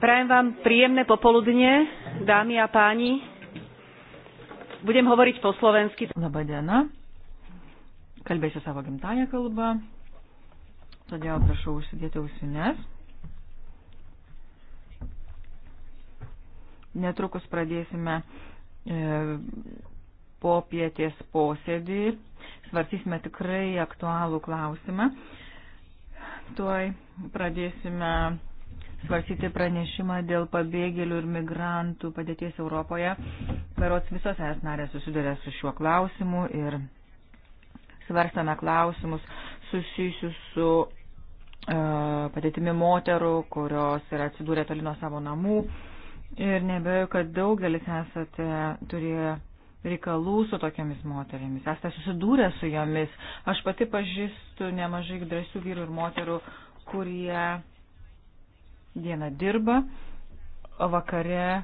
Prajem vám príjemné popoludne, dámy a páni. Budem hovoriť po slovensky. Labą dieną. Kalbėsiu savo gimtają kalbą, todėl prašau užsidėti ausines. Netrukus pradėsime e, popietės posėdį. Svarstysime tikrai aktualų klausimą. Tuoj pradėsime svarstyti pranešimą dėl pabėgėlių ir migrantų padėties Europoje. Berots visos es narės susiduria su šiuo klausimu ir svarstame klausimus susijusius su e, padėtimi moterų, kurios yra atsidūrę toli nuo savo namų. Ir nebejoju, kad daugelis esate turėję reikalų su tokiamis moterimis. Esate susidūrę su jomis. Aš pati pažįstu nemažai drąsių vyrų ir moterų, kurie dieną dirba, o vakare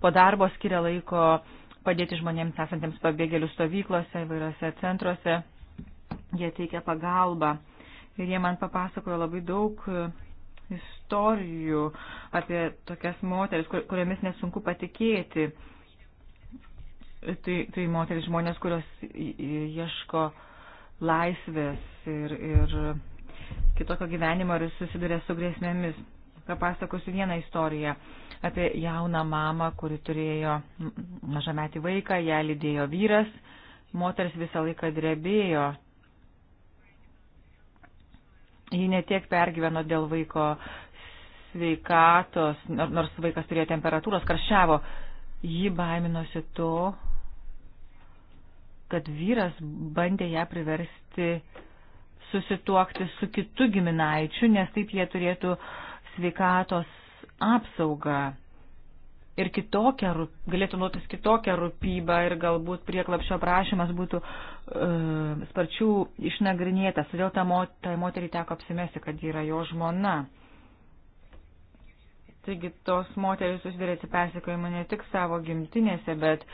po darbo skiria laiko padėti žmonėms esantiems pabėgėlių stovyklose, įvairiose centruose. Jie teikia pagalbą. Ir jie man papasakojo labai daug istorijų apie tokias moteris, kur, kuriomis nesunku patikėti. Tai, tai moteris žmonės, kurios ieško laisvės ir, ir kitokio gyvenimo ir susiduria su grėsmėmis papasakosiu vieną istoriją apie jauną mamą, kuri turėjo mažametį vaiką, ją lydėjo vyras, moteris visą laiką drebėjo. Ji netiek pergyveno dėl vaiko sveikatos, nors vaikas turėjo temperatūros, karščiavo. Ji baiminosi to, kad vyras bandė ją priversti susituokti su kitu giminaičiu, nes taip jie turėtų uh, sveikatos apsaugą ir kitokią, galėtų nuotis kitokią rūpybą ir galbūt prieklapšio prašymas būtų uh, e, sparčių išnagrinėtas. Todėl tai mot, moteriai teko apsimesti, kad yra jo žmona. Taigi tos moteris susidarė atsipersikojimą ne tik savo gimtinėse, bet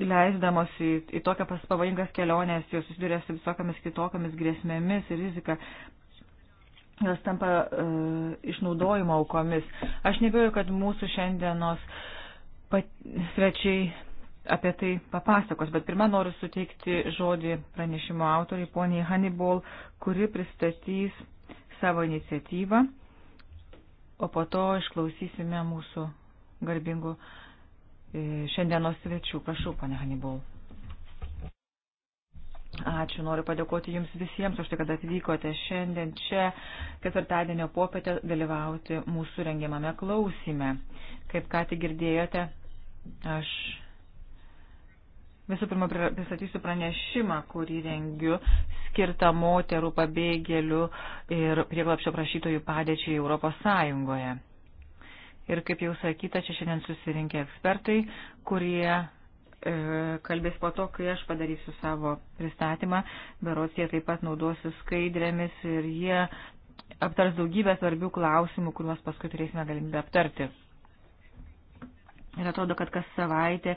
leisdamos į, į tokią pavojingas keliones, jos susiduria su visokiamis kitokiamis grėsmėmis ir rizika jos tampa e, išnaudojimo aukomis. Aš nebėjau, kad mūsų šiandienos pat, svečiai apie tai papasakos, bet pirmą noriu suteikti žodį pranešimo autoriai poniai Hannibal, kuri pristatys savo iniciatyvą, o po to išklausysime mūsų garbingų e, šiandienos svečių. Prašau, ponia Hannibal. Ačiū, noriu padėkoti Jums visiems už tai, kad atvykote šiandien čia ketvirtadienio popietę dalyvauti mūsų rengiamame klausime. Kaip ką tik girdėjote, aš visų pirma pristatysiu pranešimą, kurį rengiu skirtą moterų pabėgėlių ir prieglapšio prašytojų padėčiai Europos Sąjungoje. Ir kaip jau sakyta, čia šiandien susirinkę ekspertai, kurie E, kalbės po to, kai aš padarysiu savo pristatymą. Berots jie taip pat naudosiu skaidrėmis ir jie aptars daugybę svarbių klausimų, kuriuos paskui turėsime galimybę aptarti. Ir atrodo, kad kas savaitę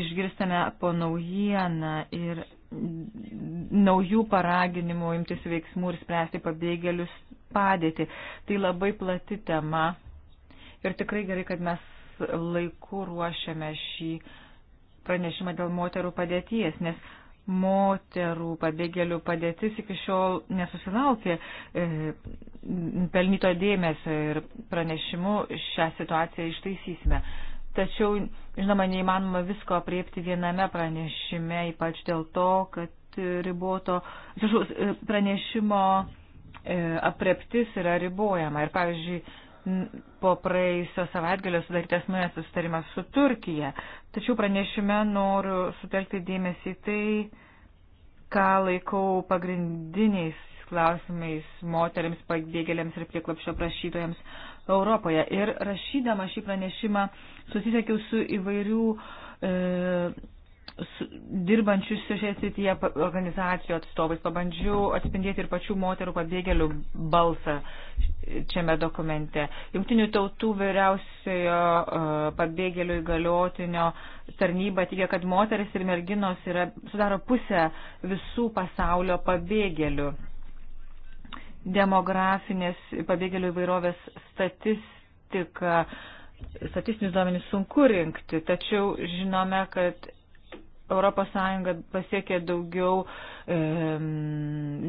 išgirstame po naujieną ir naujų paraginimų imtis veiksmų ir spręsti pabėgėlius padėti. Tai labai plati tema ir tikrai gerai, kad mes laiku ruošiame šį uh, pranešimą dėl moterų padėties, nes moterų pabėgėlių padėtis iki šiol nesusilaukė e, pelnyto dėmesio ir pranešimu šią situaciją ištaisysime. Tačiau, žinoma, neįmanoma visko apriepti viename pranešime, ypač dėl to, kad riboto, atsiprašau, e, pranešimo e, apreptis yra ribojama. Ir, pavyzdžiui, po praėjusio savaitgalio sudarytas naujas susitarimas su Turkija. Tačiau pranešime noriu sutelkti dėmesį tai, ką laikau pagrindiniais klausimais moteriams, pabėgėliams ir prieklapšio prašytojams Europoje. Ir rašydama šį pranešimą susisiekiau su įvairių e, dirbančių šioje srityje organizacijų atstovais. Pabandžiau atspindėti ir pačių moterų pabėgėlių balsą šiame dokumente. Jungtinių tautų vyriausiojo e, pabėgėlių įgaliotinio tarnyba teigia, kad moteris ir merginos yra, sudaro pusę visų pasaulio pabėgėlių. Demografinės pabėgėlių įvairovės statistika statistinius duomenys sunku rinkti, tačiau žinome, kad Europos Sąjunga pasiekė daugiau e,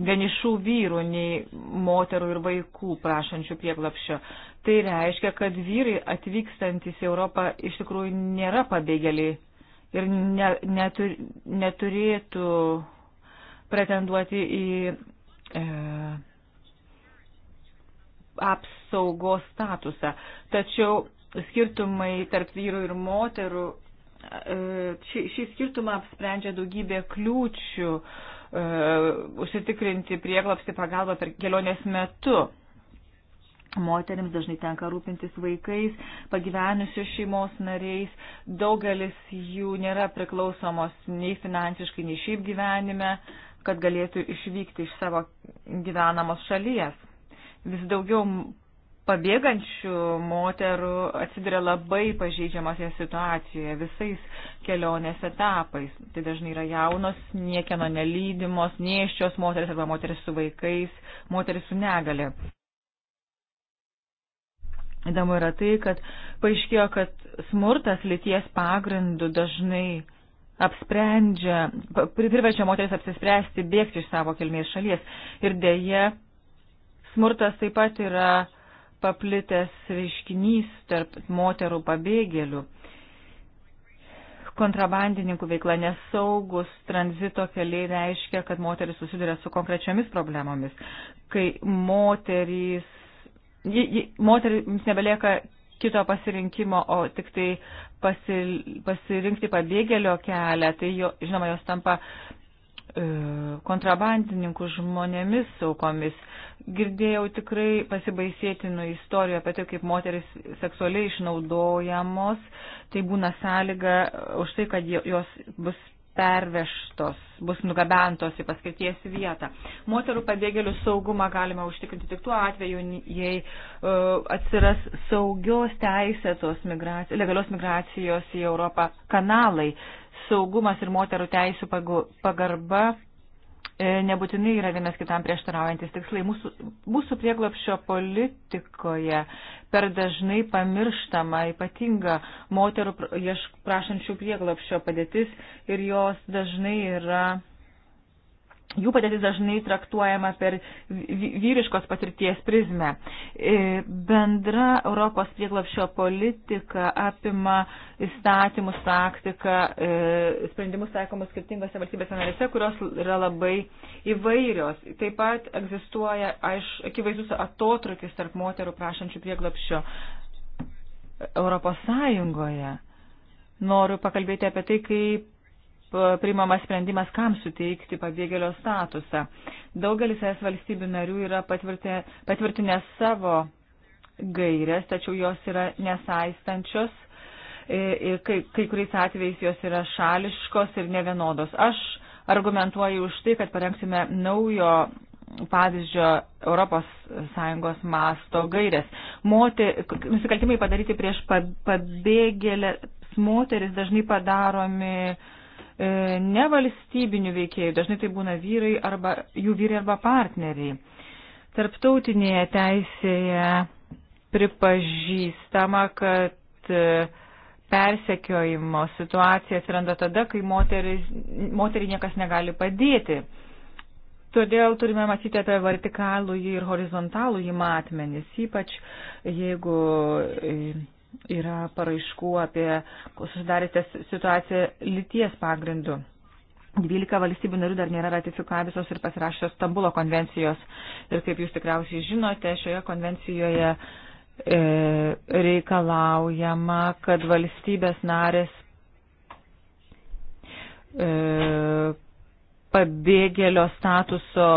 vienišų vyrų nei moterų ir vaikų prašančių prieglapščio. Tai reiškia, kad vyrai atvykstantis į Europą iš tikrųjų nėra pabėgėliai ir ne, netur, neturėtų pretenduoti į e, apsaugos statusą. Tačiau skirtumai tarp vyrų ir moterų E, šį, šį skirtumą apsprendžia daugybė kliūčių e, užsitikrinti prieglapsti pagalbą per kelionės metu. Moterims dažnai tenka rūpintis vaikais, pagyvenusios šeimos nariais, daugelis jų nėra priklausomos nei finansiškai, nei šiaip gyvenime, kad galėtų išvykti iš savo gyvenamos šalies. Vis daugiau pabėgančių moterų atsiduria labai pažeidžiamose situacijoje visais kelionės etapais. Tai dažnai yra jaunos, niekieno nelydimos, nieščios moteris arba moteris su vaikais, moteris su negalė. Įdomu yra tai, kad paaiškėjo, kad smurtas lyties pagrindų dažnai apsprendžia, priverčia moteris apsispręsti bėgti iš savo kilmės šalies. Ir dėje smurtas taip pat yra paplitęs reiškinys tarp moterų pabėgėlių. Kontrabandininkų veikla nesaugus tranzito keliai reiškia, kad moteris susiduria su konkrečiomis problemomis, kai moterys, ji, ji, moterims nebelieka kito pasirinkimo, o tik tai pasil, pasirinkti pabėgėlio kelią, tai jo, žinoma, jos tampa E, kontrabandininkų žmonėmis aukomis. Girdėjau tikrai pasibaisėtinų istorijų apie tai, kaip moteris seksualiai išnaudojamos. Tai būna sąlyga už tai, kad jos bus pervežtos, bus nugabentos į paskirties vietą. Moterų pabėgėlių saugumą galima užtikrinti tik tuo atveju, jei uh, atsiras saugios teisėtos migracijos, legalios migracijos į Europą kanalai. Saugumas ir moterų teisų pagarba E, nebūtinai yra vienas kitam prieštaraujantis tikslai. Mūsų, mūsų prieglapšio politikoje per dažnai pamirštama ypatinga moterų prašančių prieglapšio padėtis ir jos dažnai yra jų padėtis dažnai traktuojama per vyriškos patirties prizmę. E, bendra Europos prieglapšio politika apima įstatymus, praktiką, e, sprendimus taikomus skirtingose valstybėse narėse, kurios yra labai įvairios. Taip pat egzistuoja aiš, akivaizdus atotrukis tarp moterų prašančių prieglapšio Europos Sąjungoje. Noriu pakalbėti apie tai, kaip priimamas sprendimas, kam suteikti pabėgėlio statusą. Daugelis es valstybių narių yra patvirtinę, patvirtinę savo gairias, tačiau jos yra nesaistančios e, ir kai, kai kuriais atvejais jos yra šališkos ir nevienodos. Aš argumentuoju už tai, kad parengsime naujo pavyzdžio ES masto gairės. Moti, nusikaltimai padaryti prieš pabėgėlės moteris dažnai padaromi uh, E, nevalstybinių veikėjų, dažnai tai būna vyrai arba jų vyrai arba partneriai. Tarptautinėje teisėje pripažįstama, kad e, persekiojimo situacija atsiranda tada, kai moteris, moterį niekas negali padėti. Todėl turime matyti apie vertikalų jį ir horizontalų jį matmenis, ypač jeigu e, yra paraiškų apie susidarėtę situaciją lyties pagrindu. 12 valstybių narių dar nėra ratifikavusios ir pasirašęs Stambulo konvencijos. Ir kaip jūs tikriausiai žinote, šioje konvencijoje e, reikalaujama, kad valstybės narės e, pabėgėlio statuso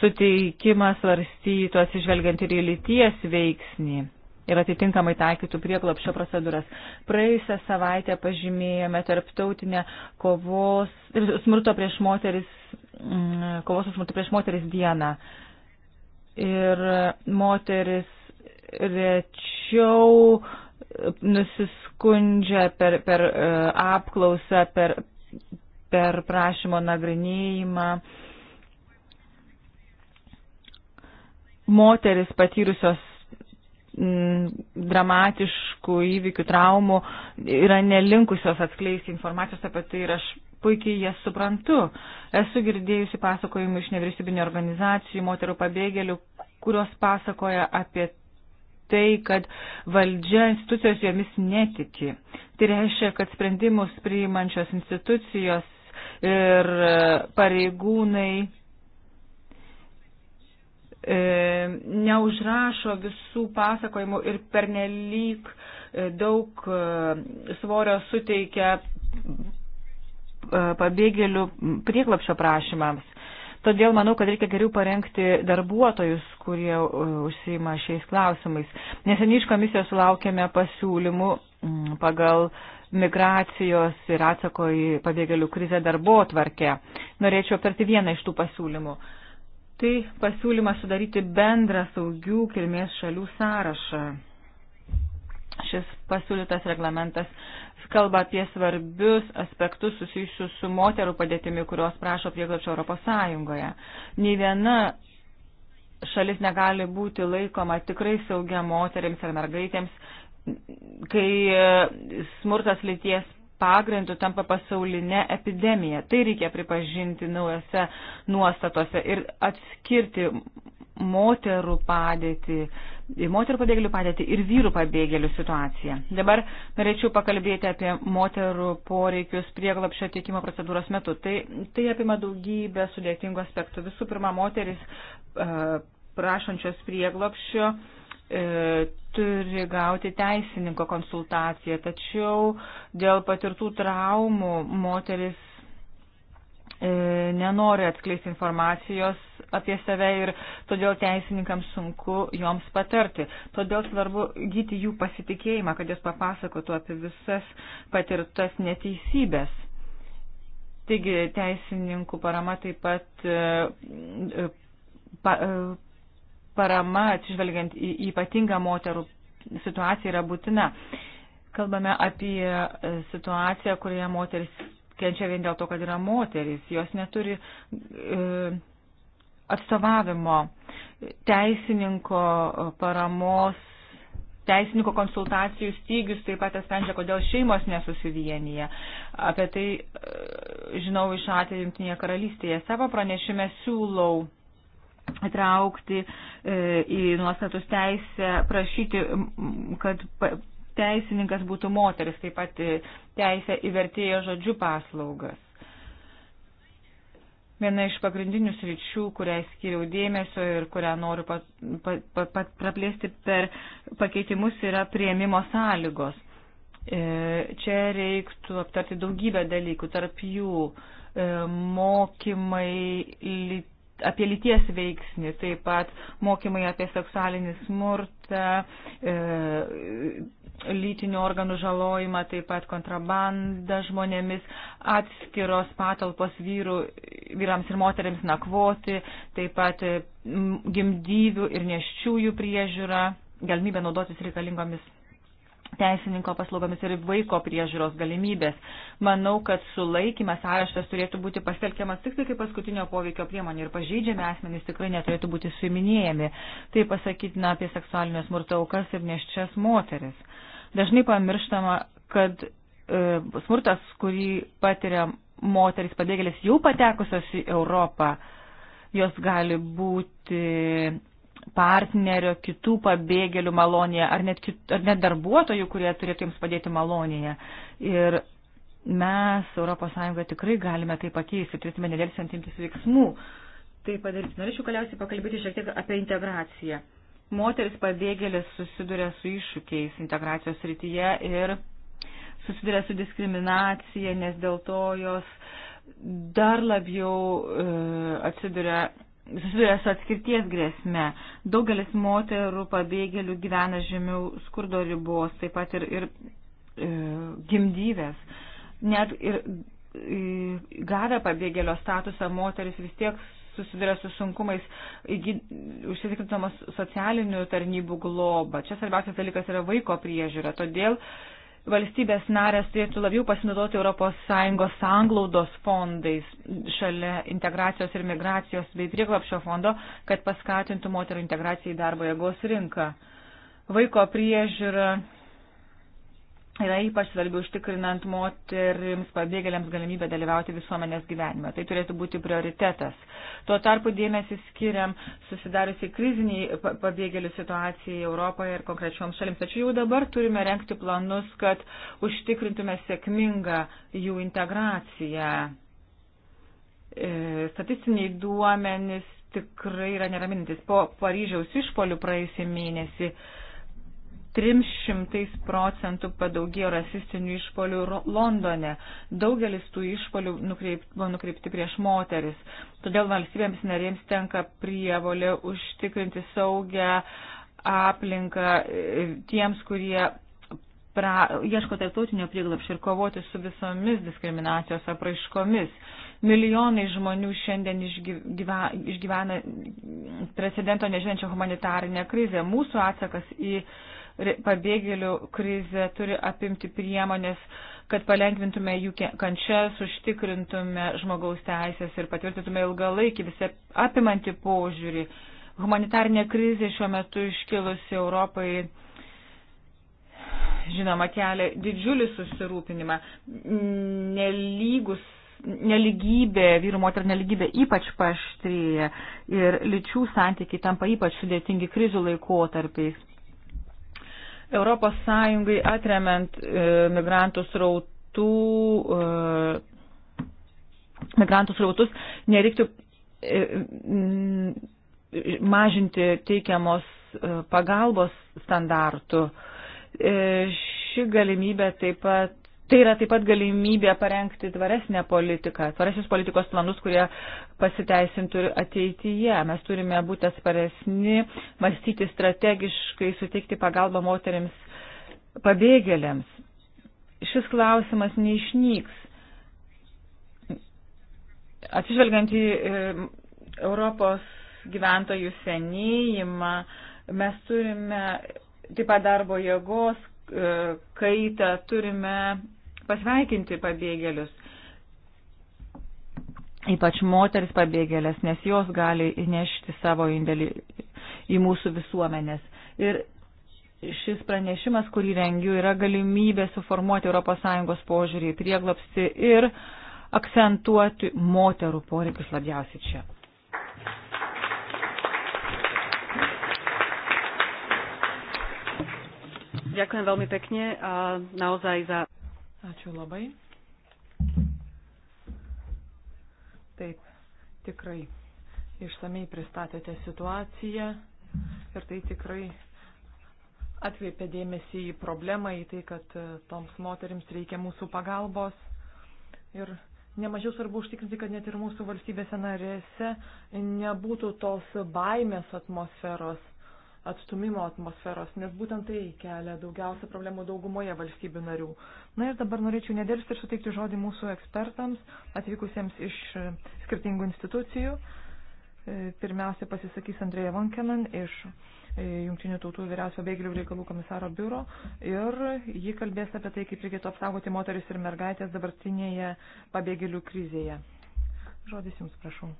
suteikimas varstytų atsižvelgiant ir į lyties veiksnį ir atitinkamai taikytų prieglapšio procedūras. Praėjusią savaitę pažymėjome tarptautinę kovos ir smurto prieš moteris, mm, kovos už smurto prieš moteris dieną. Ir moteris rečiau nusiskundžia per, per e, apklausą, per, per prašymo nagrinėjimą. Moteris patyrusios Mm, dramatiškų įvykių, traumų yra nelinkusios atskleisti informacijos apie tai ir aš puikiai jas suprantu. Esu girdėjusi pasakojimų iš nevyriausybinio organizacijų, moterų pabėgėlių, kurios pasakoja apie tai, kad valdžia institucijos jomis netiki. Tai reiškia, kad sprendimus priimančios institucijos ir pareigūnai E, neužrašo visų pasakojimų ir pernelyg e, daug e, svorio suteikia pabėgėlių prieglapšio prašymams. Todėl manau, kad reikia geriau parengti darbuotojus, kurie užsima šiais klausimais. Neseniai iš komisijos sulaukėme pasiūlymų mm, pagal migracijos ir atsako į pabėgėlių krizę darbo tvarkę. Norėčiau aptarti vieną iš tų pasiūlymų. Uh, Tai pasiūlymas sudaryti bendrą saugių kilmės šalių sąrašą. Šis pasiūlytas reglamentas kalba apie svarbius aspektus susijusius su moterų padėtimi, kurios prašo prieglapšio Europos Sąjungoje. Nei viena šalis negali būti laikoma tikrai saugia moteriams ar mergaitėms, kai smurtas lyties pagrindu tampa pasaulinė epidemija. Tai reikia pripažinti naujose nuostatose ir atskirti moterų padėtį, moterų pabėgėlių padėtį ir vyrų pabėgėlių situaciją. Dabar norėčiau pakalbėti apie moterų poreikius prieglapšio teikimo procedūros metu. Tai, tai apima daugybę sudėtingų aspektų. Visų pirma, moteris e, prašančios prieglapšio e, turi gauti teisininko konsultaciją, tačiau dėl patirtų traumų moteris e, nenori atskleisti informacijos apie save ir todėl teisininkams sunku joms patarti. Todėl svarbu gyti jų pasitikėjimą, kad jos papasakotų apie visas patirtas neteisybės. Taigi teisininkų parama taip pat e, e pa, e, parama atsižvelgiant į ypatingą moterų situaciją yra būtina. Kalbame apie e, situaciją, kurioje moteris kenčia vien dėl to, kad yra moteris. Jos neturi e, atstovavimo teisininko paramos, teisininko konsultacijų stygius taip pat sprendžia, kodėl šeimos nesusivienyje. Apie tai e, žinau iš atveju Junktinėje karalystėje. Savo pranešime siūlau įtraukti e, į nuostatus teisę, prašyti, kad teisininkas būtų moteris, taip pat e, teisę į vertėjo žodžių paslaugas. Viena iš pagrindinių sričių, kuriai skiriau dėmesio ir kurią noriu pat, pat, pat, pat, praplėsti per pakeitimus, yra prieimimo sąlygos. E, čia reiktų aptarti daugybę dalykų, tarp jų mokymai, lytis apie lyties veiksnį, taip pat mokymai apie seksualinį smurtą, e, lytinių organų žalojimą, taip pat kontrabandą žmonėmis, atskiros patalpos vyrų, vyrams ir moteriams nakvoti, taip pat e, gimdyvių ir neščiųjų priežiūra, galimybė naudotis reikalingomis teisininko paslaugomis ir vaiko priežiūros galimybės. Manau, kad sulaikimas areštas turėtų būti pasitelkiamas tik tai kaip paskutinio poveikio priemonė ir pažeidžiami asmenys tikrai neturėtų būti suiminėjami. Tai pasakytina apie seksualinio smurto aukas ir neščias moteris. Dažnai pamirštama, kad e, smurtas, kurį patiria moteris pabėgėlės jau patekusios į Europą, jos gali būti partnerio, kitų pabėgėlių malonėje, ar net, kit, ar net darbuotojų, kurie turėtų jums padėti malonėje. Ir mes, ES, tikrai galime tai pakeisti, turėtume nedėlsiant imtis veiksmų. Tai padaryti. Norėčiau galiausiai pakalbėti šiek tiek apie integraciją. Moteris pabėgėlis susiduria su iššūkiais integracijos rytyje ir susiduria su diskriminacija, nes dėl to jos dar labiau e, atsiduria susiduria su atskirties grėsme. Daugelis moterų pabėgėlių gyvena žemiau skurdo ribos, taip pat ir, ir e, gimdyvės. Net ir e, gavę pabėgėlio statusą moteris vis tiek susiduria su sunkumais užsitikrintamas socialinių tarnybų globą. Čia svarbiausias dalykas yra vaiko priežiūra. Todėl valstybės narės turėtų labiau pasinaudoti ES sanglaudos fondais šalia integracijos ir migracijos bei prieglapšio fondo, kad paskatintų moterų integraciją į darbo jėgos rinką. Vaiko priežiūra yra ypač svarbi užtikrinant moterims pabėgėliams galimybę dalyvauti visuomenės gyvenime. Tai turėtų būti prioritetas. Tuo tarpu dėmesį skiriam susidariusiai kriziniai pabėgėlių situacijai Europoje ir konkrečioms šalims. Tačiau jau dabar turime renkti planus, kad užtikrintume sėkmingą jų integraciją. E, statistiniai duomenys tikrai yra neramintis. Po Paryžiaus išpolių praėjusį mėnesį 300 procentų padaugėjo rasistinių išpolių Londone. Daugelis tų išpolių nukreip, buvo nukreipti prieš moteris. Todėl valstybėms narėms tenka prievolė užtikrinti saugę aplinką e, tiems, kurie pra, ieško tarptautinio prieglapšio ir kovoti su visomis diskriminacijos apraiškomis. Milijonai žmonių šiandien išgyva, išgyvena precedento nežinančią humanitarinę krizę. Mūsų atsakas į pabėgėlių krizė turi apimti priemonės, kad palengvintume jų kančias, užtikrintume žmogaus teisės ir patvirtintume ilgalaikį visą apimantį požiūrį. Humanitarinė krizė šiuo metu iškilusi Europai žinoma kelia didžiulį susirūpinimą. Nelygus neligybė, vyrų moterų neligybė ypač paštrėja ir lyčių santykiai tampa ypač sudėtingi krizių laikotarpiais. Europos Sąjungai atremiant e, migrantų srautų, e, migrantų srautus, nereiktų e, mažinti teikiamos pagalbos standartų. Ši galimybė taip pat Tai yra taip pat galimybė parengti tvaresnę politiką, tvaresius politikos planus, kurie pasiteisintų ir ateityje. Mes turime būti atsparesni, mąstyti strategiškai, suteikti pagalbą moteriams pabėgėliams. Šis klausimas neišnyks. Atsižvelgiant į e, Europos gyventojų senėjimą, mes turime taip pat darbo jėgos e, kaitą, turime pasveikinti pabėgėlius, ypač moteris pabėgėlės, nes jos gali įnešti savo indėlį į mūsų visuomenės. Ir šis pranešimas, kurį rengiu, yra galimybė suformuoti ES požiūrį į prieglapsi ir akcentuoti moterų poreikius labiausiai čia. Ďakujem veľmi pekne a naozaj za Ačiū labai. Taip, tikrai išsamei pristatėte situaciją ir tai tikrai atkreipė dėmesį į problemą, į tai, kad e, toms moterims reikia mūsų pagalbos. Ir nemažiau svarbu užtikrinti, kad net ir mūsų valstybėse narėse nebūtų tos baimės atmosferos atstumimo atmosferos, nes būtent tai kelia daugiausia problemų daugumoje valstybių narių. Na ir dabar norėčiau nedėlsti ir suteikti žodį mūsų ekspertams, atvykusiems iš e, skirtingų institucijų. E, pirmiausia pasisakys Andrėja Vankenan iš e, Junktinių tautų vyriausio bėgėlių reikalų komisaro biuro ir ji kalbės apie tai, kaip reikėtų apsaugoti moteris ir mergaitės dabartinėje pabėgėlių krizėje. Žodis Jums prašau.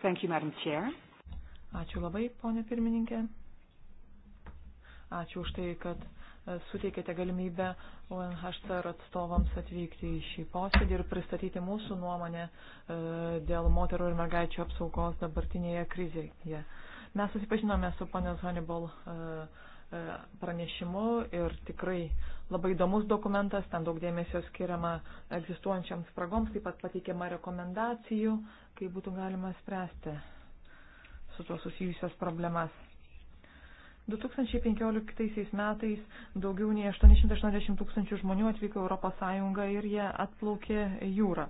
Thank you, Madam Chair. Ačiū labai, ponė pirmininkė. Ačiū už tai, kad e, suteikėte galimybę UNHCR atstovams atvykti į šį posėdį ir pristatyti mūsų nuomonę e, dėl moterų ir mergaičių apsaugos dabartinėje krizėje. Mes susipažinome su ponios Hannibal uh, e, E, pranešimu ir tikrai labai įdomus dokumentas, ten daug dėmesio skiriama egzistuojančiams spragoms, taip pat pateikiama rekomendacijų, kaip būtų galima spręsti su tuo susijusias problemas. 2015 metais daugiau nei 880 tūkstančių žmonių atvyko Europos Sąjungą ir jie atplaukė jūrą.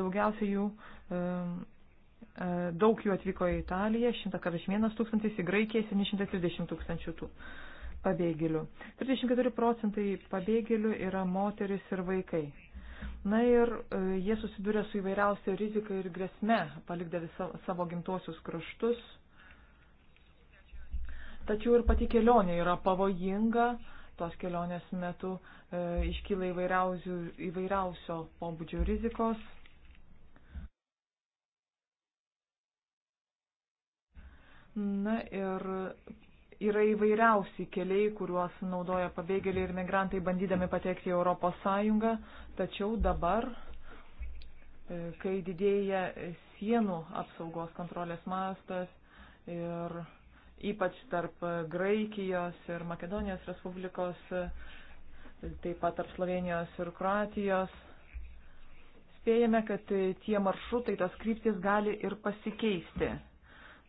Daugiausia jų E, daug jų atvyko į Italiją, 141 tūkstantis, į Graikiją 730 tūkstančių tų pabėgėlių. 34 procentai pabėgėlių yra moteris ir vaikai. Na ir e, jie susiduria su įvairiausia rizika ir grėsme, palikdami savo gimtuosius kraštus. Tačiau ir pati kelionė yra pavojinga, tos kelionės metu e, iškyla įvairiausio pobūdžio rizikos Na ir yra įvairiausi keliai, kuriuos naudoja pabėgėliai ir migrantai bandydami patekti į Europos Sąjungą, tačiau dabar, e, kai didėja sienų apsaugos kontrolės mastas ir ypač tarp Graikijos ir Makedonijos Respublikos, taip pat tarp Slovenijos ir Kroatijos. Spėjame, kad tie maršrutai, tos kryptis gali ir pasikeisti.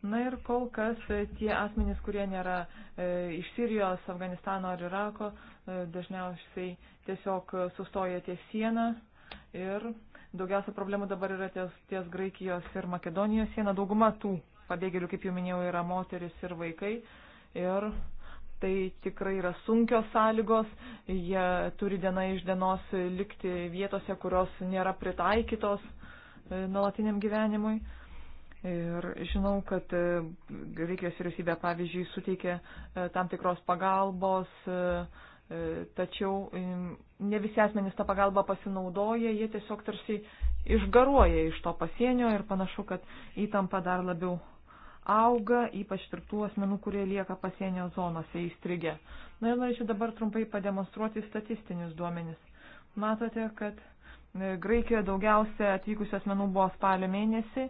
Na ir kol kas e, tie asmenys, kurie nėra e, iš Sirijos, Afganistano ar Irako, e, dažniausiai tiesiog e, sustoja ties sieną ir daugiausia problemų dabar yra ties, ties Graikijos ir Makedonijos siena. Dauguma tų pabėgėlių, kaip jau minėjau, yra moteris ir vaikai. Ir tai tikrai yra sunkios sąlygos, jie turi diena iš dienos likti vietose, kurios nėra pritaikytos e, nuolatiniam gyvenimui. Ir žinau, kad e, Graikijos vyriausybė, pavyzdžiui, suteikė e, tam tikros pagalbos, e, tačiau ne visi asmenys tą pagalbą pasinaudoja, jie tiesiog tarsi išgaruoja iš to pasienio ir panašu, kad įtampa dar labiau auga, ypač tarp tų asmenų, kurie lieka pasienio zonose įstrigę. Na ir norėčiau dabar trumpai pademonstruoti statistinius duomenis. Matote, kad E, Graikijoje daugiausia atvykusių asmenų buvo spalio mėnesį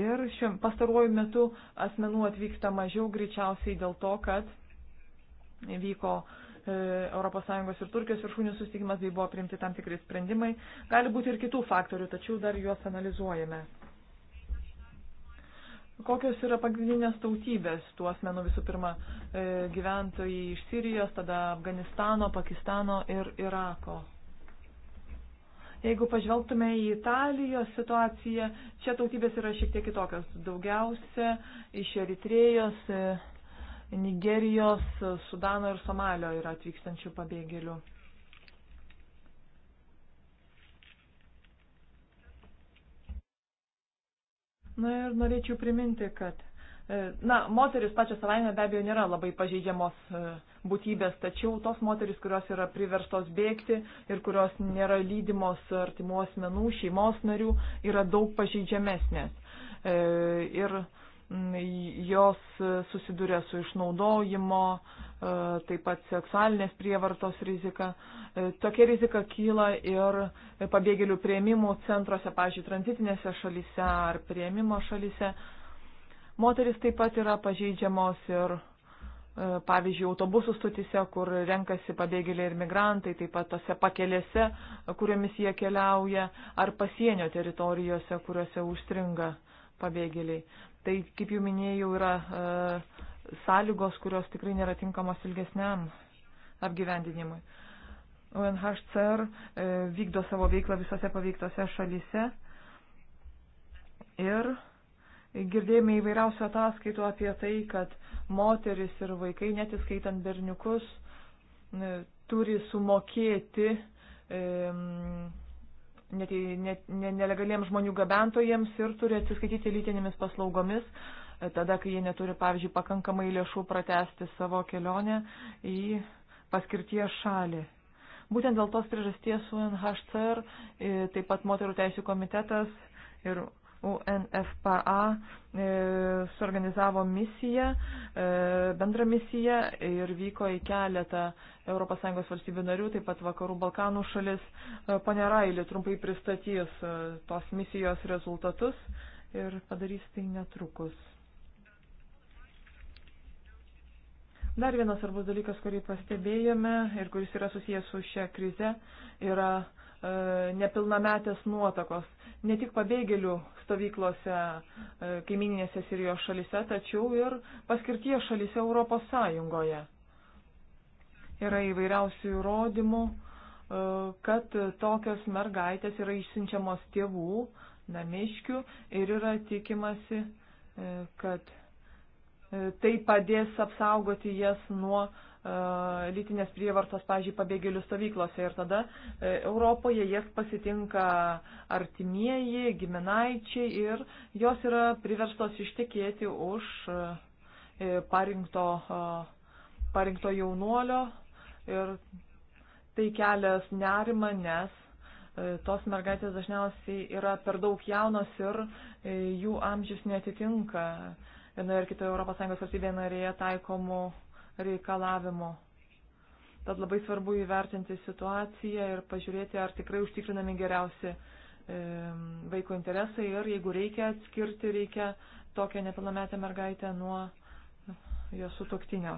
ir šiuo pastaruoju metu asmenų atvyksta mažiau greičiausiai dėl to, kad vyko ES ir Turkijos viršūnių susitikimas, bei buvo priimti tam tikri sprendimai. Gali būti ir kitų faktorių, tačiau dar juos analizuojame. Kokios yra pagrindinės tautybės tų asmenų visų pirma e, gyventojai iš Sirijos, tada Afganistano, Pakistano ir Irako? Jeigu pažvelgtume į Italijos situaciją, čia tautybės yra šiek tiek kitokios. Daugiausia iš Eritrėjos, e, Nigerijos, e, Sudano ir Somalio yra atvykstančių pabėgėlių. Na ir norėčiau priminti, kad, e, na, moteris pačią savaime be abejo nėra labai pažeidžiamos būtybės, tačiau tos moteris, kurios yra priverstos bėgti ir kurios nėra lydimos artimų asmenų, šeimos narių, yra daug pažeidžiamesnės. E, ir jos susiduria su išnaudojimo, e, taip pat seksualinės prievartos rizika. E, tokia rizika kyla ir pabėgėlių prieimimų centruose, pažiūrėjau, tranzitinėse šalise ar prieimimo šalise. Moteris taip pat yra pažeidžiamos ir E, pavyzdžiui, autobusų stotise, kur renkasi pabėgėliai ir migrantai, taip pat tose pakelėse, kuriomis jie keliauja, ar pasienio teritorijose, kuriuose užstringa pabėgėliai. Tai, kaip jau minėjau, yra e, sąlygos, kurios tikrai nėra tinkamos ilgesniam apgyvendinimui. UNHCR e, vykdo savo veiklą visose paveiktose šalyse ir girdėjome įvairiausių ataskaitų apie tai, kad moteris ir vaikai, net įskaitant berniukus, e, turi sumokėti net, net, ne, nelegaliems žmonių gabentojams ir turi atsiskaityti lytinėmis paslaugomis, e, tada, kai jie neturi, pavyzdžiui, pakankamai lėšų pratesti savo kelionę į paskirties šalį. Būtent dėl tos priežasties UNHCR, e, taip pat moterų teisų komitetas ir UNFPA e, suorganizavo misiją, e, bendrą misiją ir vyko į keletą ES valstybių narių, taip pat Vakarų Balkanų šalis. E, Pane Railį trumpai pristatys e, tos misijos rezultatus ir padarys tai netrukus. Dar vienas svarbus dalykas, kurį pastebėjome ir kuris yra susijęs su šia krize, yra E, nepilnametės nuotakos ne tik pabėgėlių stovyklose e, kaimininėse Sirijos šalise, tačiau ir paskirtie šalise Europos Sąjungoje. Yra įvairiausių įrodymų, e, kad tokios mergaitės yra išsiunčiamos tėvų, namiškių ir yra tikimasi, kad tai padės apsaugoti jas nuo uh, lytinės prievartos, pažiūrėjau, pabėgėlių stovyklose ir tada e, Europoje jas pasitinka artimieji, giminaičiai ir jos yra priverstos ištikėti už e, e, parinkto, parinkto jaunuolio ir tai kelias nerima, nes tos mergaitės dažniausiai yra per daug jaunos ir jų amžius netitinka vienoje ar kitoje ES valstybėje narėje taikomų reikalavimo. Tad labai svarbu įvertinti situaciją ir pažiūrėti, ar tikrai užtikrinami geriausi e, vaiko interesai ir jeigu reikia atskirti, reikia tokią nepilnametę mergaitę nuo jos sutoktinio.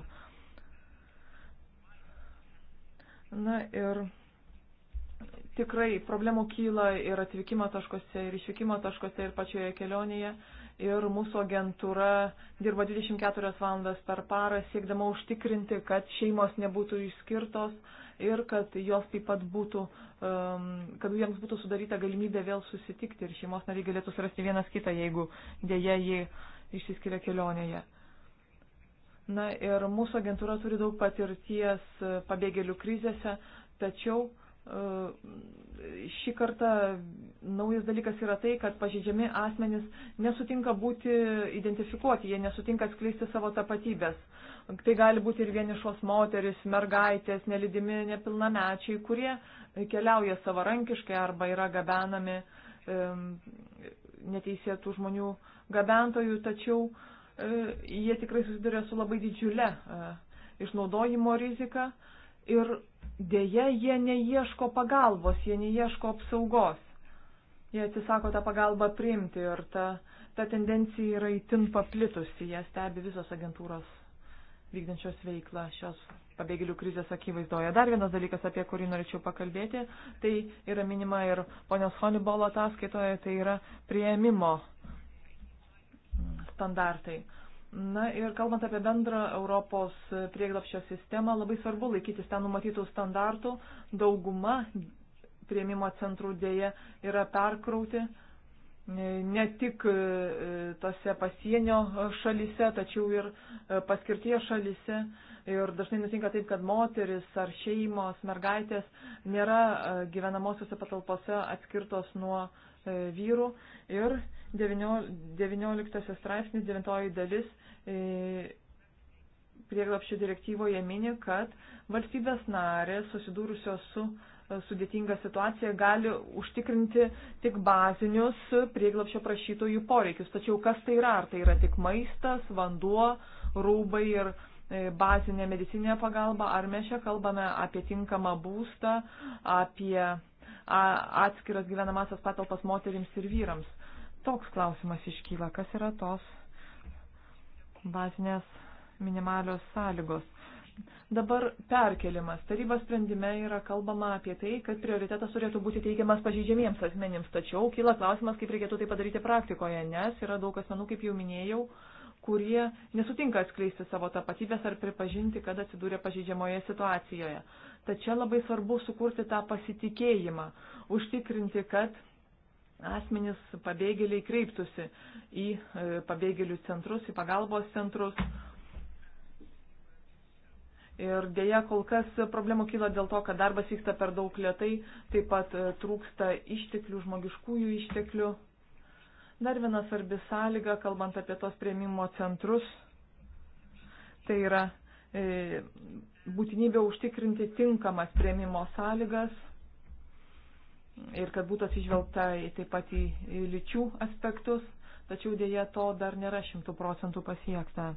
Na ir tikrai problemų kyla ir atvykimo taškose, ir išvykimo taškose, ir pačioje kelionėje ir mūsų agentūra dirba 24 valandas per parą siekdama užtikrinti, kad šeimos nebūtų išskirtos ir kad jos taip pat būtų, um, kad jiems būtų sudaryta galimybė vėl susitikti ir šeimos nariai galėtų surasti vienas kitą, jeigu dėja jį išsiskiria kelionėje. Na ir mūsų agentūra turi daug patirties pabėgėlių krizėse, tačiau šį kartą naujas dalykas yra tai, kad pažeidžiami asmenys nesutinka būti identifikuoti, jie nesutinka atskleisti savo tapatybės. Tai gali būti ir vienišos moteris, mergaitės, nelidimi nepilnamečiai, kurie keliauja savarankiškai arba yra gabenami neteisėtų žmonių gabentojų, tačiau e, jie tikrai susiduria su labai didžiule e, išnaudojimo rizika ir dėja jie neieško pagalbos, jie neieško apsaugos. Jie atsisako tą pagalbą priimti ir ta, ta tendencija yra įtin paplitusi, jie stebi visos agentūros vykdančios veiklą šios pabėgėlių krizės akivaizdoje. Dar vienas dalykas, apie kurį norėčiau pakalbėti, tai yra minima ir ponios Honibolo ataskaitoje, tai yra prieimimo standartai. Na ir kalbant apie bendrą Europos prieglapščio sistemą, labai svarbu laikytis ten numatytų standartų. Dauguma prieimimo centrų dėje yra perkrauti ne tik e, tose pasienio šalise, tačiau ir e, paskirtie šalise. Ir dažnai nutinka taip, kad moteris ar šeimos, mergaitės nėra e, gyvenamosiose patalpose atskirtos nuo vyrų. Ir 19 straipsnis, 9 dalis E, prieglapščio direktyvoje mini, kad valstybės narės susidūrusios su e, sudėtinga situacija gali užtikrinti tik bazinius prieglapščio prašytojų poreikius. Tačiau kas tai yra? Ar tai yra tik maistas, vanduo, rūbai ir e, bazinė medicinė pagalba? Ar mes čia kalbame apie tinkamą būstą, apie atskiras gyvenamasias patalpas moterims ir vyrams? Toks klausimas iškyla, kas yra tos bazinės minimalios sąlygos. Dabar perkelimas. Tarybos sprendime yra kalbama apie tai, kad prioritetas turėtų būti teikiamas pažydžiamiems asmenims, tačiau kyla klausimas, kaip reikėtų tai padaryti praktikoje, nes yra daug asmenų, kaip jau minėjau, kurie nesutinka atskleisti savo tapatybės ar pripažinti, kad atsidūrė pažeidžiamoje situacijoje. Tačiau labai svarbu sukurti tą pasitikėjimą, užtikrinti, kad asmenys pabėgėliai kreiptųsi į e, pabėgėlių centrus, į pagalbos centrus. Ir dėja kol kas problemų kyla dėl to, kad darbas vyksta per daug lietai, taip pat e, trūksta išteklių, žmogiškųjų išteklių. Dar viena svarbi sąlyga, kalbant apie tos prieimimo centrus, tai yra e, būtinybė užtikrinti tinkamas prieimimo sąlygas ir kad būtų atsižvelgta taip pat į, į lyčių aspektus, tačiau dėja to dar nėra šimtų procentų pasiekta.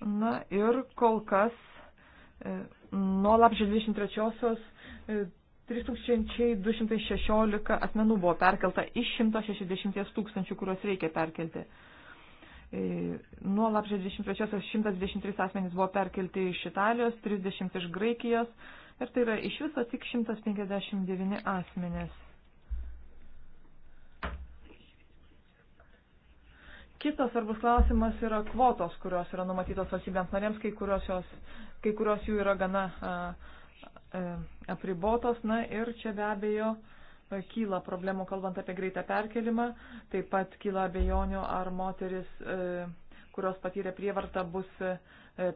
Na ir kol kas e, nuo lapžio 23-osios 3216 e, asmenų buvo perkelta iš 160 tūkstančių, kuriuos reikia perkelti. E, nuo lapžio 23-osios 123 asmenys buvo perkelti iš Italijos, 30 iš Graikijos, Ir tai yra iš viso tik 159 asmenės. Kitas svarbus klausimas yra kvotos, kurios yra numatytos valstybėms narėms, kai kurios, jos, kai kurios jų yra gana a, a, apribotos. Na ir čia be abejo kyla problemų, kalbant apie greitą perkelimą. Taip pat kyla abejonių, ar moteris, a, e, kurios patyrė prievartą, bus e,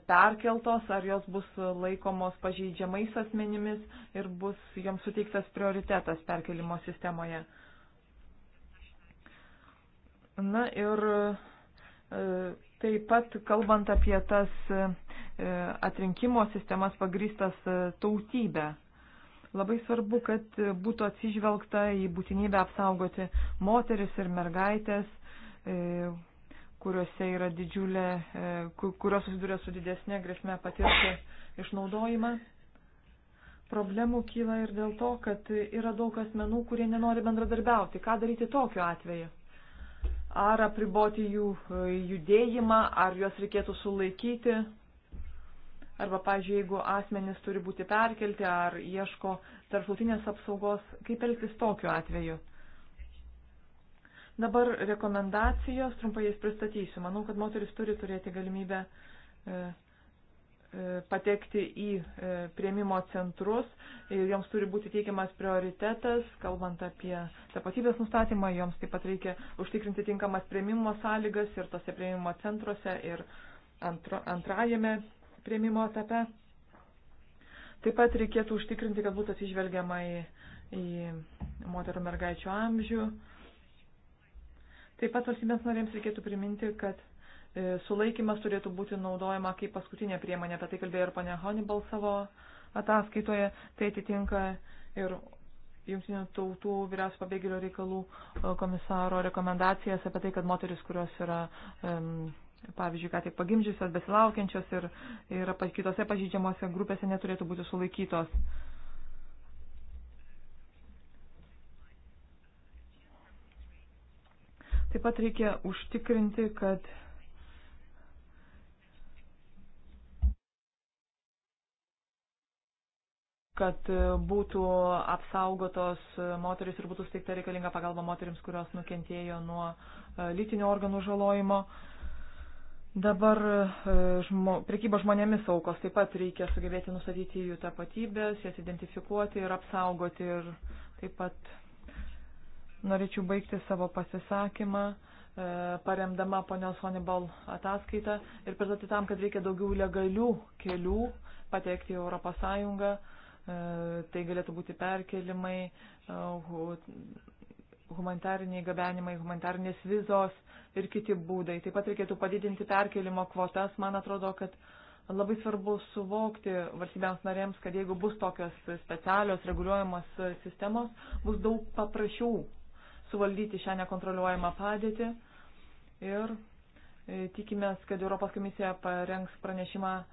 perkeltos, ar jos bus laikomos pažeidžiamais asmenimis ir bus joms suteiktas prioritetas perkelimo sistemoje. Na ir e, taip pat kalbant apie tas e, atrinkimo sistemas pagrystas e, tautybę. Labai svarbu, kad būtų atsižvelgta į būtinybę apsaugoti moteris ir mergaitės, kuriuose yra didžiulė, e, kurios susiduria su didesnė grėsme patirti išnaudojimą. Problemų kyla ir dėl to, kad yra daug asmenų, kurie nenori bendradarbiauti. Ką daryti tokiu atveju? Ar apriboti jų e, judėjimą, ar juos reikėtų sulaikyti? Arba, pavyzdžiui, jeigu asmenys turi būti perkelti ar ieško tarptautinės apsaugos, kaip elgtis tokiu atveju? Dabar rekomendacijos, trumpai jas pristatysiu. Manau, kad moteris turi turėti galimybę e, e, patekti į e, prieimimo centrus ir joms turi būti teikiamas prioritetas, kalbant apie tapatybės nustatymą, joms taip pat reikia užtikrinti tinkamas prieimimo sąlygas ir tose prieimimo centruose ir antro, antrajame prieimimo etape. Taip pat reikėtų užtikrinti, kad būtų atsižvelgiama į, į moterų mergaičių amžių. E, Taip pat valstybėms norėms reikėtų priminti, kad e, sulaikimas turėtų būti naudojama kaip paskutinė priemonė, apie tai kalbėjo ir ponė Honibal savo ataskaitoje, tai atitinka ir Junktinių tautų vyriausio pabėgėlio reikalų e, komisaro rekomendacijas apie tai, kad moteris, kurios yra, pavyzdžiui, ką tik pagimdžiusios, besilaukiančios ir yra kitose pažydžiamose grupėse neturėtų būti sulaikytos. Taip pat reikia užtikrinti, kad kad būtų apsaugotos moteris ir būtų steigta reikalinga pagalba moteriams, kurios nukentėjo nuo e, lytinio organų žalojimo. Dabar e, žmo, prekyba žmonėmis aukos taip pat reikia sugebėti nustatyti jų tapatybės, jas identifikuoti ir apsaugoti ir taip pat Norėčiau baigti savo pasisakymą e, paremdama ponios Honibal ataskaitą ir pridėti tam, kad reikia daugiau legalių kelių patekti į Europos Sąjungą. E, tai galėtų būti perkelimai, e, humanitariniai gabenimai, humanitarinės vizos ir kiti būdai. Taip pat reikėtų padidinti perkelimo kvotas. Man atrodo, kad labai svarbu suvokti valstybėms narėms, kad jeigu bus tokios specialios reguliuojamos sistemos, bus daug paprasčiau suvaldyti šią nekontroliuojamą padėtį. Ir e, tikimės, kad Europos komisija parengs pranešimą e,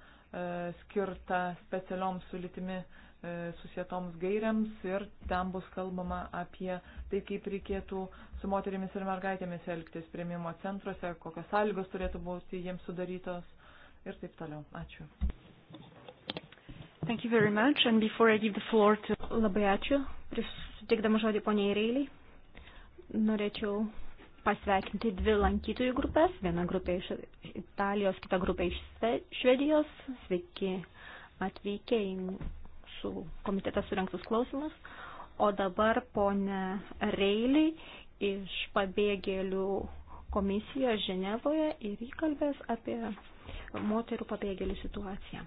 skirtą specialioms su litimi e, susietoms gairiams ir ten bus kalbama apie tai, kaip reikėtų su moterimis ir mergaitėmis elgtis prieimimo centruose, kokios sąlygos turėtų būti jiems sudarytos ir taip toliau. Ačiū. Thank you very much. And before I give the floor to... Labai ačiū. Prieš suteikdama žodį poniai Reiliai. Norėčiau pasveikinti dvi lankytojų grupės. Viena grupė iš Italijos, kita grupė iš Švedijos. Sveiki atvykę į mūsų komitetą surinktus klausimus. O dabar ponė Reiliai iš pabėgėlių komisijos Ženevoje ir įkalbės apie moterų pabėgėlių situaciją.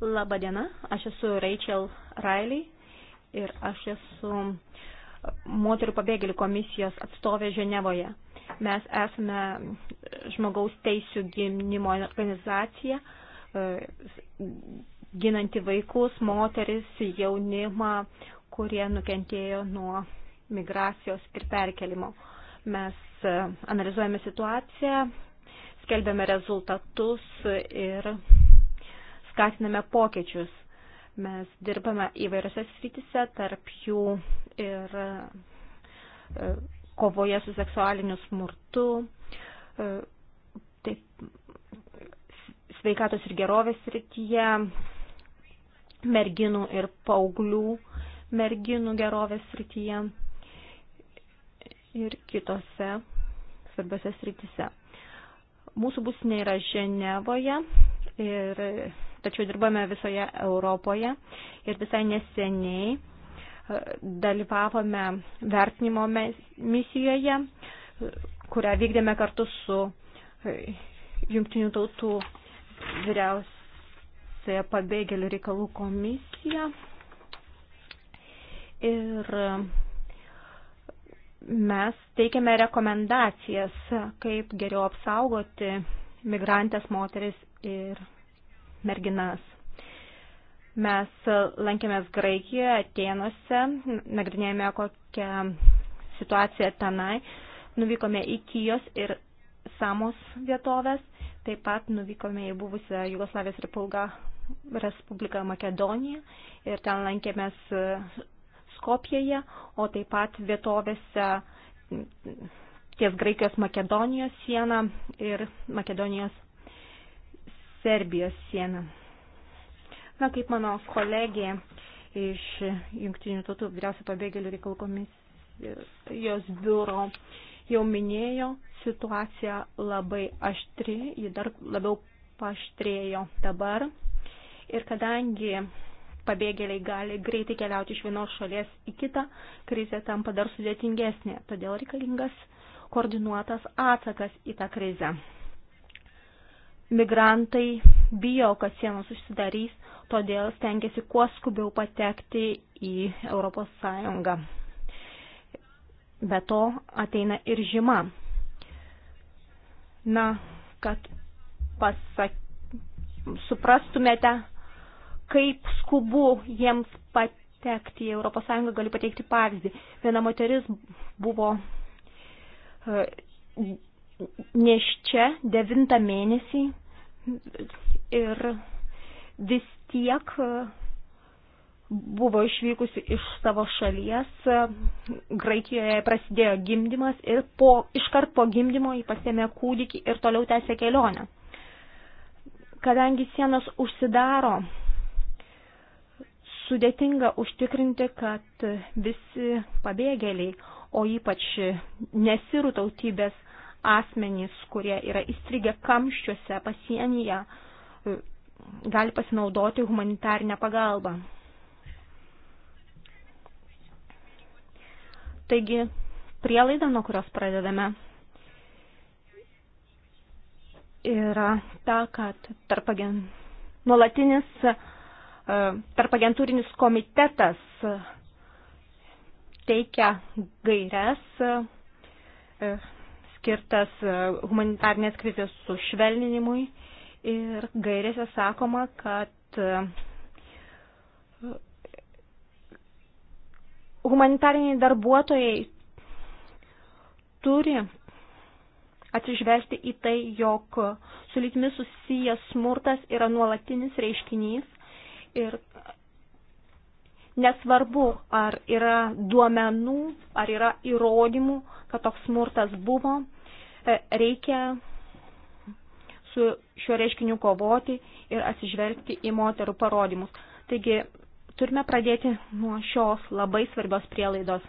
Labadiena, aš esu Rachel Riley ir aš esu moterų pabėgėlių komisijos atstovė Ženevoje. Mes esame žmogaus teisų gynimo organizacija, e, ginanti vaikus, moteris, jaunimą, kurie nukentėjo nuo migracijos ir perkelimo. Mes e, analizuojame situaciją, skelbiame rezultatus ir skatiname pokyčius. Mes dirbame įvairiose srityse, tarp jų ir e, kovoje su seksualiniu smurtu, e, taip, sveikatos ir gerovės srityje, merginų ir paauglių merginų gerovės srityje ir kitose svarbiose srityse. Mūsų būsinė yra Ženevoje ir tačiau dirbame visoje Europoje ir visai neseniai e, dalyvavome vertinimo misijoje, kurią vykdėme kartu su e, Junktinių tautų vyriausioje pabėgėlių reikalų komisija. Ir e, mes teikiame rekomendacijas, kaip geriau apsaugoti migrantės moteris ir merginas. Mes lankėmės Graikijoje, Atenose, nagrinėjome kokią situaciją tenai, nuvykome į Kijos ir Samos vietovės, taip pat nuvykome į buvusią Jugoslavijos Repulgą, Respubliką Makedoniją ir ten lankėmės Skopjeje, o taip pat vietovėse ties Graikijos Makedonijos sieną ir Makedonijos Serbijos sieną. Na, kaip mano kolegė iš Junktinių tautų vyriausio pabėgėlių reikalų komisijos biuro jau minėjo, situacija labai aštri, ji dar labiau paštrėjo dabar. Ir kadangi pabėgėliai gali greitai keliauti iš vienos šalies į kitą, krizė tampa dar sudėtingesnė, todėl reikalingas koordinuotas atsakas į tą krizę migrantai bijo, kad sienos užsidarys, todėl stengiasi kuo skubiau patekti į ES. Be to ateina ir žyma. Na, kad pasak... suprastumėte, kaip skubu jiems patekti į ES, galiu pateikti pavyzdį. Viena moteris buvo e, neš čia devintą mėnesį ir vis tiek buvo išvykusi iš savo šalies, Graikijoje prasidėjo gimdymas ir po, iškart po gimdymo jį pasėmė kūdikį ir toliau tęsė kelionę. Kadangi sienos užsidaro, sudėtinga užtikrinti, kad visi pabėgėliai, o ypač nesirų tautybės asmenys, kurie yra įstrigę kamščiuose pasienyje, gali pasinaudoti humanitarinę pagalbą. Taigi, prielaida, nuo kurios pradedame, yra ta, kad tarp agen... nuolatinis e, tarp agentūrinis komitetas teikia gairias e, skirtas e, humanitarnės krizės sušvelninimui ir gairėse sakoma, kad e, humanitariniai darbuotojai turi atsižvelgti į tai, jog su lytimi susijęs smurtas yra nuolatinis reiškinys ir nesvarbu, ar yra duomenų, ar yra įrodymų, kad toks smurtas buvo, E, reikia su šiuo reiškiniu kovoti ir atsižvelgti į moterų parodymus. Taigi turime pradėti nuo šios labai svarbios prielaidos.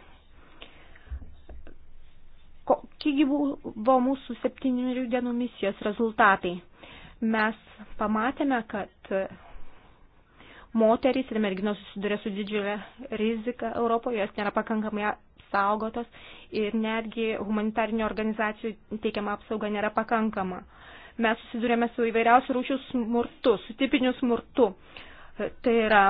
Kokiegi buvo mūsų septynių dienų misijos rezultatai? Mes pamatėme, kad moterys ir merginos susiduria su didžiulė rizika Europoje, jos nėra pakankamai apsaugotos ir netgi humanitarinių organizacijų teikiama apsauga nėra pakankama. Mes susidurėme su įvairiausių rūšių smurtu, su tipiniu smurtu. Tai yra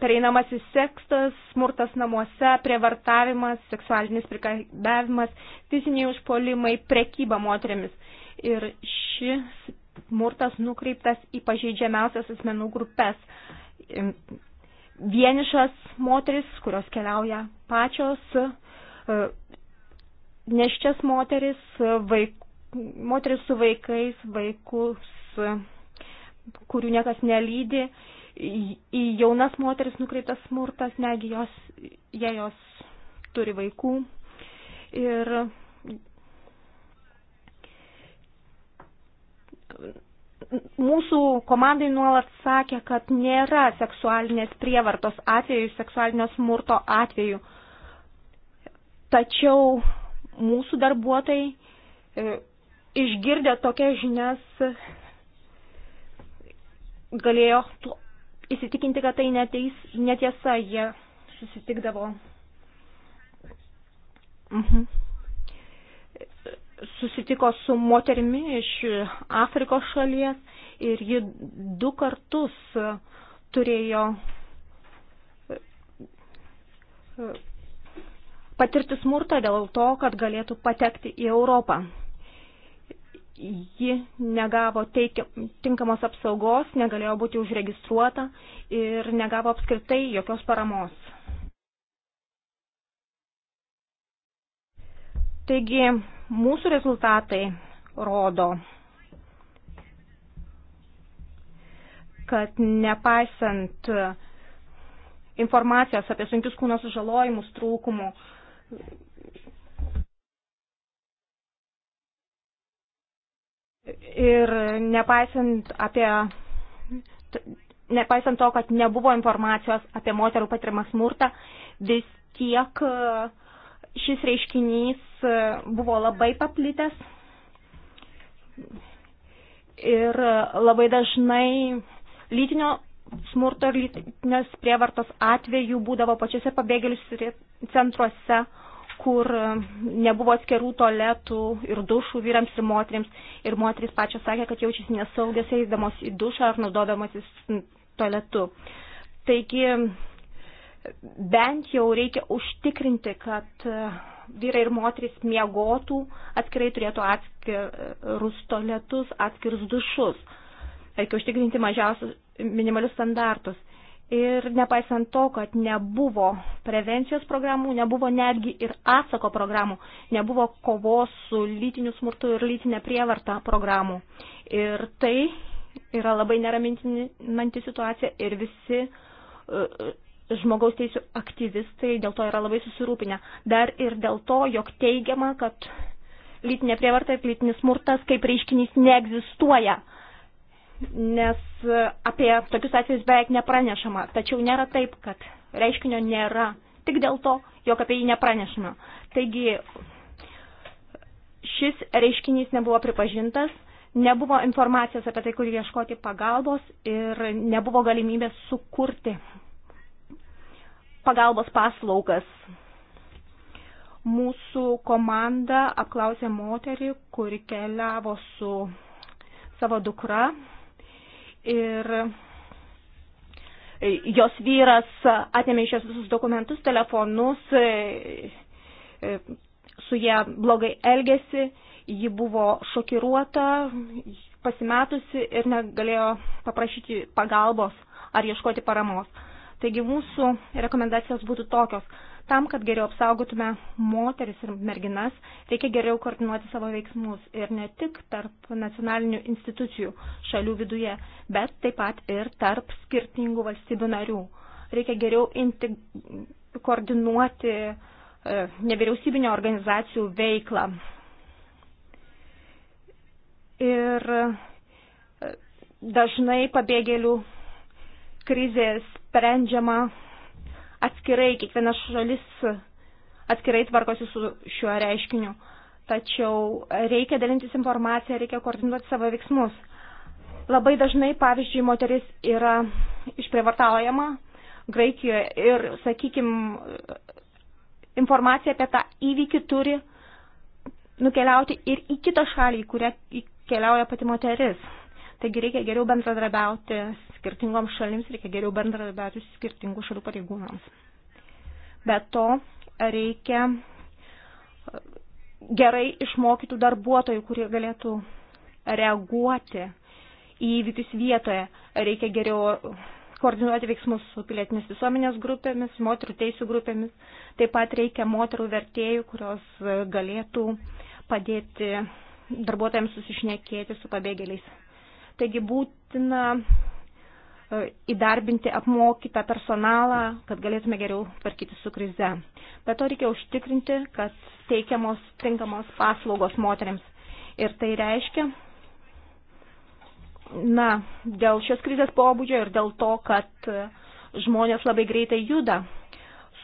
pereinamasis seksas, smurtas namuose, prievartavimas, seksualinis prikaibavimas, fiziniai užpolimai, prekyba moteriamis. Ir šis smurtas nukreiptas į pažeidžiamiausias asmenų grupės vienišas moteris, kurios keliauja pačios, e, neščias moteris, e, vaik, moteris su vaikais, vaikus, e, kurių niekas nelydi, į jaunas moteris nukreiptas smurtas, negi jos, jie jos turi vaikų. Ir mūsų komandai nuolat sakė, kad nėra seksualinės prievartos atveju, seksualinio smurto atveju. Tačiau mūsų darbuotojai e, išgirdę tokias žinias galėjo įsitikinti, kad tai neteis, netiesa, jie susitikdavo. Mhm susitiko su moterimi iš Afrikos šalies ir ji du kartus turėjo patirti smurtą dėl to, kad galėtų patekti į Europą. Ji negavo teikia, tinkamos apsaugos, negalėjo būti užregistruota ir negavo apskritai jokios paramos. Taigi mūsų rezultatai rodo, kad nepaisant informacijos apie sunkius kūno sužalojimus trūkumų, Ir nepaisant apie nepaisant to, kad nebuvo informacijos apie moterų patiriamą smurtą, vis tiek uh, šis reiškinys e, buvo labai paplitęs ir e, labai dažnai lytinio smurto ir lytinės prievartos atveju būdavo pačiuose pabėgėlių centruose, kur e, nebuvo atskirų toletų ir dušų vyrams ir moteriams. Ir moteris pačios sakė, kad jaučiasi nesaugiai eidamos į dušą ar naudodamasis toletu. Taigi bent jau reikia užtikrinti, kad e, vyrai ir moteris miegotų, atskirai turėtų atskirus toletus, atskirus dušus. Reikia užtikrinti mažiausius minimalius standartus. Ir nepaisant to, kad nebuvo prevencijos programų, nebuvo netgi ir atsako programų, nebuvo kovos su lytiniu smurtu ir lytinė prievarta programų. Ir tai yra labai neramintinanti situacija ir visi e, žmogaus teisų aktyvistai dėl to yra labai susirūpinę. Dar ir dėl to, jog teigiama, kad lytinė prievarta ir lytinis smurtas kaip reiškinys neegzistuoja, nes apie tokius atvejus beveik nepranešama. Tačiau nėra taip, kad reiškinio nėra tik dėl to, jog apie jį nepranešama. Taigi šis reiškinys nebuvo pripažintas, nebuvo informacijos apie tai, kur ieškoti pagalbos ir nebuvo galimybės sukurti pagalbos paslaugas. Mūsų komanda apklausė moterį, kuri keliavo su savo dukra ir jos vyras atėmė iš jos visus dokumentus, telefonus, su jie blogai elgėsi, ji buvo šokiruota, pasimetusi ir negalėjo paprašyti pagalbos ar ieškoti paramos. Taigi mūsų rekomendacijos būtų tokios. Tam, kad geriau apsaugotume moteris ir merginas, reikia geriau koordinuoti savo veiksmus ir ne tik tarp nacionalinių institucijų šalių viduje, bet taip pat ir tarp skirtingų valstybių narių. Reikia geriau integ... koordinuoti e, nevyriausybinio organizacijų veiklą. Ir e, dažnai pabėgėlių krizės sprendžiama atskirai, kiekviena šalis atskirai tvarkosi su šiuo reiškiniu. Tačiau reikia dalintis informaciją, reikia koordinuoti savo veiksmus. Labai dažnai, pavyzdžiui, moteris yra išprievartaujama Graikijoje ir, sakykime, informacija apie tą įvykį turi nukeliauti ir į kitą šalį, į kurią keliauja pati moteris. Taigi reikia geriau bendradarbiauti skirtingoms šalims, reikia geriau bendradarbiauti su skirtingų šalių pareigūnams. Be to reikia e, gerai išmokytų darbuotojų, kurie galėtų reaguoti į įvykius vietoje. Reikia geriau koordinuoti veiksmus su pilietinės visuomenės grupėmis, moterų teisų grupėmis. Taip pat reikia moterų vertėjų, kurios e, galėtų padėti darbuotojams susišnekėti su pabėgėliais. Taigi būtina e, įdarbinti apmokytą personalą, kad galėtume geriau tvarkyti su krize. Bet to reikia užtikrinti, kad teikiamos tinkamos paslaugos moteriams. Ir tai reiškia, na, dėl šios krizės pobūdžio ir dėl to, kad žmonės labai greitai juda,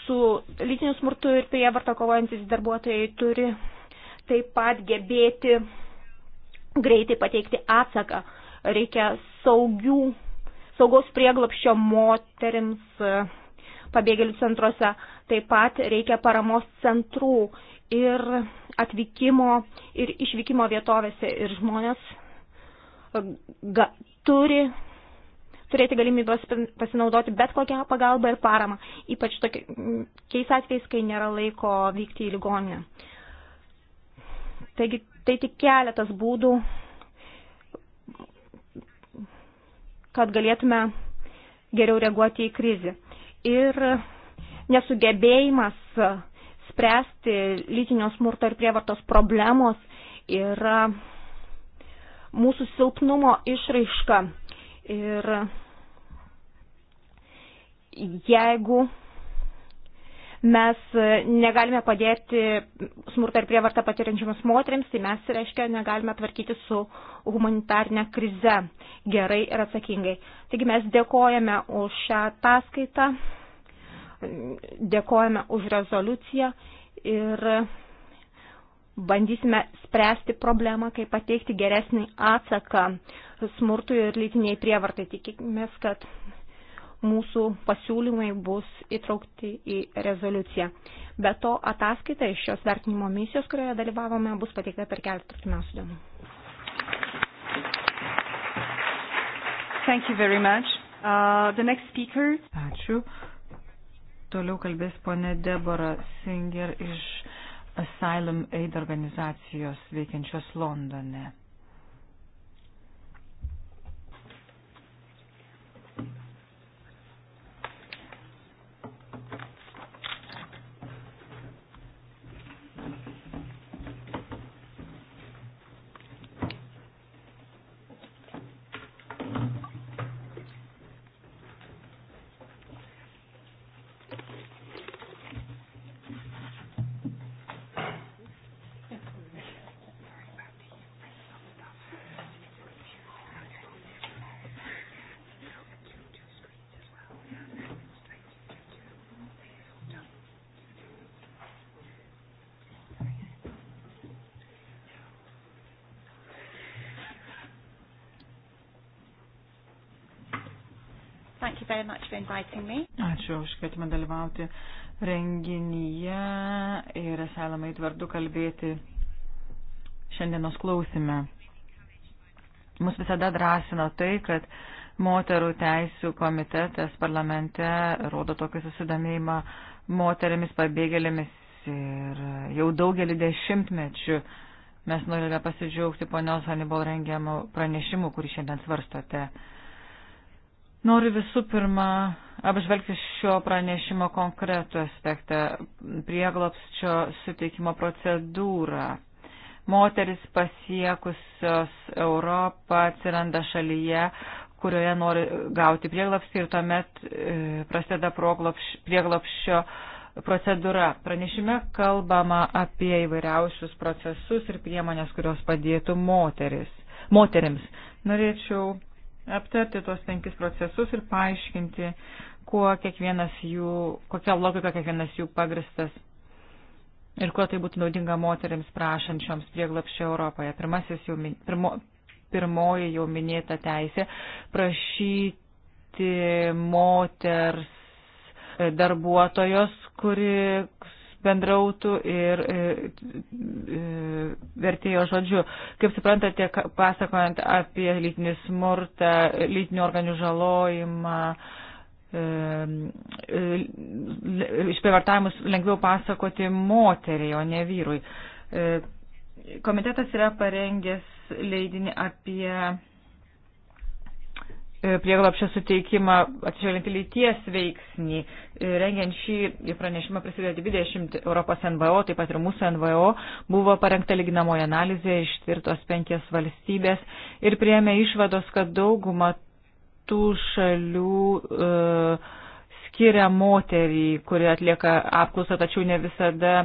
su lytiniu smurtu ir prievarta kovojantis darbuotojai turi taip pat gebėti greitai pateikti atsaką reikia saugių, saugos prieglapščio moterims e, pabėgėlių centruose, taip pat reikia paramos centrų ir atvykimo ir išvykimo vietovėse ir žmonės e, ga, turi turėti galimybę pasinaudoti bet kokią pagalbą ir paramą, ypač tokiais atvejais, kai nėra laiko vykti į ligoninę. Taigi tai tik keletas būdų, kad galėtume geriau reaguoti į krizį. Ir nesugebėjimas spręsti lytinio smurto ir prievartos problemos yra mūsų silpnumo išraiška. Ir jeigu mes e, negalime padėti smurtą ir prievartą patiriančiams moteriams, tai mes, reiškia, negalime tvarkyti su humanitarnė krize gerai ir atsakingai. Taigi mes dėkojame už šią ataskaitą, dėkojame už rezoliuciją ir bandysime spręsti problemą, kaip pateikti geresnį atsaką smurtui ir lytiniai prievartai. Tikimės, kad mūsų pasiūlymai bus įtraukti į rezoliuciją. Be to, ataskaita iš šios vertinimo misijos, kurioje dalyvavome, bus pateikta per keletą artimiausių dienų. Thank you very much. Uh, the next speaker. Ačiū. Toliau kalbės ponė Debora Singer iš Asylum Aid organizacijos veikiančios Londone. very much for inviting me. Ačiū už kvietimą dalyvauti renginyje ir esą labai tvardu kalbėti šiandienos klausime. Mus visada drąsino tai, kad moterų teisų komitetas parlamente rodo tokį susidomėjimą moterimis pabėgėlėmis ir jau daugelį dešimtmečių mes norime pasidžiaugti ponios Hannibal rengiamų pranešimų, kurį šiandien svarstote. Noriu visų pirma apžvelgti šio pranešimo konkretų aspektą - prieglopsčio suteikimo procedūrą. Moteris pasiekusios Europą atsiranda šalyje, kurioje nori gauti prieglopstį ir tuomet e, prasideda prieglopščio procedūra. Pranešime kalbama apie įvairiausius procesus ir priemonės, kurios padėtų moteris. moterims. Norėčiau aptarti tuos penkis procesus ir paaiškinti, kuo kiekvienas jų, kokia logika kiekvienas jų pagristas ir kuo tai būtų naudinga moteriams prašančioms prieglapščio Europoje. Pirmasis jau, pirmo, pirmoji jau minėta teisė prašyti moters darbuotojos, kuri bendrautų ir e, e, vertėjo žodžiu. Kaip suprantate, pasakojant apie lytinį smurtą, lytinių organių žalojimą, e, e išprievartavimus lengviau pasakoti moteriai, o ne vyrui. E, komitetas yra parengęs leidinį apie E, prieglapščio suteikimą atsižvelgiant į lyties veiksnį. E, rengiant šį pranešimą prisidėjo 20 Europos NVO, taip pat ir mūsų NVO, buvo parengta lyginamoji analizė, ištirtos penkias valstybės ir prieėmė išvados, kad dauguma tų šalių uh, skiria moterį, kuri atlieka apklausą, tačiau ne visada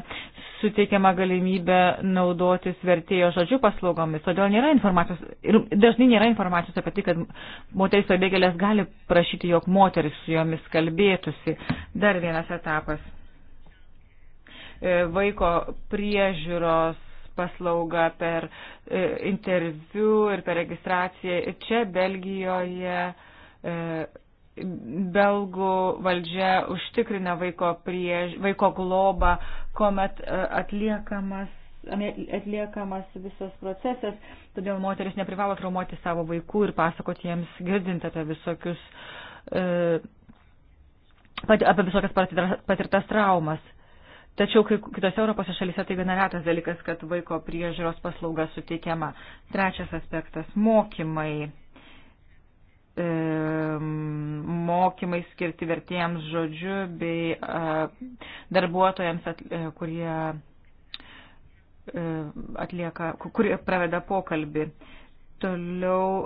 suteikiama galimybė naudotis vertėjo žodžių paslaugomis, todėl nėra informacijos ir dažnai nėra informacijos apie tai, kad moteris pabėgėlės gali prašyti, jog moteris su jomis kalbėtųsi. Dar vienas etapas. E, vaiko priežiūros paslauga per e, interviu ir per registraciją. Čia Belgijoje e, Belgų valdžia užtikrina vaiko, priež, vaiko globą, kuomet e, atliekamas, atliekamas visas procesas, todėl moteris neprivalo traumuoti savo vaikų ir pasakoti jiems girdint apie visokius, e, apie visokias patirtas traumas. Tačiau kai kitose Europos šalyse tai gana retas dalykas, kad vaiko priežiūros paslauga suteikiama. Trečias aspektas - mokymai mokymai skirti vertėjams žodžiu bei darbuotojams, e, kurie e, atlieka, kurie praveda pokalbį. Toliau e,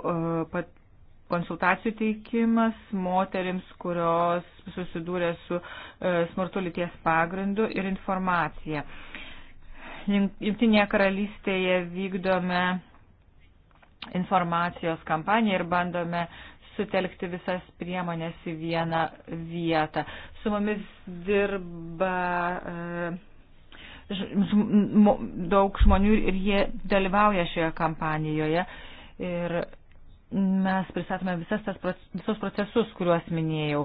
pat konsultacijų teikimas moterims, kurios susidūrė su smurtu lyties pagrindu ir informacija. Jungtinėje karalystėje vykdome informacijos kampaniją ir bandome uh, sutelkti visas priemonės į vieną vietą. Su mumis dirba e, daug žmonių ir jie dalyvauja šioje kampanijoje. Ir mes pristatome visas tas, visus procesus, kuriuos minėjau.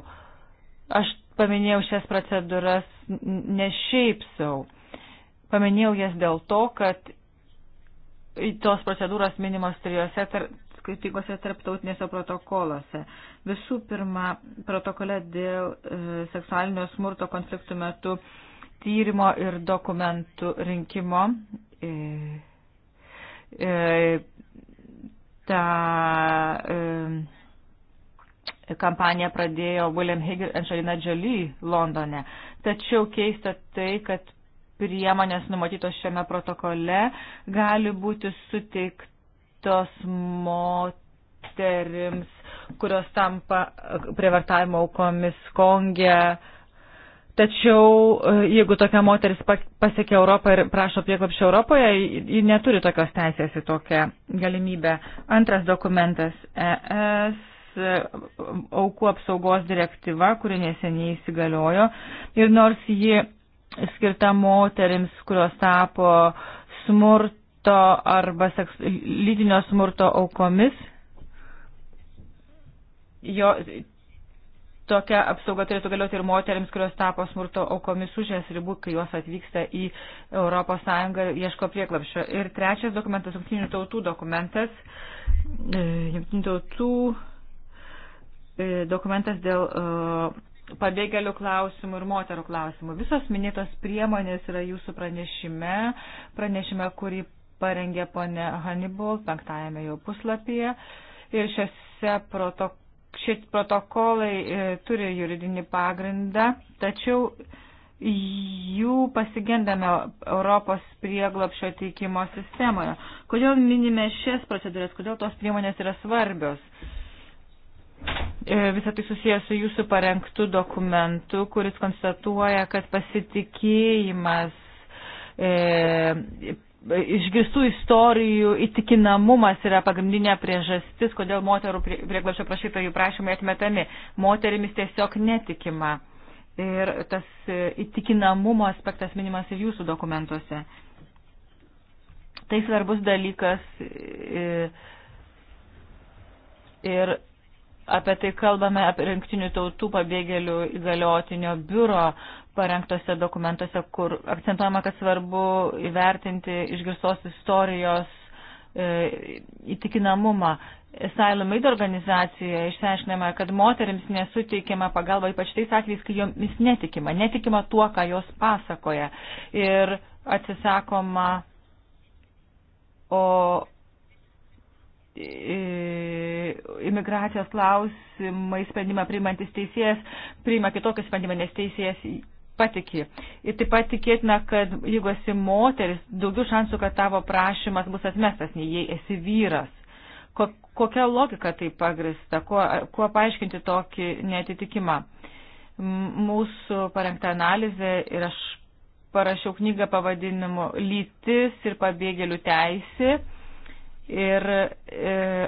Aš paminėjau šias procedūras ne šiaip savo. Paminėjau jas dėl to, kad tos procedūros minimos trijose tar, skirtingose tarptautinėse protokoluose. Visų pirma, protokole dėl e, seksualinio smurto konfliktų metu tyrimo ir dokumentų rinkimo. E, e, ta, e, kampaniją pradėjo William Higg ir Angelina Jolie Londone. Tačiau keista tai, kad priemonės numatytos šiame protokole gali būti suteikta skirtos moterims, kurios tampa prievartavimo aukomis Kongė. Tačiau e, jeigu tokia moteris pasiekia Europą ir prašo prieklapščio Europoje, ji neturi tokios teisės į tokią galimybę. Antras dokumentas ES e, aukų apsaugos direktyva, kuri neseniai įsigaliojo. Ir nors ji skirta moterims, kurios tapo smurt smurto arba seks, lytinio smurto aukomis. Jo, tokia apsauga turėtų galioti ir moteriams, kurios tapo smurto aukomis už jas ribų, kai jos atvyksta į ES ir ieško prieklapščio. Ir trečias dokumentas, jungtinių tautų dokumentas, e, jungtinių tautų e, dokumentas dėl e, pabėgėlių klausimų ir moterų klausimų. Visos minėtos priemonės yra jūsų pranešime, pranešime, kurį parengė ponė Hannibal penktajame jau puslapyje. Ir šiose protokolose. Šie protokolai e, turi juridinį pagrindą, tačiau jų pasigendame Europos prieglapšio teikimo sistemoje. Kodėl minime šias procedūras, kodėl tos priemonės yra svarbios? E, Visą tai susijęs su jūsų parengtu dokumentu, kuris konstatuoja, kad pasitikėjimas e, išgirstų istorijų įtikinamumas yra pagrindinė priežastis, kodėl moterų prieglašio prašytojų prašymai atmetami. Moterimis tiesiog netikima. Ir tas e, įtikinamumo aspektas minimas ir jūsų dokumentuose. Tai svarbus dalykas e, ir apie tai kalbame apie rinktinių tautų pabėgėlių įgaliotinio biuro parengtose dokumentuose, kur akcentuojama, kad svarbu įvertinti išgirstos istorijos e, įtikinamumą. Asylum Aid organizacija išsiaiškinama, kad moteriams nesuteikiama pagalba, ypač tais atvejais, kai jomis netikima, netikima tuo, ką jos pasakoja ir atsisakoma, o imigracijos klausimai sprendimą priimantis teisėjas priima kitokį sprendimą, nes teisėjas patiki. Ir taip pat tikėtina, kad jeigu esi moteris, daugiau šansų, kad tavo prašymas bus atmestas, nei jei esi vyras. Ko, kokia logika tai pagrista, kuo, kuo paaiškinti tokį netitikimą? Mūsų parengta analizė ir aš parašiau knygą pavadinimu Lytis ir pabėgėlių teisė. Ir e,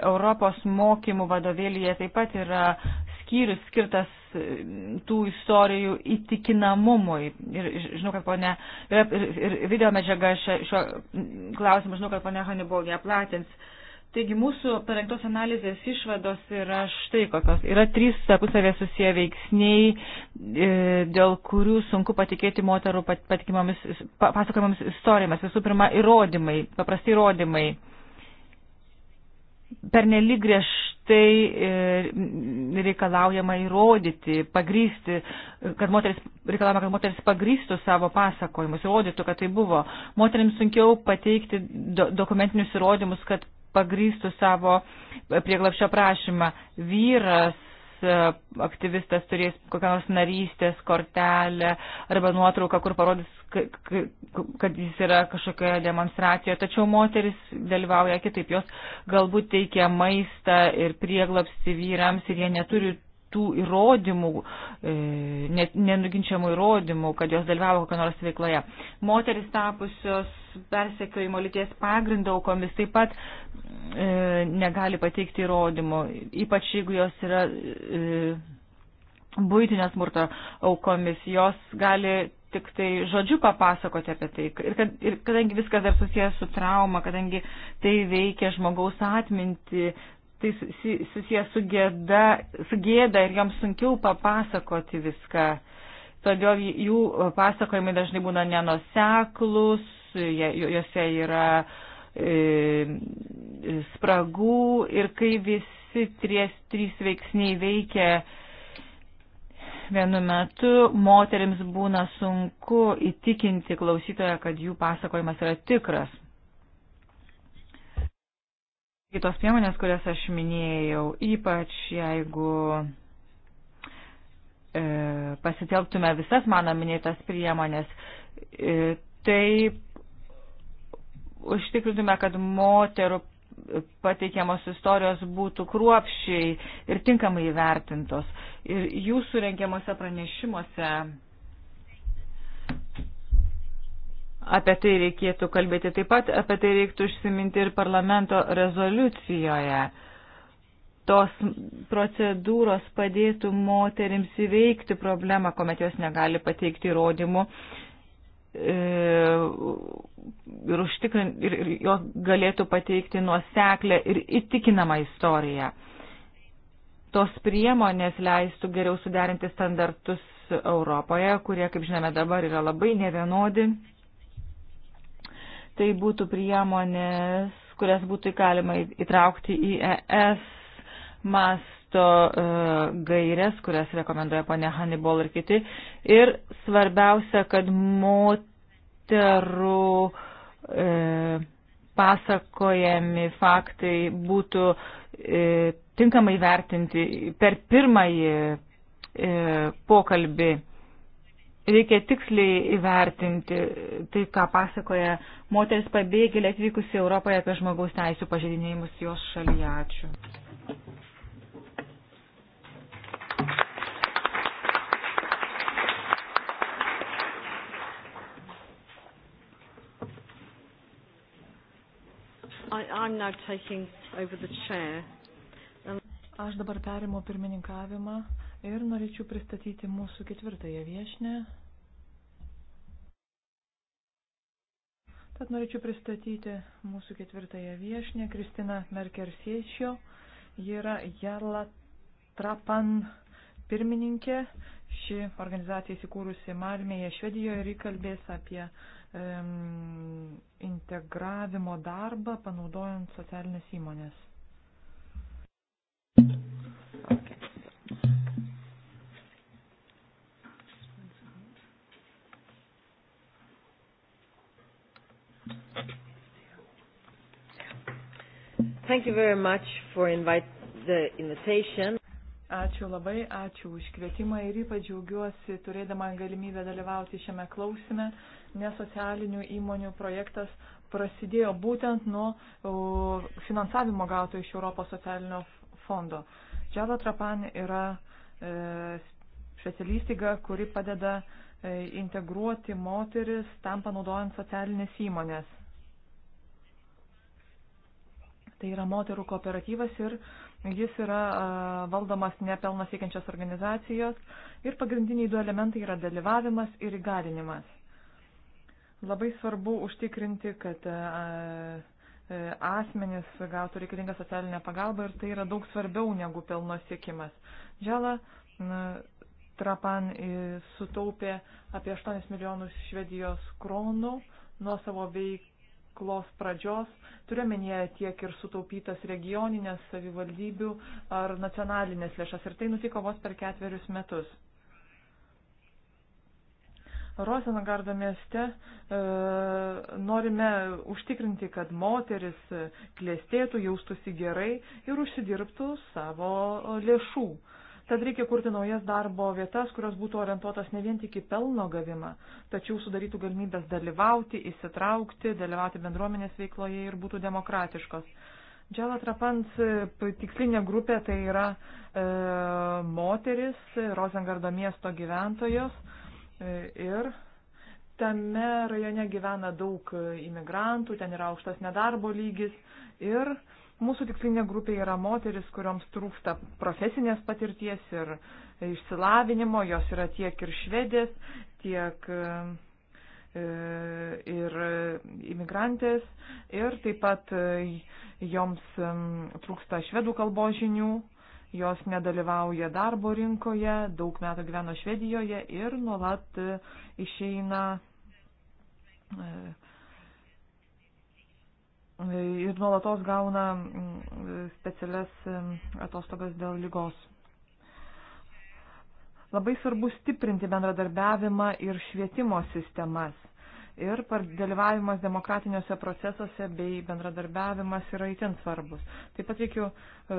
Europos mokymų vadovėlyje taip pat yra skyrius skirtas tų istorijų įtikinamumui. Ir žinau, kad ponė, ir, ir, ir video medžiaga šio klausimo, žinau, kad ponė Hanibol ją platins. Taigi mūsų parengtos analizės išvados yra štai kokios. Yra trys tarpusavė susiję veiksniai, e, dėl kurių sunku patikėti moterų patikimomis, pasakomomis istorijomis. Visų pirma, įrodymai, paprasti įrodymai pernelyg griežtai e, reikalaujama įrodyti, pagrysti, kad moteris, reikalaujama, kad moteris pagrystų savo pasakojimus, įrodytų, kad tai buvo. Moterims sunkiau pateikti do, dokumentinius įrodymus, kad pagrystų savo prieglapšio prašymą. Vyras E, aktyvistas turės kokią nors narystės kortelę arba nuotrauką, kur parodys, kad jis yra kažkokioje demonstracijoje. Tačiau moteris dalyvauja kitaip, jos galbūt teikia maistą ir prieglapsti vyrams ir jie neturi tų įrodymų, e, nenuginčiamų įrodymų, kad jos dalyvavo kokio nors veikloje. Moteris tapusios persekiojimo lyties pagrindo aukomis taip pat e, negali pateikti įrodymų, ypač jeigu jos yra e, būtinio smurto aukomis, jos gali tik tai žodžiu papasakoti apie tai. Ir, kad, ir kadangi viskas dar susijęs su trauma, kadangi tai veikia žmogaus atminti, tai susijęs su, gėda, su gėda ir joms sunkiau papasakoti viską. Todėl jų pasakojimai dažnai būna nenuseklus, juose yra e, spragų ir kai visi tries, trys veiksniai veikia vienu metu, moterims būna sunku įtikinti klausytoją, kad jų pasakojimas yra tikras. Kitos priemonės, kurias aš minėjau, ypač jeigu e, pasitelktume visas mano minėtas priemonės, e, tai užtikrintume, kad moterų pateikiamos istorijos būtų kruopščiai ir tinkamai įvertintos. Ir jūsų rengiamuose pranešimuose apie tai reikėtų kalbėti. Taip pat apie tai reiktų užsiminti ir parlamento rezoliucijoje. Tos procedūros padėtų moterims įveikti problemą, kuomet jos negali pateikti įrodymų e, ir, užtikrin, ir, ir jos galėtų pateikti nuoseklę ir įtikinamą istoriją. Tos priemonės leistų geriau suderinti standartus Europoje, kurie, kaip žinome, dabar yra labai nevienodi tai būtų priemonės, kurias būtų galima įtraukti į ES masto e, gairias, kurias rekomenduoja ponė Hannibal ir kiti. Ir svarbiausia, kad moterų e, pasakojami faktai būtų e, tinkamai vertinti per pirmąjį e, pokalbį reikia tiksliai įvertinti tai, ką pasakoja moteris pabėgėlė atvykusi Europoje apie žmogaus teisų pažeidinėjimus jos šalyje. Ačiū. Um, Aš dabar perimu pirmininkavimą ir norėčiau pristatyti mūsų ketvirtąją viešinę, Tad norėčiau pristatyti mūsų ketvirtąją viešinę, Kristina Merkersiečio. Ji yra Jarla Trapan pirmininkė. Ši organizacija įsikūrusi Malmėje, Švedijoje ir įkalbės apie um, integravimo darbą, panaudojant socialinės įmonės. Okay. Thank you very much for invite, the invitation. Ačiū labai, ačiū už kvietimą ir ypač džiaugiuosi turėdama galimybę dalyvauti šiame klausime, nes socialinių įmonių projektas prasidėjo būtent nuo finansavimo gauto iš Europos socialinio fondo. Džava Trapan yra e, specialistiga, kuri padeda e, integruoti moteris tam panaudojant socialinės įmonės. Tai yra moterų kooperatyvas ir jis yra valdomas nepelno siekiančios organizacijos ir pagrindiniai du elementai yra dalyvavimas ir įgalinimas. Labai svarbu užtikrinti, kad asmenys gautų reikalingą socialinę pagalbą ir tai yra daug svarbiau negu pelno siekimas. Džela Trapan sutaupė apie 8 milijonus švedijos kronų nuo savo veik, veiklos pradžios, turiuomenėje tiek ir sutaupytas regioninės savivaldybių ar nacionalinės lėšas. Ir tai nutiko vos per ketverius metus. Rosengardo mieste e, norime užtikrinti, kad moteris klėstėtų, jaustųsi gerai ir užsidirbtų savo lėšų. Tad reikia kurti naujas darbo vietas, kurios būtų orientuotos ne vien tik į pelno gavimą, tačiau sudarytų galimybės dalyvauti, įsitraukti, dalyvauti bendruomenės veikloje ir būtų demokratiškos. Džela Trapans e, tikslinė grupė tai yra e, moteris, Rozengardo miesto gyventojos e, ir tame rajone gyvena daug imigrantų, ten yra aukštas nedarbo lygis ir e, Mūsų tikslinė grupė yra moteris, kurioms trūksta profesinės patirties ir išsilavinimo, jos yra tiek ir švedės, tiek e, ir imigrantės ir taip pat e, joms trūksta švedų kalbos žinių, jos nedalyvauja darbo rinkoje, daug metų gyveno Švedijoje ir nuolat e, išeina ir nuolatos gauna mm, specialias mm, atostogas dėl lygos. Labai svarbu stiprinti bendradarbiavimą ir švietimo sistemas. Ir dalyvavimas demokratiniuose procesuose bei bendradarbiavimas yra įtin svarbus. Taip pat reikia e,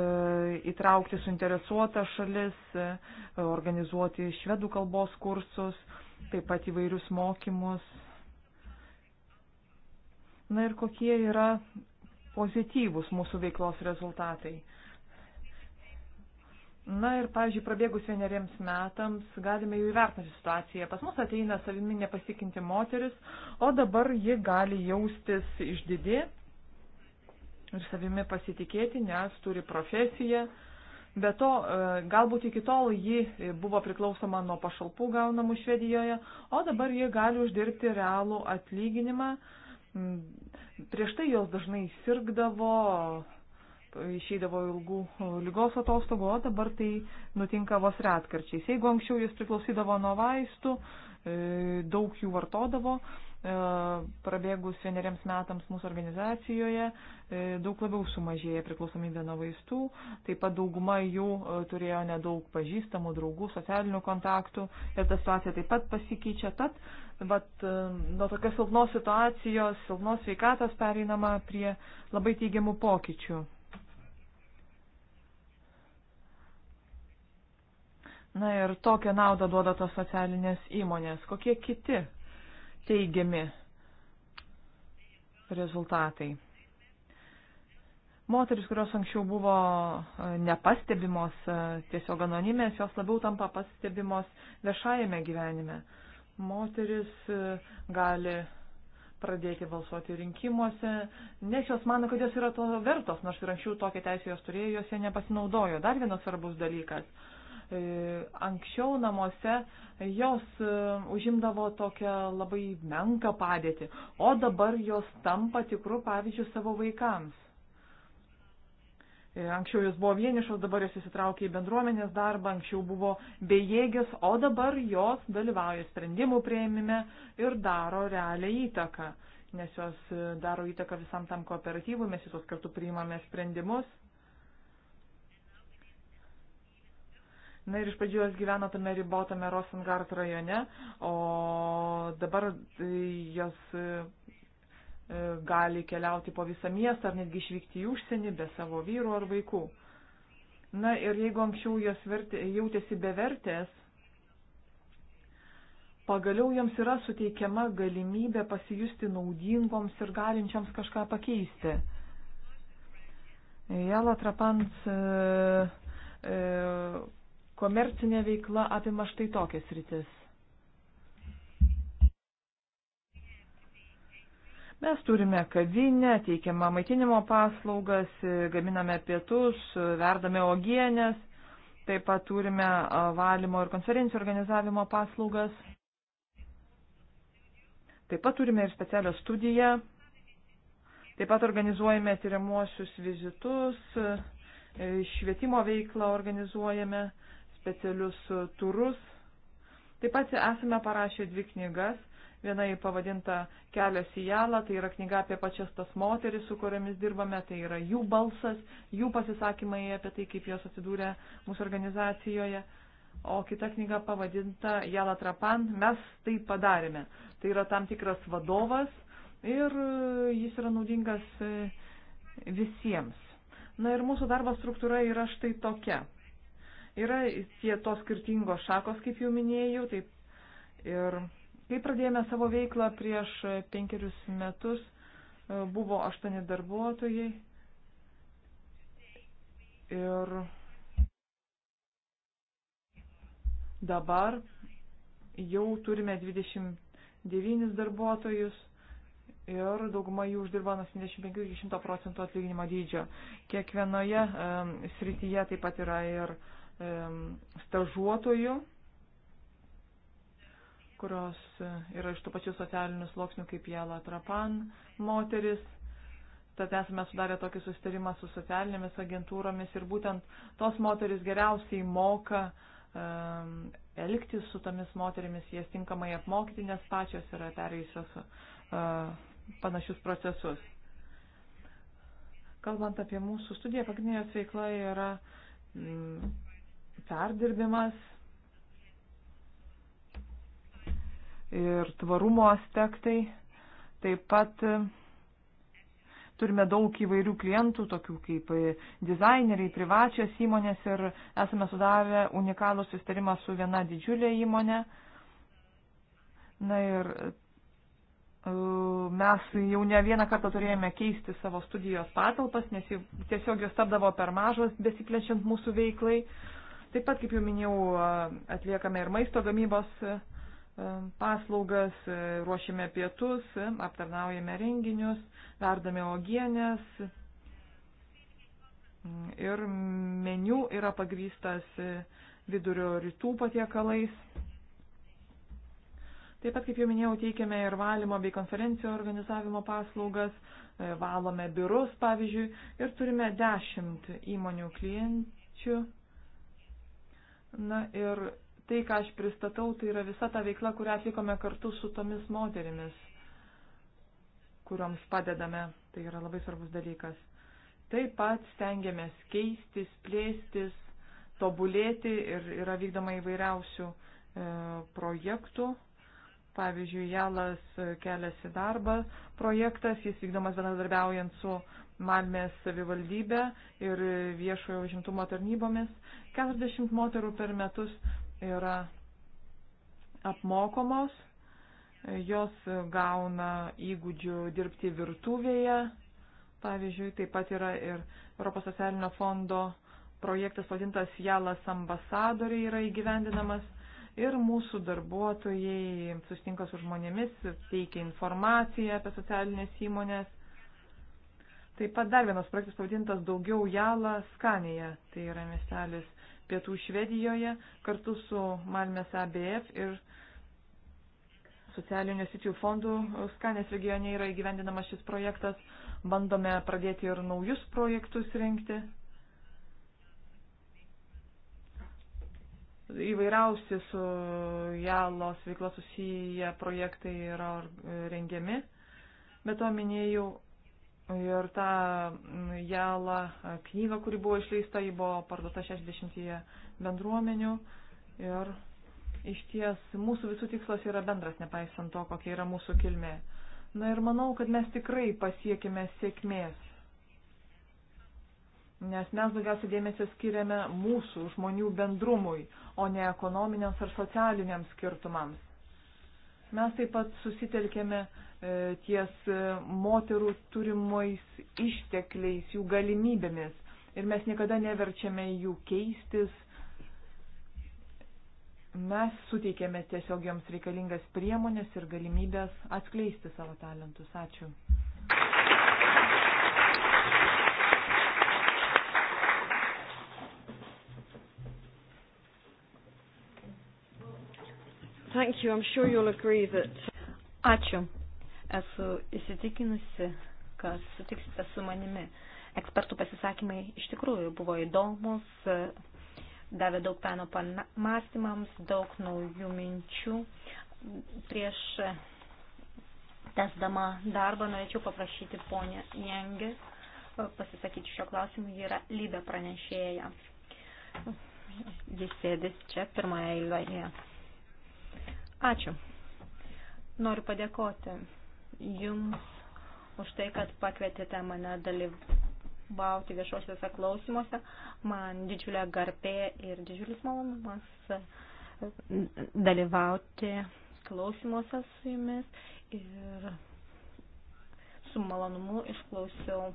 įtraukti suinteresuotas šalis, e, organizuoti švedų kalbos kursus, taip pat įvairius mokymus, Na ir kokie yra pozityvūs mūsų veiklos rezultatai. Na ir, pavyzdžiui, prabėgus vieneriems metams galime jau įvertinti situaciją. Pas mus ateina savimi nepasikinti moteris, o dabar ji gali jaustis išdidi ir savimi pasitikėti, nes turi profesiją. Be to, e, galbūt iki tol ji buvo priklausoma nuo pašalpų gaunamų Švedijoje, o dabar ji gali uždirbti realų atlyginimą, Prieš tai jos dažnai sirgdavo, išeidavo ilgų lygos atostogų, o dabar tai nutinka vos retkarčiais. Jeigu anksčiau jis priklausydavo nuo vaistų, e, daug jų vartodavo, E, prabėgus vieneriems metams mūsų organizacijoje e, daug labiau sumažėja priklausomybė nuo vaistų, taip pat dauguma jų e, turėjo nedaug pažįstamų, draugų, socialinių kontaktų ir ta situacija taip pat pasikeičia. Tad vat, nuo tokios silpnos situacijos, silpnos veikatos pereinama prie labai teigiamų pokyčių. Na ir tokią naudą duoda tos socialinės įmonės. Kokie kiti teigiami rezultatai. Moteris, kurios anksčiau buvo e, nepastebimos, e, tiesiog anonimės, jos labiau tampa pastebimos viešajame gyvenime. Moteris e, gali pradėti balsuoti rinkimuose, nes jos mano, kad jos yra to vertos, nors ir anksčiau tokią teisę jos turėjo, jos ją nepasinaudojo. Dar vienas svarbus dalykas E, anksčiau namuose jos e, užimdavo tokią labai menką padėtį, o dabar jos tampa tikrų pavyzdžių savo vaikams. E, anksčiau jos buvo vienišos, dabar jos įsitraukė į bendruomenės darbą, anksčiau buvo bejėgės, o dabar jos dalyvauja sprendimų prieimime ir daro realią įtaką, nes jos daro įtaką visam tam kooperatyvui, mes visos kartu priimame sprendimus. Na ir iš pradžių jos gyveno tame ribotame Rosengart rajone, o dabar e, jos e, e, gali keliauti po visą miestą ar netgi išvykti į užsienį be savo vyrų ar vaikų. Na ir jeigu anksčiau jos vertė, jautėsi bevertės, pagaliau joms yra suteikiama galimybė pasijusti naudingoms ir galinčiams kažką pakeisti. Jela Trapant e, e, komercinė veikla apima štai tokias rytis. Mes turime kavinę, teikiamą maitinimo paslaugas, gaminame pietus, verdame ogienės, taip pat turime valymo ir konferencijų organizavimo paslaugas. Taip pat turime ir specialią studiją, taip pat organizuojame tyriamuosius vizitus, e, švietimo veiklą organizuojame specialius turus. Taip pat esame parašę dvi knygas. Viena pavadinta Kelias į Jalą, tai yra knyga apie pačias tas moteris, su kuriamis dirbame, tai yra jų balsas, jų pasisakymai apie tai, kaip jos atsidūrė mūsų organizacijoje. O kita knyga pavadinta Jala Trapan, mes tai padarėme. Tai yra tam tikras vadovas ir e, jis yra naudingas e, visiems. Na ir mūsų darbo struktūra yra štai tokia. Yra tie tos skirtingos šakos, kaip jau minėjau. Taip, ir kai pradėjome savo veiklą prieš penkerius metus, e, buvo aštuoni darbuotojai. Ir dabar jau turime 29 darbuotojus ir dauguma jų uždirba nuo 75-100 procentų atlyginimo dydžio. Kiekvienoje um, srityje taip pat yra ir uh, stažuotojų, kurios yra iš tų pačių socialinių sluoksnių kaip Jela Trapan moteris. Tad esame sudarę tokį susitarimą su socialinėmis agentūromis ir būtent tos moteris geriausiai moka um, elgtis su tomis moterimis, jas tinkamai apmokyti, nes pačios yra perėjusios uh, e, panašius procesus. Kalbant apie mūsų studiją, pagrindinės veikla yra mm, perdirbimas ir tvarumo aspektai. Taip pat e, turime daug įvairių klientų, tokių kaip e, dizaineriai, privačios įmonės ir esame sudavę unikalų sustarimą su viena didžiulė įmonė. Na ir e, mes jau ne vieną kartą turėjome keisti savo studijos patalpas, nes tiesiog jos tapdavo per mažos besiklečiant mūsų veiklai. Taip pat, kaip jau minėjau, atliekame ir maisto gamybos e, paslaugas, e, ruošiame pietus, aptarnaujame renginius, verdame ogienės ir meniu yra pagrystas e, vidurio rytų patiekalais. Taip pat, kaip jau minėjau, teikiame ir valymo bei konferencijų organizavimo paslaugas, valome biurus, pavyzdžiui, ir turime dešimt įmonių klienčių Na ir tai, ką aš pristatau, tai yra visa ta veikla, kurią atlikome kartu su tomis moterimis, kurioms padedame. Tai yra labai svarbus dalykas. Taip pat stengiamės keistis, plėstis, tobulėti ir yra vykdoma įvairiausių e, projektų. Pavyzdžiui, Jalas keliasi darbą projektas, jis vykdomas bendradarbiaujant su Malmės savivaldybė ir viešojo užimtumo tarnybomis. 40 moterų per metus yra apmokomos, jos gauna įgūdžių dirbti virtuvėje. Pavyzdžiui, taip pat yra ir Europos socialinio fondo projektas vadintas Jalas ambasadoriai yra įgyvendinamas ir mūsų darbuotojai sustinka su žmonėmis, teikia informaciją apie socialinės įmonės Taip pat dar vienas projektas pavadintas Daugiau Jala Skanėje, tai yra miestelis pietų Švedijoje, kartu su Malmės ABF ir socialinių sričių fondų Skanės regione yra įgyvendinamas šis projektas. Bandome pradėti ir naujus projektus rengti. Įvairiausi su Jalos veikla susiję projektai yra rengiami. Bet to minėjau Ir ta mm, jela knyga, kuri buvo išleista, ji buvo parduota 60 bendruomenių. Ir iš ties mūsų visų tikslas yra bendras, nepaisant to, kokia yra mūsų kilmė. Na ir manau, kad mes tikrai pasiekime sėkmės. Nes mes daugiausia dėmesio skiriame mūsų žmonių bendrumui, o ne ekonominiams ar socialiniams skirtumams. Mes taip pat susitelkėme e, ties e, moterų turimais ištekliais, jų galimybėmis. Ir mes niekada neverčiame jų keistis. Mes suteikėme tiesiog joms reikalingas priemonės ir galimybės atskleisti savo talentus. Ačiū. Thank you. I'm sure you'll agree that... Ačiū. Esu įsitikinusi, kad sutiksite su manimi. Ekspertų pasisakymai iš tikrųjų buvo įdomus, davė daug peno pamastymams, daug naujų minčių. Prieš tesdama darbą norėčiau paprašyti ponę Jengį e, pasisakyti šio klausimu, ji yra lybė pranešėja. Jis sėdi čia pirmoje eilėje. Ačiū. Noriu padėkoti Jums už tai, kad pakvietėte mane dalyvauti viešuosiuose klausimuose. Man didžiulė garbė ir didžiulis malonumas e, dalyvauti klausimuose su Jumis ir su malonumu išklausiau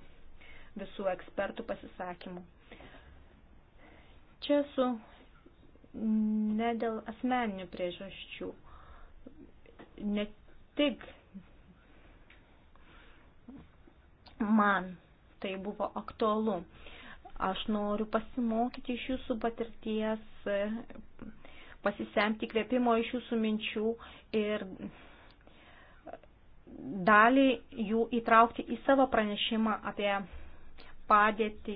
visų ekspertų pasisakymų. Čia su ne dėl asmeninių priežasčių ne tik man tai buvo aktualu. Aš noriu pasimokyti iš jūsų patirties, pasisemti kvėpimo iš jūsų minčių ir dalį jų įtraukti į savo pranešimą apie padėtį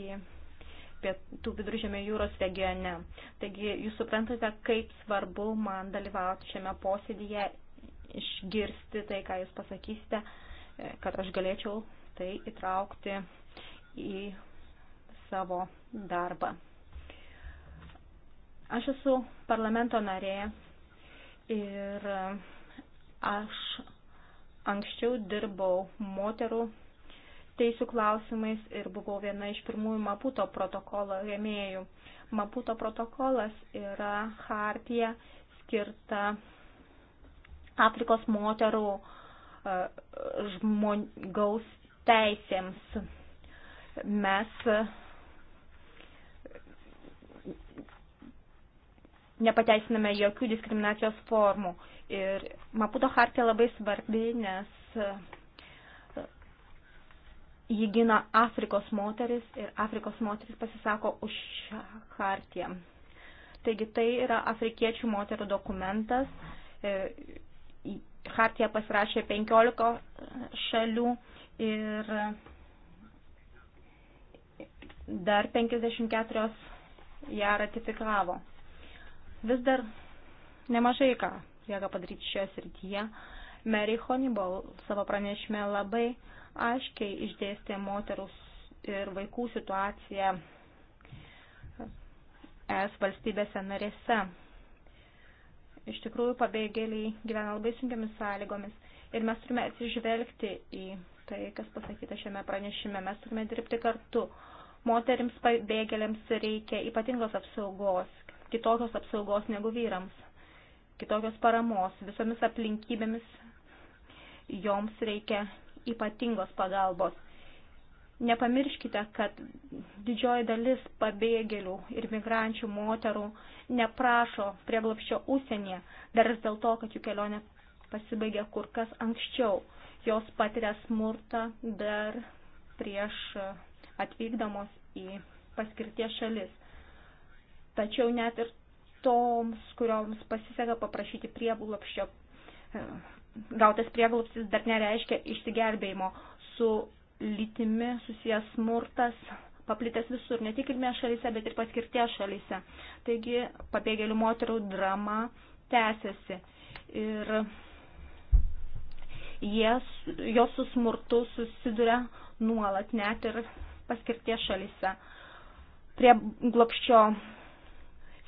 pietų viduržėmio jūros regione. Taigi jūs suprantate, kaip svarbu man dalyvauti šiame posėdėje išgirsti tai, ką jūs pasakysite, e, kad aš galėčiau tai įtraukti į savo darbą. Aš esu parlamento narė ir aš anksčiau dirbau moterų teisų klausimais ir buvau viena iš pirmųjų Maputo protokolo rėmėjų. Maputo protokolas yra hartija skirta Afrikos moterų e, žmogaus teisėms. Mes e, nepateisiname jokių diskriminacijos formų. Ir Maputo hartija labai svarbi, nes e, jį gina Afrikos moteris ir Afrikos moteris pasisako už šią hartiją. Taigi tai yra afrikiečių moterų dokumentas. Hartiją pasirašė 15 šalių ir dar 54 ją ratifikavo. Vis dar nemažai ką lieka padaryti šioje srityje. Mary Honeyball savo pranešime labai aiškiai išdėstė moterų ir vaikų situaciją es valstybėse narėse. Iš tikrųjų, pabėgėliai gyvena labai sunkiamis sąlygomis ir mes turime atsižvelgti į tai, kas pasakyta šiame pranešime. Mes turime dirbti kartu. Moterims pabėgėliams reikia ypatingos apsaugos, kitokios apsaugos negu vyrams, kitokios paramos. Visomis aplinkybėmis joms reikia ypatingos pagalbos Nepamirškite, kad didžioji dalis pabėgėlių ir migrančių moterų neprašo prieglapščio užsienyje, dar ir dėl to, kad jų kelionė pasibaigė kur kas anksčiau. Jos patiria smurtą dar prieš atvykdamos į paskirties šalis. Tačiau net ir toms, kurioms pasiseka paprašyti prieglapščio, e, gautas prieglapsis dar nereiškia išsigelbėjimo. Su lytimi susijęs smurtas paplitęs visur, ne tik kilmės šalyse, bet ir paskirties šalyse. Taigi pabėgėlių moterų drama tęsiasi. Ir jas, jos su smurtu susiduria nuolat, net ir paskirties šalyse. Prie glopščio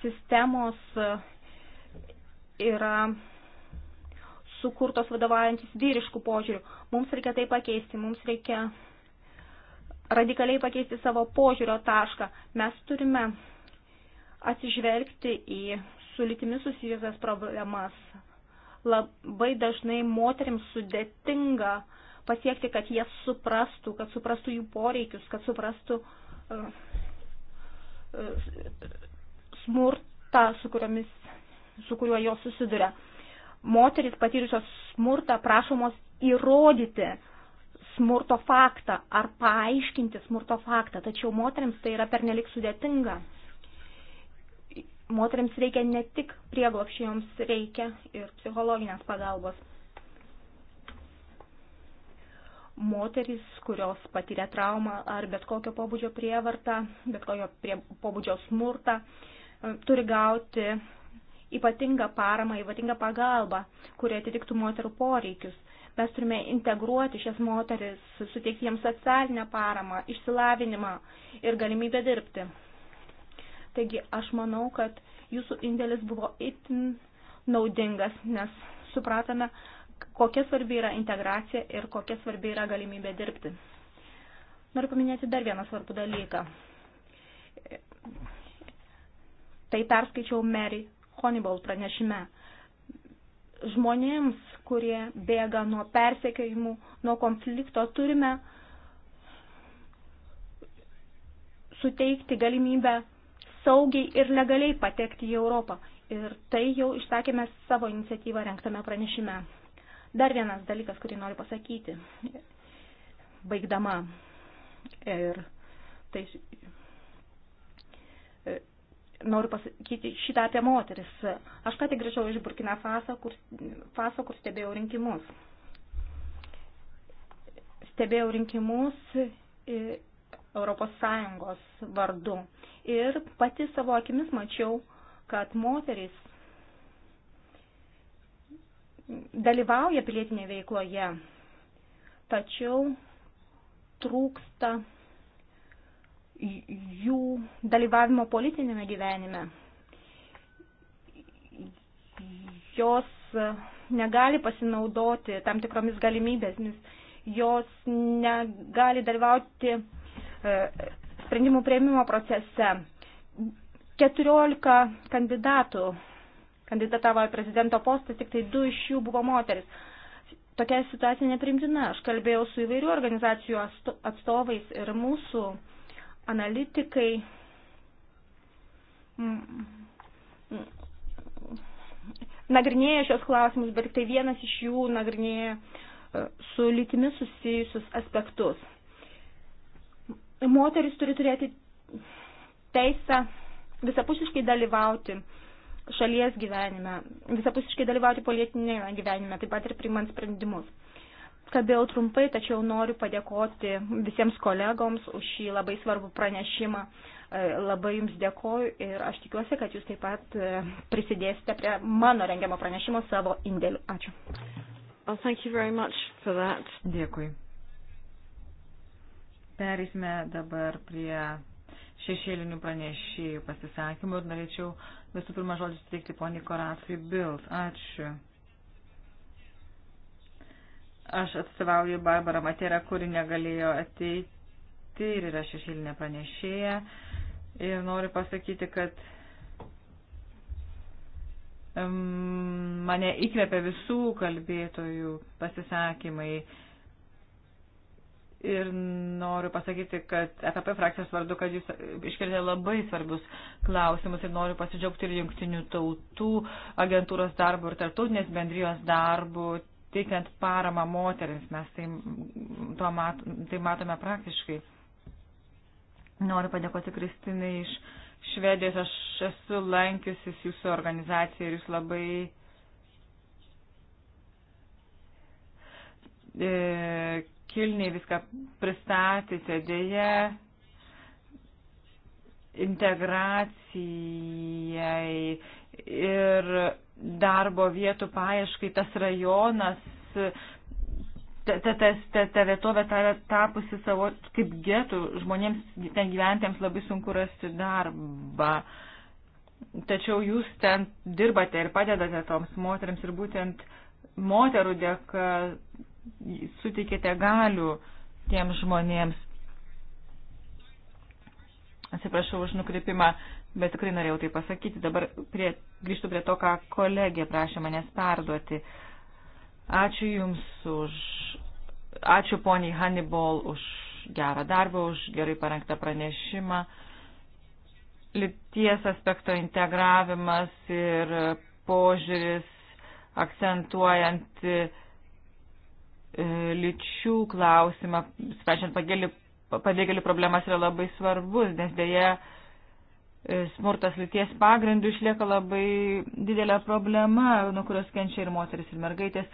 sistemos yra sukurtos vadovaujantis vyriškų požiūrių Mums reikia tai pakeisti, mums reikia radikaliai pakeisti savo požiūrio tašką. Mes turime atsižvelgti į su lytimi susijusias problemas. Labai dažnai moteriams sudėtinga pasiekti, kad jie suprastų, kad suprastų jų poreikius, kad suprastų uh, uh, smurtą, su, kuriomis, su kuriuo jos susiduria. Uh, moteris patyrusios smurtą prašomos įrodyti smurto faktą ar paaiškinti smurto faktą, tačiau moteriams tai yra pernelik sudėtinga. Moteriams reikia ne tik prieglopščiai, joms reikia ir psichologinės pagalbos. Moterys, kurios patyrė traumą ar bet kokio pobūdžio prievartą, bet kokio prie, pobūdžio smurtą, turi gauti ypatingą paramą, ypatingą pagalbą, kurie atitiktų moterų poreikius. Mes turime integruoti šias moteris, suteikti jiems socialinę paramą, išsilavinimą ir galimybę dirbti. Taigi aš manau, kad jūsų indėlis buvo itin naudingas, nes supratome, kokia svarbi yra integracija ir kokia svarbi yra galimybė dirbti. Noriu paminėti dar vieną svarbų dalyką. Tai perskaičiau Mary Honibal pranešime. Žmonėms, kurie bėga nuo persekiojimų, nuo konflikto, turime suteikti galimybę saugiai ir legaliai patekti į Europą. Ir tai jau išsakėme savo iniciatyvą renktame pranešime. Dar vienas dalykas, kurį noriu pasakyti, baigdama. Ir tai noriu pasakyti šitą apie moteris. Aš ką tik grįžau iš Burkina Faso, kur, Faso, kur stebėjau rinkimus. Stebėjau rinkimus e, Europos Sąjungos vardu. Ir pati savo akimis mačiau, kad moteris dalyvauja pilietinėje veikloje, tačiau trūksta jų dalyvavimo politinėme gyvenime. Jos negali pasinaudoti tam tikromis galimybėmis, jos negali dalyvauti e, sprendimų prieimimo procese. 14 kandidatų kandidatavo į prezidento postą, tik tai du iš jų buvo moteris. Tokia situacija neprimtina. Aš kalbėjau su įvairių organizacijų atstovais ir mūsų uh, analitikai mm, mm, nagrinėja šios klausimus, bet tai vienas iš jų nagrinėja e, su lytimi susijusius aspektus. Moteris turi turėti teisę visapusiškai dalyvauti šalies gyvenime, visapusiškai dalyvauti politinėje gyvenime, taip pat ir priimant sprendimus kalbėjau trumpai, tačiau noriu padėkoti visiems kolegoms už šį labai svarbų pranešimą. E, labai Jums dėkoju ir aš tikiuosi, kad Jūs taip pat e, prisidėsite prie mano rengiamo pranešimo savo indėliu. Ačiū. Well, thank you very much for that. Dėkui. Perėsime dabar prie šešėlinių pranešėjų pasisakymų ir norėčiau visų pirma žodžius suteikti poniai Koracijai Bild. Ačiū. Aš atstovauju Barbarą Materą, kuri negalėjo ateiti ir yra šešilinė pranešėja. Ir noriu pasakyti, kad mane įkvėpia visų kalbėtojų pasisakymai. Ir noriu pasakyti, kad EPP frakcijos vardu, kad jūs iškirtė labai svarbus klausimus ir noriu pasidžiaugti ir jungtinių tautų agentūros darbų ir tarptautinės bendrijos darbų teikiant paramą moteris, mes tai, to mat, tai matome praktiškai. Noriu padėkoti Kristinai iš Švedijos, aš esu lankiusis jūsų organizaciją ir jūs labai e, kilniai viską pristatėte, dėje integracijai ir darbo vietų paieškai tas rajonas, ta, ta, ta, ta, ta vietovė ta, tapusi savo kaip getų, žmonėms ten gyventiems labai sunku rasti darbą. Tačiau jūs ten dirbate ir padedate toms moteriams ir būtent moterų dėka suteikėte galių tiems žmonėms. Atsiprašau už nukreipimą. Uh, bet tikrai norėjau tai pasakyti. Dabar prie, grįžtu prie to, ką kolegė prašė manęs perduoti. Ačiū Jums už, ačiū poniai Hannibal už gerą darbą, už gerai parengtą pranešimą. Lyties aspekto integravimas ir požiūris akcentuojant e, lyčių klausimą, sprendžiant pabėgėlių problemas yra labai svarbus, nes dėja E, smurtas lyties pagrindų išlieka labai didelė problema, nuo kurios kenčia ir moteris, ir mergaitės.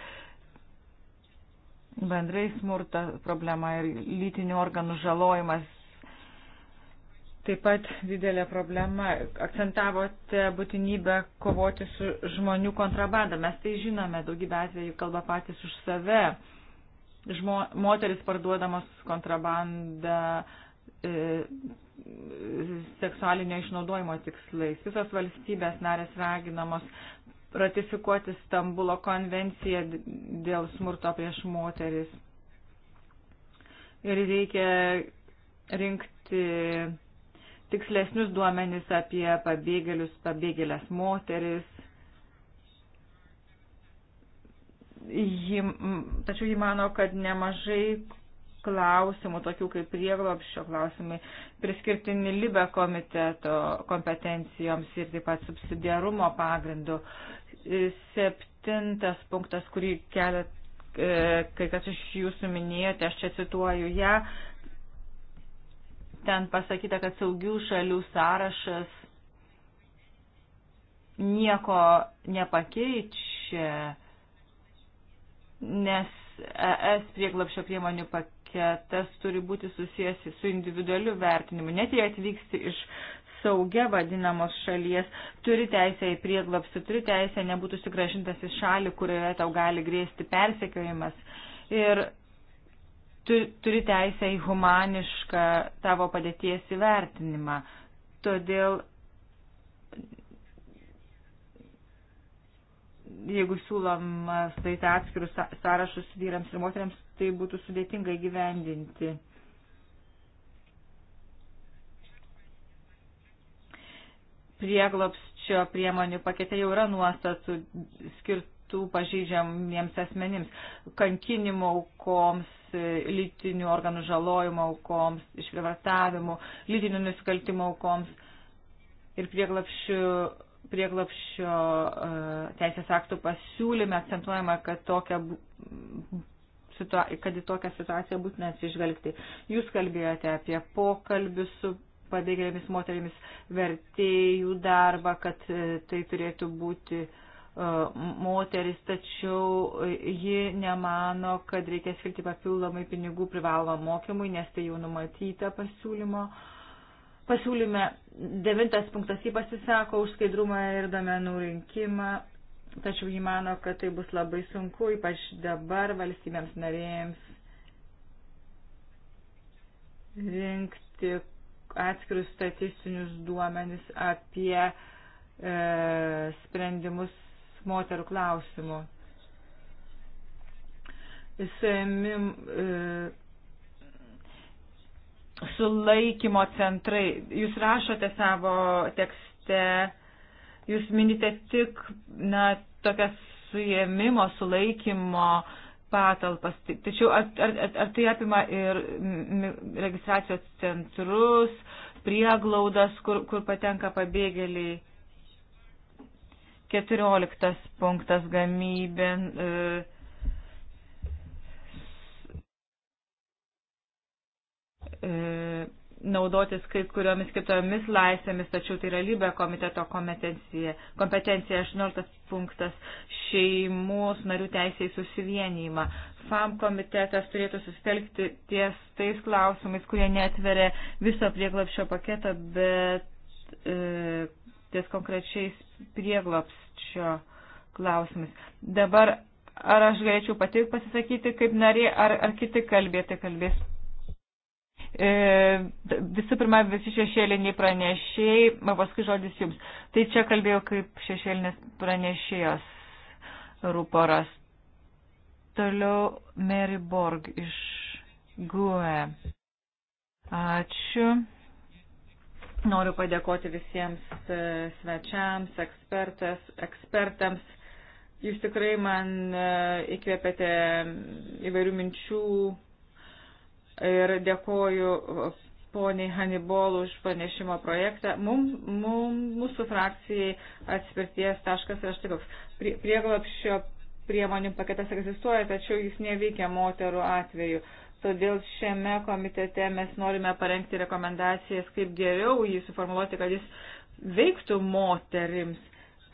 Bendrai smurta problema ir lytinių organų žalojimas taip pat didelė problema. Akcentavote būtinybę kovoti su žmonių kontrabanda. Mes tai žinome, daugybė atvejų kalba patys už save. Žmo, moteris parduodamos kontrabandą E, seksualinio išnaudojimo tikslais. Visos valstybės narės raginamos ratifikuoti Stambulo konvenciją dėl smurto prieš moteris. Ir reikia rinkti tikslesnius duomenis apie pabėgėlius, pabėgėlės moteris. Ji, tačiau ji mano, kad nemažai klausimų, tokių kaip prieglopščio klausimai, priskirtini Libe komiteto kompetencijoms ir taip pat subsidiarumo pagrindu. Septintas punktas, kurį kelia, e, kai kas iš jūsų minėjote, aš čia cituoju ją, ten pasakyta, kad saugių šalių sąrašas nieko nepakeičia, nes ES prieglapšio priemonių pakeitė paketas turi būti susijęs su individualiu vertinimu. Net jei atvyksti iš saugia vadinamos šalies, turi teisę į prieglapsį, turi teisę nebūtų sugražintas į šalį, kurioje tau gali grėsti persekiojimas. Ir turi teisę į humanišką tavo padėties įvertinimą. Todėl, jeigu siūlomas daryti atskirus sąrašus vyrams ir moteriams, tai būtų sudėtinga įgyvendinti. Prieglopščio priemonių pakete jau yra nuostatų skirtų pažydžiamiems asmenims, kankinimo aukoms, lytinių organų žalojimo aukoms, išprivartavimų, lytinių nusikaltimo aukoms ir prieglapščių prieglapščio e, teisės aktų pasiūlyme akcentuojama, kad tokia kad į tokią situaciją būtina atsižvelgti. Jūs kalbėjote apie pokalbius su pabėgėlėmis moterimis, vertėjų darbą, kad e, tai turėtų būti e, moteris, tačiau e, ji nemano, kad reikia skirti papildomai pinigų privalomą mokymui, nes tai jau numatyta pasiūlymo. Pasiūlyme devintas punktas jį pasisako už skaidrumą ir domenų rinkimą, tačiau jį mano, kad tai bus labai sunku, ypač dabar valstybėms narėjams rinkti atskirius statistinius duomenis apie e, sprendimus moterų klausimų. Įsėmim, e, sulaikymo centrai. Jūs rašote savo tekste, jūs minite tik na, tokias suėmimo, sulaikymo patalpas. Tai- tačiau ar, ar, ar tai apima ir registracijos centrus, prieglaudas, kur, kur patenka pabėgėliai? 14 punktas gamybė. E, e, naudotis kai kuriomis kitomis laisvėmis, tačiau tai yra lybė komiteto kompetencija. Kompetencija 18 punktas šeimos narių teisėjai susivienijimą. FAM komitetas turėtų susitelkti ties tais klausimais, kurie netveria viso prieglapščio paketo, bet e, ties konkrečiais prieglapščio klausimais. Dabar ar aš galėčiau pati pasisakyti kaip narė, ar, ar kiti kalbėti kalbės? E, visų pirma, visi šešėliniai pranešėjai, paskui žodis jums. Tai čia kalbėjau kaip šešėlinės pranešėjos ruporas. Toliau Mary Borg iš GUE. Ačiū. Noriu padėkoti visiems e, svečiams, ekspertas, ekspertams. Jūs tikrai man e, įkvėpėte įvairių minčių ir dėkoju uh, poniai Hanibol už panešimo projektą. Mum, mum, mūsų frakcijai atspirties taškas yra štai toks. Prie, prieglapščio priemonių paketas egzistuoja, tačiau jis neveikia moterų atveju. Todėl šiame komitete mes norime parengti rekomendacijas, kaip geriau jį suformuoluoti, kad jis veiktų moterims.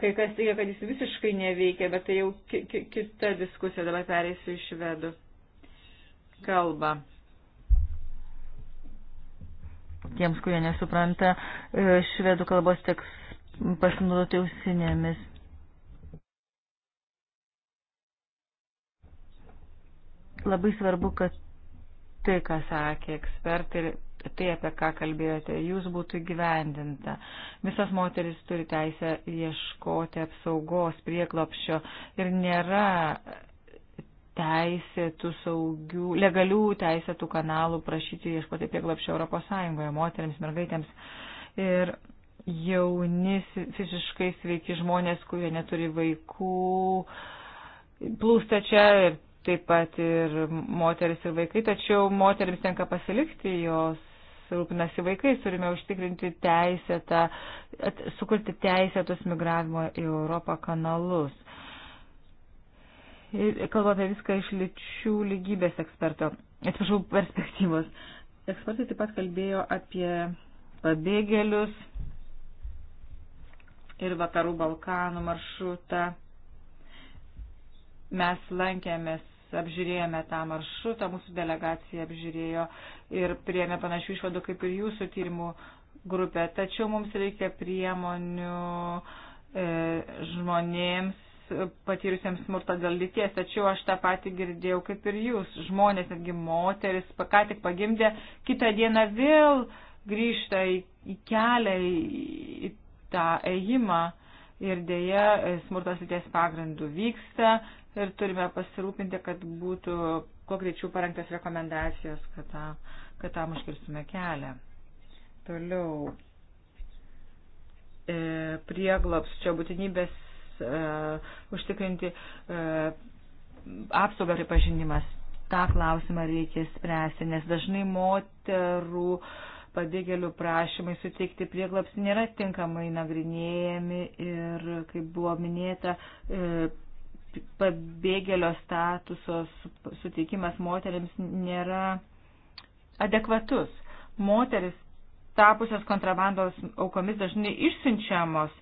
Kai kas teigia, kad jis visiškai neveikia, bet tai jau ki ki kita diskusija, dabar pereisiu iš švedų kalbą tiems, kurie nesupranta e, švedų kalbos teks pasinaudoti ausinėmis. Labai svarbu, kad tai, ką sakė ekspertai ir tai, apie ką kalbėjote, jūs būtų gyvendinta. Visas moteris turi teisę ieškoti apsaugos, prieklopščio ir nėra teisėtų saugių, legalių teisėtų kanalų prašyti ieškoti prieglapščio Europos Sąjungoje moteriams, mergaitėms. Ir jauni, fiziškai sveiki žmonės, kurie neturi vaikų, plūsta čia ir taip pat ir moteris ir vaikai, tačiau moteriams tenka pasilikti jos rūpinasi vaikais, turime užtikrinti teisėtą, sukurti teisėtus migravimo į Europą kanalus kalba apie viską iš lyčių lygybės eksperto, atsiprašau, perspektyvos. Ekspertai taip pat kalbėjo apie pabėgėlius ir vakarų Balkanų maršrutą. Mes lankėmės, apžiūrėjome tą maršrutą, mūsų delegacija apžiūrėjo ir priėmė panašių išvadų kaip ir jūsų tyrimų grupė. Tačiau mums reikia priemonių e, žmonėms patyrusiems smurtą dėl lyties, tačiau aš tą patį girdėjau kaip ir jūs. Žmonės, netgi moteris, ką tik pagimdė, kitą dieną vėl grįžta į, į kelią, į, į tą ėjimą ir dėja smurtas lyties pagrindų vyksta ir turime pasirūpinti, kad būtų kuo greičiau parengtas rekomendacijos, kad, ta, kad tam užkirstume kelią. Toliau. E, prieglapsčio būtinybės Uh, užtikrinti uh, apsaugą pripažinimas. Ta klausimą reikia spręsti, nes dažnai moterų pabėgėlių prašymai suteikti prieglapsį nėra tinkamai nagrinėjami ir, kaip buvo minėta, uh, pabėgėlio statuso suteikimas moteriams nėra adekvatus. Moteris tapusios kontrabandos aukomis dažnai išsiunčiamos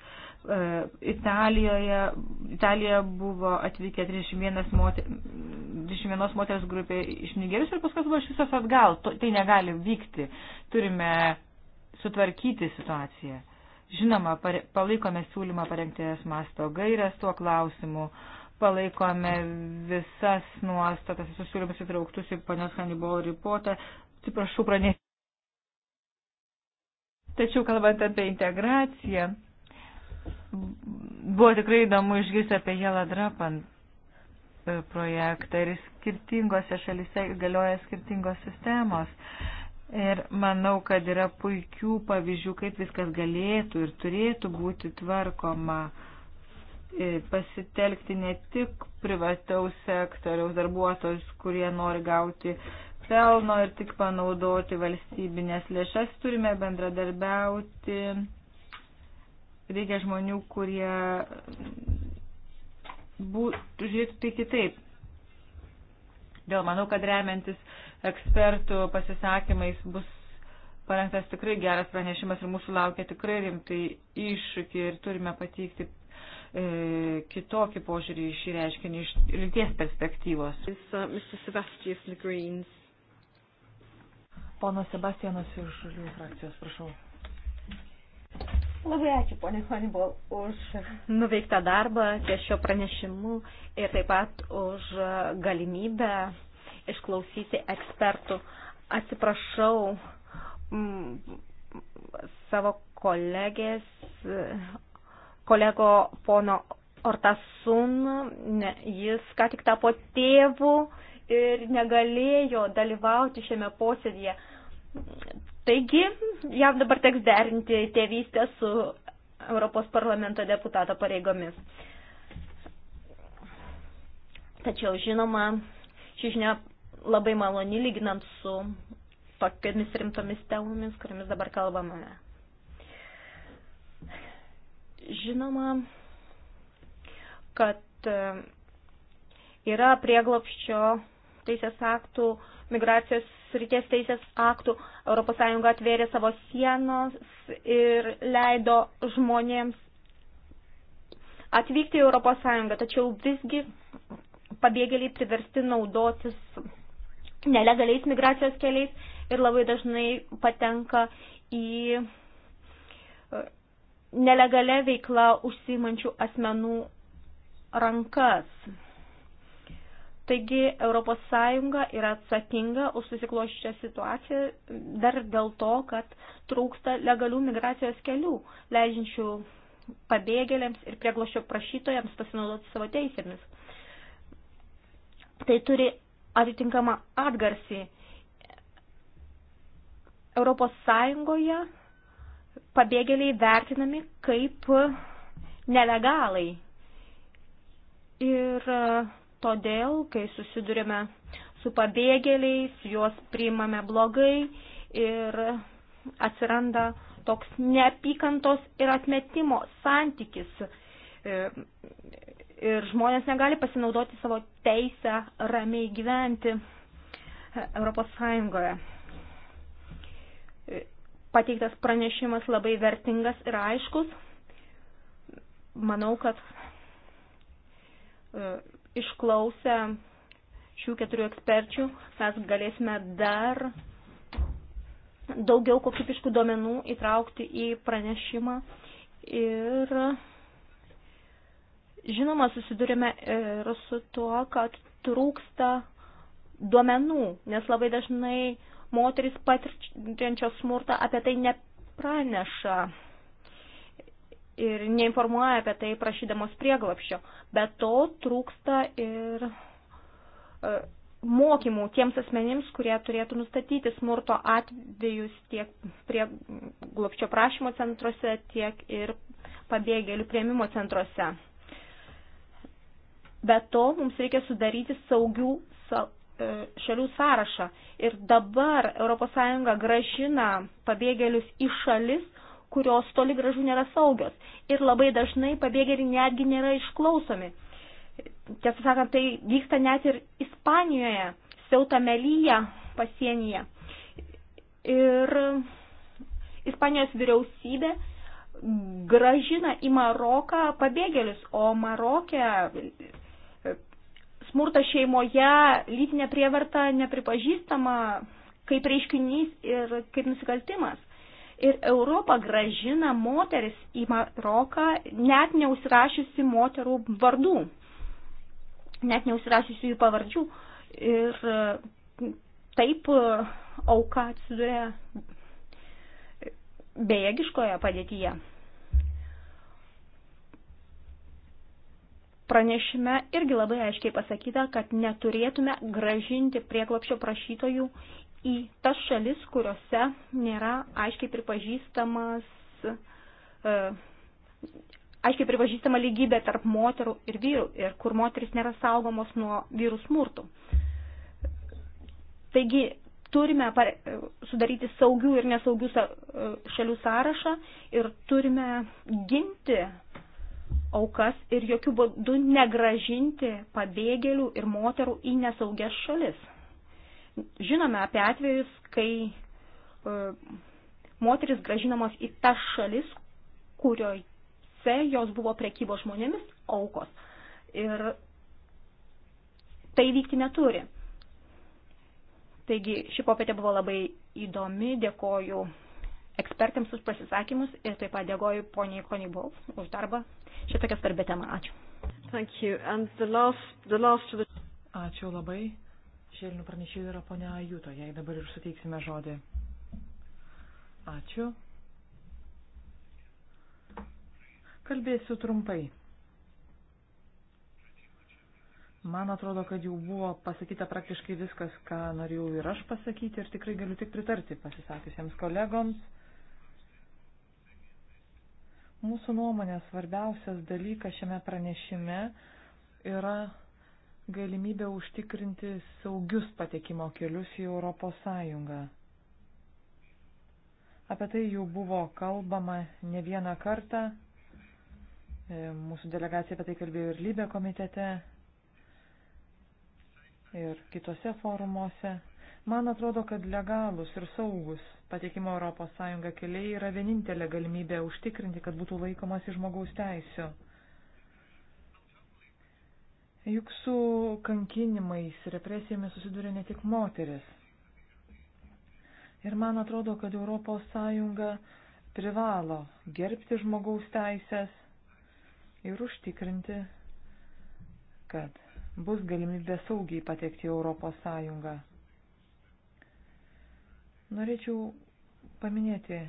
E, Italijoje, Italijoje buvo atvykę 31 moter, 21 moters grupė iš Nigerijos ir paskui buvo iš visos atgal. Tai negali vykti. Turime sutvarkyti situaciją. Žinoma, palaikome siūlymą parengti es masto gairias tuo klausimu, palaikome visas nuostatas, visus siūlymus įtrauktus į ponios Hannibal reportą. Atsiprašau, pranešti. Tačiau kalbant apie integraciją, Buvo tikrai įdomu išgirsti apie Jeladrapan e, projektą ir skirtingose šalise galioja skirtingos sistemos. Ir manau, kad yra puikių pavyzdžių, kaip viskas galėtų ir turėtų būti tvarkoma e, pasitelkti ne tik privataus sektoriaus darbuotojus, kurie nori gauti pelno ir tik panaudoti valstybinės lėšas, turime bendradarbiauti reikia žmonių, kurie būtų žiūrėtų tai kitaip. Dėl manau, kad remiantis ekspertų pasisakymais bus parengtas tikrai geras pranešimas ir mūsų laukia tikrai rimtai iššūkį ir turime pateikti e, kitokį požiūrį į šį reiškinį iš lyties perspektyvos. Uh, Pono Sebastianas iš Žaliųjų frakcijos, prašau. Labai ačiū, ponė Honibol, už nuveiktą darbą ties šio pranešimu ir taip pat už galimybę išklausyti ekspertų. Atsiprašau m, savo kolegės, kolego pono Ortasun, ne, jis ką tik tapo tėvu ir negalėjo dalyvauti šiame posėdėje. Taigi, jam dabar teks derinti tėvystę su Europos parlamento deputato pareigomis. Tačiau, žinoma, ši žinia labai maloni lyginant su tokiamis rimtomis temomis, kuriamis dabar kalbame. Žinoma, kad e, yra prieglopščio teisės aktų, migracijos srities teisės aktų. ES atvėrė savo sienos ir leido žmonėms atvykti į ES, tačiau visgi pabėgėliai priversti naudotis nelegaliais migracijos keliais ir labai dažnai patenka į e, nelegalia veikla užsiimančių asmenų rankas. Taigi ES yra atsakinga už susikloščią situaciją dar dėl to, kad trūksta legalių migracijos kelių, leidžiančių pabėgėliams ir prieglošio prašytojams pasinaudoti savo teisėmis. Tai turi atitinkamą atgarsį. ES pabėgėliai vertinami kaip nelegalai. Ir Todėl, kai susidurime su pabėgėliais, juos priimame blogai ir atsiranda toks neapykantos ir atmetimo santykis. E, ir žmonės negali pasinaudoti savo teisę ramiai gyventi e, Europos Sąjungoje. E, pateiktas pranešimas labai vertingas ir aiškus. Manau, kad išklausę šių keturių eksperčių mes galėsime dar daugiau kokybiškų duomenų įtraukti į pranešimą ir žinoma susidurime ir su tuo, kad trūksta duomenų, nes labai dažnai moteris patiriančios smurtą apie tai nepraneša ir neinformuoja apie tai prašydamos prieglapščio. Be to trūksta ir e, mokymų tiems asmenims, kurie turėtų nustatyti smurto atvejus tiek prie glopčio prašymo centruose, tiek ir pabėgėlių prieimimo centruose. Be to, mums reikia sudaryti saugių e, šalių sąrašą. Ir dabar ES gražina pabėgėlius į šalis, kurios toli gražu nėra saugios. Ir labai dažnai pabėgėliai netgi nėra išklausomi. Tiesą sakant, tai vyksta net ir Ispanijoje, Seutamelyje pasienyje. Ir Ispanijos vyriausybė gražina į Maroką pabėgėlius, o Marokė e, smurta šeimoje, lytinė prievarta nepripažįstama kaip reiškinys ir kaip nusikaltimas ir Europą gražina moteris į Maroką, net neusirašysi moterų vardų, net neusirašysi jų pavardžių. Ir e, taip e, auka atsiduria bejėgiškoje padėtyje. Pranešime irgi labai aiškiai pasakyta, kad neturėtume gražinti prieglopšio prašytojų į tas šalis, kuriuose nėra aiškiai pripažįstamas, e, aiškiai pripažįstama lygybė tarp moterų ir vyrų ir kur moteris nėra saugomos nuo vyrų smurtų. Taigi turime sudaryti saugių ir nesaugių e, šalių sąrašą ir turime ginti aukas ir jokių būdų negražinti pabėgėlių ir moterų į nesaugias šalis. Žinome apie atvejus, kai e, moteris gražinamos į tas šalis, kuriuose jos buvo prekybo žmonėmis aukos. Ir tai vykti neturi. Taigi ši popietė buvo labai įdomi, dėkoju ekspertams už pasisakymus ir taip pat dėkoju poniai Konibov už darbą. Šitokia svarbi tema. Ačiū. Thank you. And the last, the last... Ačiū labai šešėlinių pranešėjų yra ponia Ajuto, jai dabar ir suteiksime žodį. Ačiū. Kalbėsiu trumpai. Man atrodo, kad jau buvo pasakyta praktiškai viskas, ką norėjau ir aš pasakyti ir tikrai galiu tik pritarti pasisakiusiems kolegoms. Mūsų nuomonė svarbiausias dalykas šiame pranešime yra galimybę užtikrinti saugius patekimo kelius į Europos Sąjungą. Apie tai jau buvo kalbama ne vieną kartą. E, mūsų delegacija apie tai kalbėjo ir Lybė komitete, ir kitose forumuose. Man atrodo, kad legalus ir saugus patekimo ES keliai yra vienintelė galimybė užtikrinti, kad būtų laikomasi žmogaus teisų. Juk su kankinimais, represijomis susiduria ne tik moteris. Ir man atrodo, kad Europos Sąjunga privalo gerbti žmogaus teisės ir užtikrinti, kad bus galimybė saugiai patekti į Europos Sąjungą. Norėčiau paminėti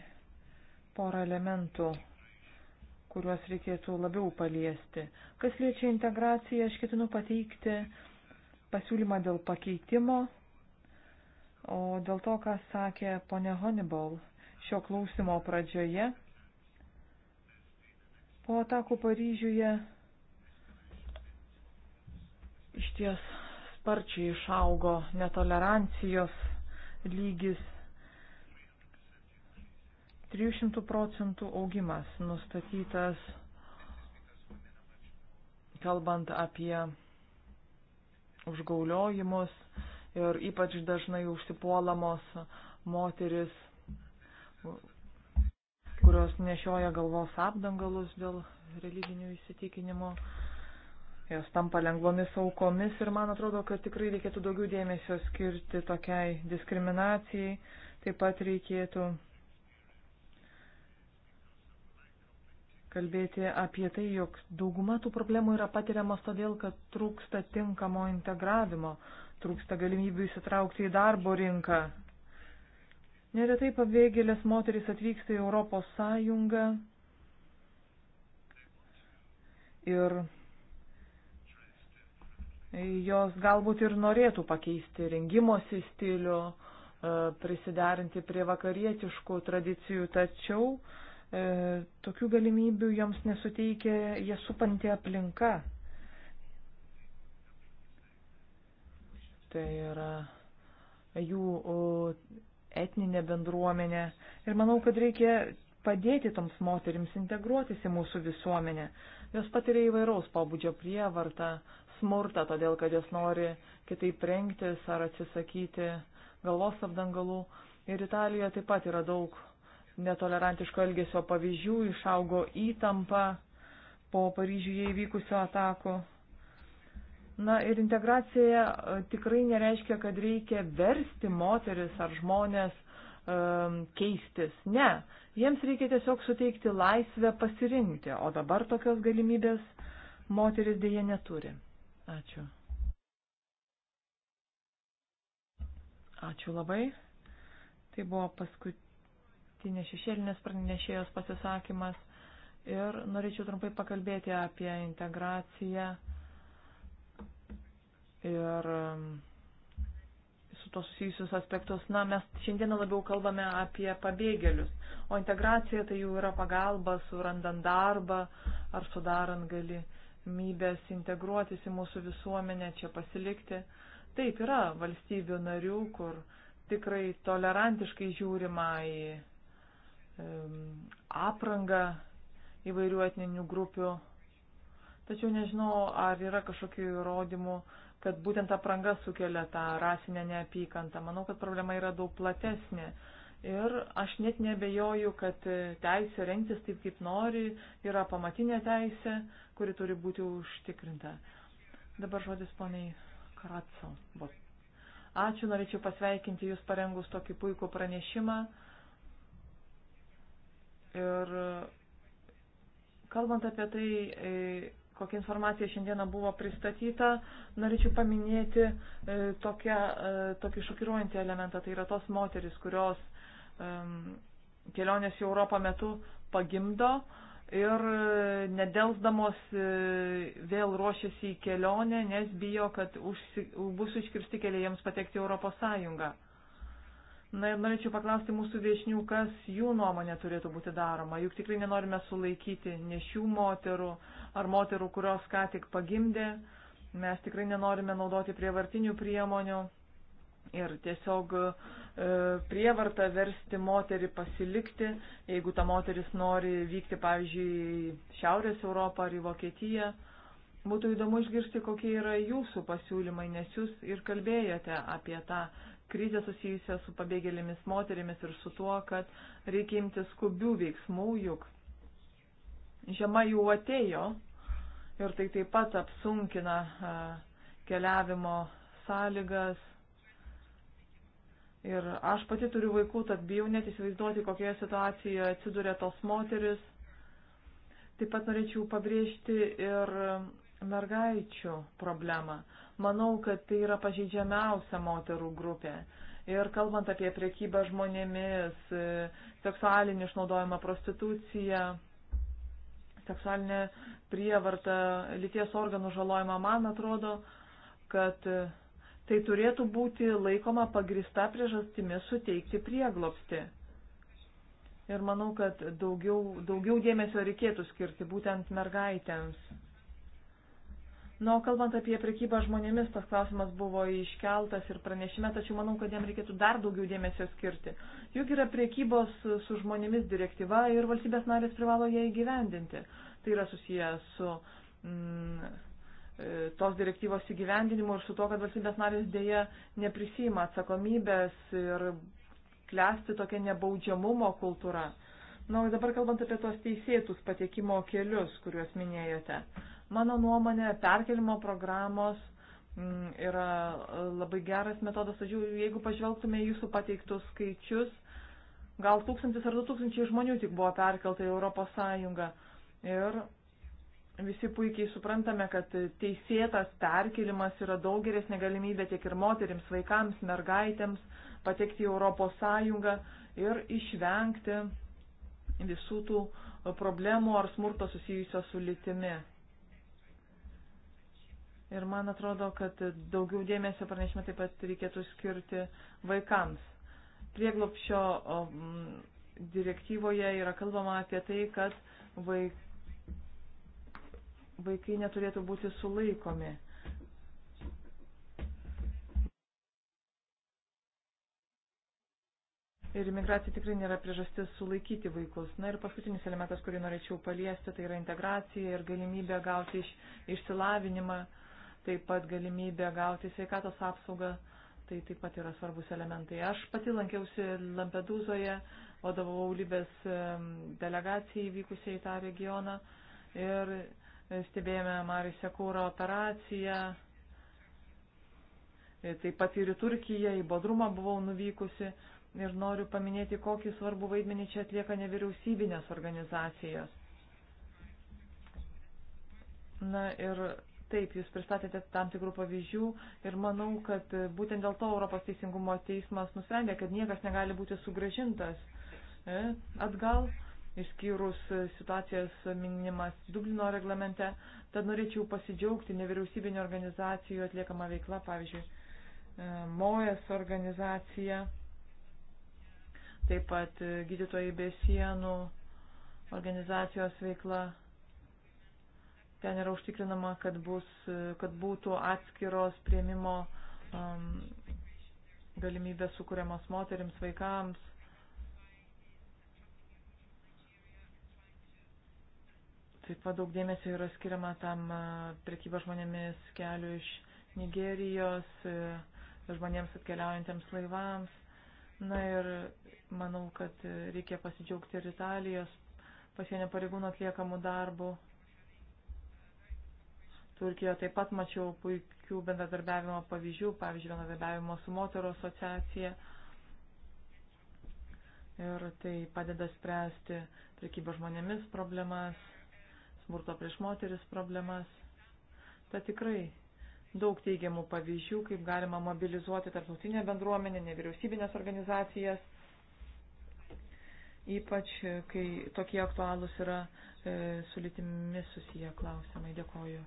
porą elementų kuriuos reikėtų labiau paliesti. Kas liečia integraciją, aš ketinu pateikti pasiūlymą dėl pakeitimo, o dėl to, ką sakė ponė Honibal šio klausimo pradžioje. Po atakų Paryžiuje iš ties sparčiai išaugo netolerancijos lygis 300 procentų augimas nustatytas, kalbant apie užgauliojimus ir ypač dažnai užsipuolamos moteris, kurios nešioja galvos apdangalus dėl religinių įsitikinimų. Jos tampa lengvomis aukomis ir man atrodo, kad tikrai reikėtų daugiau dėmesio skirti tokiai diskriminacijai. Taip pat reikėtų kalbėti apie tai, jog dauguma tų problemų yra patiriamas todėl, kad trūksta tinkamo integravimo, trūksta galimybių įsitraukti į darbo rinką. Neretai pabėgėlės moteris atvyksta į Europos Sąjungą ir jos galbūt ir norėtų pakeisti rengimosi stilių, e, prisiderinti prie vakarietiškų tradicijų, tačiau E, tokių galimybių joms nesuteikia jie supanti aplinka. Tai yra jų etninė bendruomenė. Ir manau, kad reikia padėti toms moterims integruotis į mūsų visuomenę. Jos patiria įvairaus pobūdžio prievartą, smurtą, todėl kad jos nori kitaip rengtis ar atsisakyti galvos apdangalų. Ir Italijoje taip pat yra daug netolerantiško elgesio pavyzdžių, išaugo įtampa po Paryžiuje įvykusio atako. Na ir integracija e, tikrai nereiškia, kad reikia versti moteris ar žmonės um, keistis. Ne, jiems reikia tiesiog suteikti laisvę pasirinkti, o dabar tokios galimybės moteris dėje neturi. Ačiū. Ačiū labai. Tai buvo paskutinė paskutinės šešėlinės pranešėjos pasisakymas ir norėčiau trumpai pakalbėti apie integraciją ir um, su to susijusius aspektus. Na, mes šiandieną labiau kalbame apie pabėgėlius, o integracija tai jau yra pagalba surandant darbą ar sudarant galimybės integruotis į mūsų visuomenę, čia pasilikti. Taip yra valstybių narių, kur tikrai tolerantiškai žiūrima į aprangą įvairių etninių grupių. Tačiau nežinau, ar yra kažkokių įrodymų, kad būtent apranga sukelia tą rasinę neapykantą. Manau, kad problema yra daug platesnė. Ir aš net nebejoju, kad teisė rengtis taip, kaip nori, yra pamatinė teisė, kuri turi būti užtikrinta. Dabar žodis poniai Karatso. Ačiū, norėčiau pasveikinti Jūs parengus tokį puikų pranešimą. Ir e, kalbant apie tai, e, kokia informacija šiandieną buvo pristatyta, norėčiau paminėti e, tokią, tokį šokiruojantį elementą. Tai yra tos moteris, kurios kelionės į Europą metu pagimdo ir nedelsdamos vėl ruošiasi į kelionę, nes bijo, kad užsi, bus užkirsti keliai jiems patekti į Europos Sąjungą. Na ir norėčiau paklausti mūsų viešnių, kas jų nuomonė turėtų būti daroma. Juk tikrai nenorime sulaikyti nešių moterų ar moterų, kurios ką tik pagimdė. Mes tikrai nenorime naudoti prievartinių priemonių ir tiesiog e, prievartą versti moterį pasilikti, jeigu ta moteris nori vykti, pavyzdžiui, į Šiaurės Europą ar į Vokietiją. Būtų įdomu išgirsti, kokie yra jūsų pasiūlymai, nes jūs ir kalbėjote apie tą krizę susijusią su pabėgėlėmis moterimis ir su tuo, kad reikia imti skubių veiksmų, juk žiema jau atėjo ir tai taip pat apsunkina keliavimo sąlygas. Ir aš pati turiu vaikų, tad bijau net įsivaizduoti, kokioje situacijoje atsiduria tos moteris. Taip pat norėčiau pabrėžti ir mergaičių problemą manau, kad tai yra pažeidžiamiausia moterų grupė. Ir kalbant apie priekybą žmonėmis, e, seksualinį išnaudojimą, prostituciją, seksualinę prievartą, lyties organų žalojimą, man atrodo, kad e, tai turėtų būti laikoma pagrista priežastimi suteikti prieglopsti. Ir manau, kad daugiau, daugiau dėmesio reikėtų skirti būtent mergaitėms. Na, o kalbant apie prekybą žmonėmis, tas klausimas buvo iškeltas ir pranešime, tačiau manau, kad jam reikėtų dar daugiau dėmesio skirti. Juk yra prekybos su žmonėmis direktyva ir valstybės narės privalo ją įgyvendinti. Tai yra susiję su mm, e, tos direktyvos įgyvendinimu ir su to, kad valstybės narės dėja neprisima atsakomybės ir klesti tokia nebaudžiamumo kultūra. Na, o dabar kalbant apie tos teisėtus patekimo kelius, kuriuos minėjote. Mano nuomonė, perkelimo programos mm, yra e, labai geras metodas, tačiau jeigu pažvelgtume jūsų pateiktus skaičius, gal tūkstantis ar du tūkstančiai žmonių tik buvo perkelta į Europos Sąjungą. Ir visi puikiai suprantame, kad teisėtas perkelimas yra daug geresnė galimybė tiek ir moterims, vaikams, mergaitėms patekti į Europos Sąjungą ir išvengti visų tų problemų ar smurto susijusio su litimi. Ir man atrodo, kad daugiau dėmesio pranešime taip pat reikėtų skirti vaikams. Prieglopšio direktyvoje yra kalbama apie tai, kad vaikai neturėtų būti sulaikomi. Ir imigracija tikrai nėra priežastis sulaikyti vaikus. Na ir paskutinis elementas, kurį norėčiau paliesti, tai yra integracija ir galimybė gauti iš, išsilavinimą taip pat galimybė gauti sveikatos apsaugą, tai taip pat yra svarbus elementai. Aš pati lankiausi Lampedūzoje, vadovau Libės delegacijai vykusiai į tą regioną ir stebėjome Marise Kūro operaciją. E, taip pat ir į Turkiją, į Bodrumą buvau nuvykusi ir noriu paminėti, kokį svarbų vaidmenį čia atlieka nevyriausybinės organizacijos. Na ir Taip, jūs pristatėte tam tikrų pavyzdžių ir manau, kad būtent dėl to Europos teisingumo teismas nusprendė, kad niekas negali būti sugražintas e, atgal, išskyrus situacijas minimas Dublino reglamente. Tad norėčiau pasidžiaugti nevyriausybinio organizacijų atliekama veikla, pavyzdžiui, e, MOES organizacija, taip pat e, gydytojai be sienų organizacijos veikla Ten yra užtikrinama, kad, bus, kad būtų atskiros prieimimo um, galimybės sukūriamos moterims, vaikams. Taip pat daug dėmesio yra skiriama tam prekyba žmonėmis keliu iš Nigerijos, e, žmonėms atkeliaujantiems laivams. Na ir manau, kad reikia pasidžiaugti ir Italijos pasienio pareigūnų atliekamų darbų. Turkijoje taip pat mačiau puikių bendradarbiavimo pavyzdžių, pavyzdžiui, bendradarbiavimo su moterų asociacija. Ir tai padeda spręsti prekybą žmonėmis problemas, smurto prieš moteris problemas. Ta tikrai daug teigiamų pavyzdžių, kaip galima mobilizuoti tarptautinę bendruomenę, nevyriausybinės organizacijas, ypač kai tokie aktualūs yra e, su lytimis susiję klausimai. Dėkoju.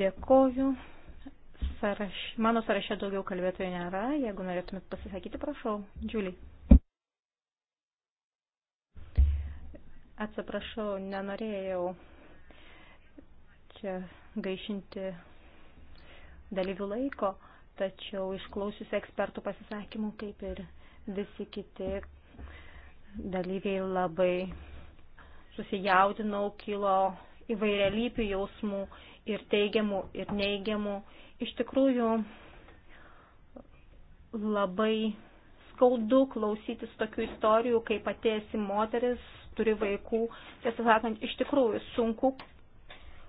Dėkoju. Saraš... Mano sąraše daugiau kalbėtojų nėra. Jeigu norėtumėt pasisakyti, prašau. Džiuliai. Atsiprašau, nenorėjau čia gaišinti dalyvių laiko, tačiau išklausius ekspertų pasisakymų, kaip ir visi kiti dalyviai labai susijaudinau, kilo įvairialypių jausmų ir teigiamų, ir neigiamų. Iš tikrųjų labai skaudu klausytis tokių istorijų, kai patėsi moteris, turi vaikų. Tiesą sakant, iš tikrųjų sunku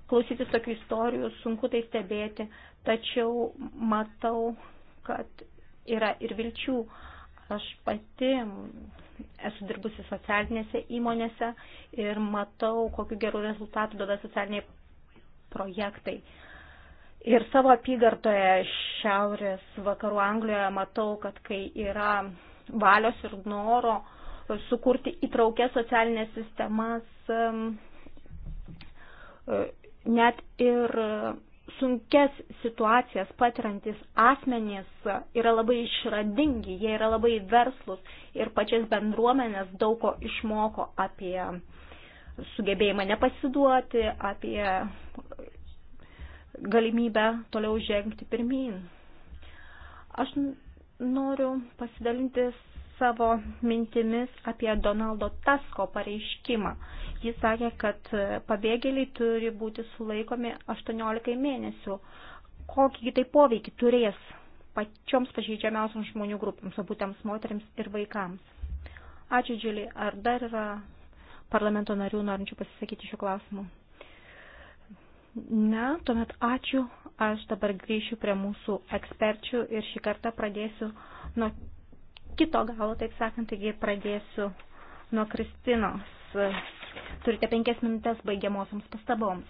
klausytis tokių istorijų, sunku tai stebėti, tačiau matau, kad yra ir vilčių. Aš pati esu dirbusi socialinėse įmonėse ir matau, kokiu geru rezultatu duoda socialiniai projektai. Ir savo apygardoje šiaurės vakarų Anglijoje matau, kad kai yra valios ir noro sukurti įtraukę socialinės sistemas, net ir sunkes situacijas patirantis asmenys yra labai išradingi, jie yra labai verslus ir pačias bendruomenės daug ko išmoko apie uh, sugebėjimą nepasiduoti, apie galimybę toliau žengti pirmyn. Aš noriu pasidalinti savo mintimis apie Donaldo Tasko pareiškimą. Jis sakė, kad pabėgėliai turi būti sulaikomi 18 mėnesių. Kokį tai poveikį turės pačioms pažeidžiamiausiams žmonių grupėms, būtent moteriams ir vaikams? Ačiū, Džiulį. Ar dar yra parlamento narių norinčių pasisakyti šiuo klausimu? Ne, tuomet ačiū. Aš dabar grįšiu prie mūsų eksperčių ir šį kartą pradėsiu nuo kito galo, taip sakant, taigi pradėsiu nuo Kristinos. Turite penkias minutės baigiamosioms pastaboms.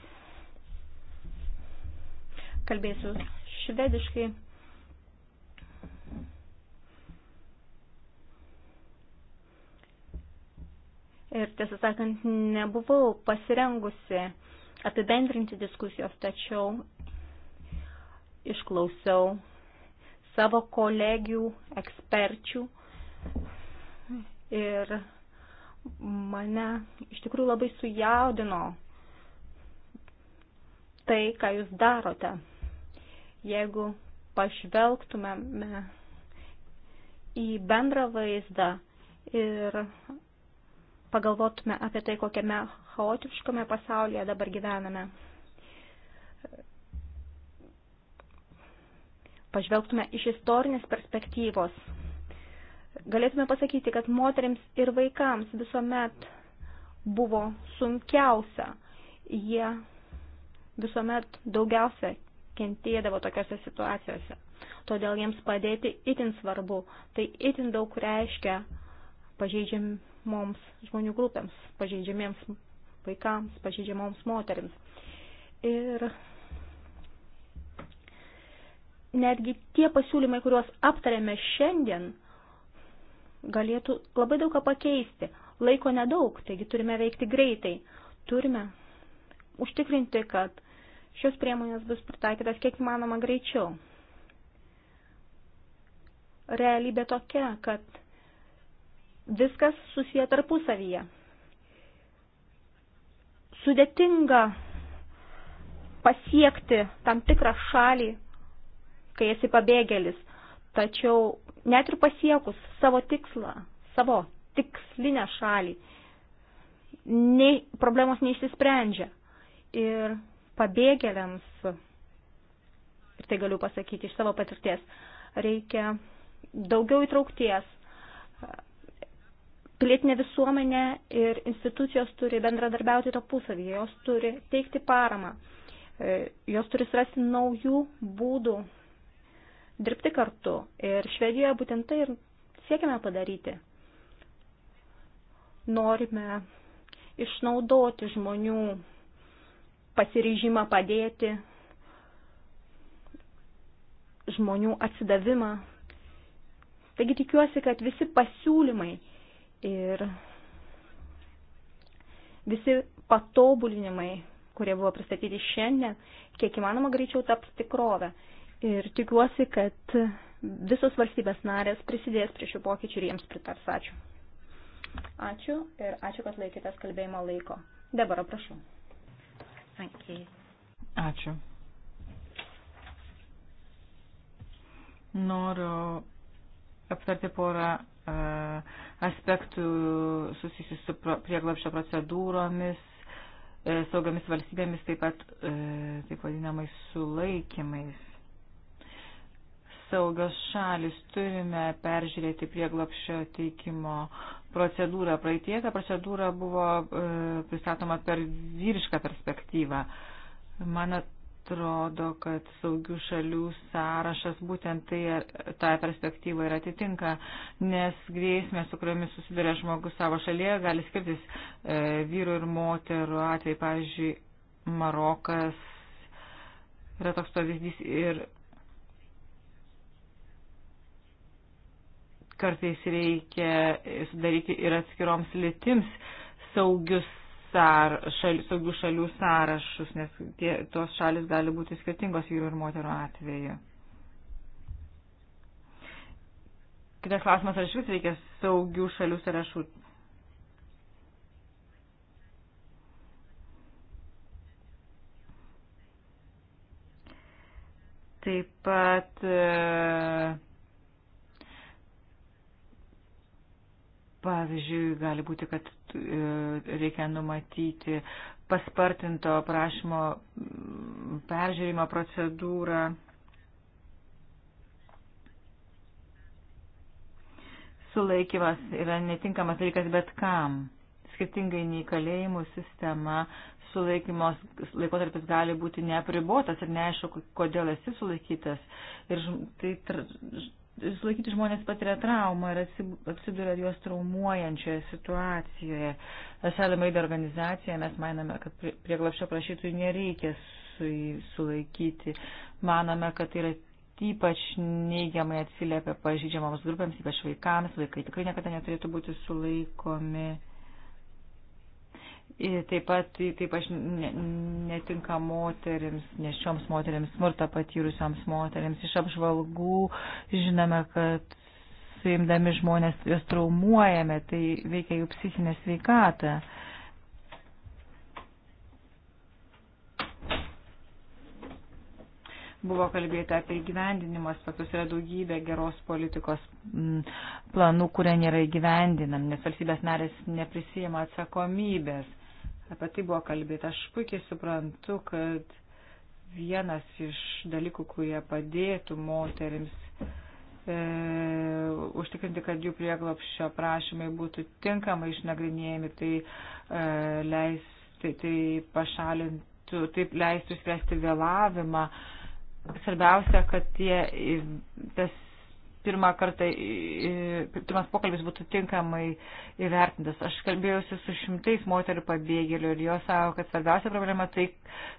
Kalbėsiu švediškai. ir tiesą sakant, nebuvau pasirengusi apibendrinti diskusijos, tačiau išklausiau savo kolegių, eksperčių ir mane iš tikrųjų labai sujaudino tai, ką jūs darote. Jeigu pažvelgtumėme į bendrą vaizdą ir pagalvotume apie tai, kokiame chaotiškame pasaulyje dabar gyvename. Pažvelgtume iš istorinės perspektyvos. Galėtume pasakyti, kad moteriams ir vaikams visuomet buvo sunkiausia. Jie visuomet daugiausia kentėdavo tokiose situacijose. Todėl jiems padėti itin svarbu. Tai itin daug reiškia pažeidžiam moms žmonių grupėms, pažeidžiamiems vaikams, pažeidžiamoms moteriams. Ir netgi tie pasiūlymai, kuriuos aptarėme šiandien, galėtų labai daug ką pakeisti. Laiko nedaug, taigi turime veikti greitai. Turime užtikrinti, kad šios priemonės bus pritaikytas kiek įmanoma greičiau. Realybė tokia, kad viskas susiję tarpusavyje. Sudėtinga pasiekti tam tikrą šalį, kai esi pabėgėlis, tačiau net ir pasiekus savo tikslą, savo tikslinę šalį, nei, problemos neišsisprendžia. Ir pabėgėliams, ir tai galiu pasakyti iš savo patirties, reikia daugiau įtraukties, pilietinė visuomenė ir institucijos turi bendradarbiauti tarpusavyje, jos turi teikti paramą, e, jos turi surasti naujų būdų dirbti kartu. Ir Švedijoje būtent tai ir siekime padaryti. Norime išnaudoti žmonių pasiryžimą padėti, žmonių atsidavimą. Taigi tikiuosi, kad visi pasiūlymai ir visi patobulinimai, kurie buvo pristatyti šiandien, kiek įmanoma greičiau taps tikrovę. Ir tikiuosi, kad visos valstybės narės prisidės prie šių pokyčių ir jiems pritars. Ačiū. Ačiū ir ačiū, kad laikytės kalbėjimo laiko. Dabar prašau. Ačiū. Noriu aptarti porą aspektų susijusių su prieglapščio procedūromis, e, saugiamis valstybėmis, taip pat e, taip vadinamais sulaikymais. Saugios šalis turime peržiūrėti prieglapščio teikimo procedūrą. Praeitie ta procedūra buvo e, pristatoma per vyrišką perspektyvą. Man atrodo, kad saugių šalių sąrašas būtent tai, tą perspektyvą ir atitinka, nes grėsmės, su kuriomis susiduria žmogus savo šalyje, gali skirtis e, vyrų ir moterų atvejai. Pavyzdžiui, Marokas yra toks pavyzdys ir kartais reikia sudaryti ir atskiroms litims saugius sar, šal, saugių šalių sąrašus, nes tie, tos šalis gali būti skirtingos vyrų ir moterų atveju. Kitas klausimas, ar iš vis reikia saugių šalių sąrašų? Taip pat e, pavyzdžiui, gali būti, kad E, reikia numatyti paspartinto prašymo peržiūrimo procedūrą. Sulaikymas yra netinkamas dalykas bet kam. Skirtingai nei kalėjimų sistema, sulaikymos laikotarpis gali būti neapribotas ir neaišku, kodėl esi sulaikytas. Ir tai sulaikyti žmonės patiria traumą ir atsiduria juos traumuojančioje situacijoje. Šalimai dar organizacija, mes manome, kad prieglapščio prašytojų nereikia su, sulaikyti. Manome, kad tai yra ypač neigiamai atsiliepia pažydžiamoms grupėms, ypač vaikams. Vaikai tikrai niekada neturėtų būti sulaikomi. Taip pat, taip aš netinka moteriams, nešioms moteriams, smurtą patyrusioms moteriams. Iš apžvalgų žinome, kad suimdami žmonės juos traumuojame, tai veikia jų psichinę sveikatą. Buvo kalbėta apie įgyvendinimo aspektus, yra daugybė geros politikos mm, planų, kurie nėra įgyvendinami, nes valstybės narės neprisijama atsakomybės Apie tai buvo kalbėta. Aš puikiai suprantu, kad vienas iš dalykų, kurie padėtų moterims e, užtikrinti, kad jų prieglopščio prašymai būtų tinkamai išnagrinėjami, tai, e, leis, tai, tai pašalintų, taip leistų išspręsti vėlavimą. Svarbiausia, kad tie, tas pirmą kartą, pirmas pokalbis būtų tinkamai įvertintas. Aš kalbėjausi su šimtais moterų pabėgėlių ir jos savo, kad svarbiausia problema tai,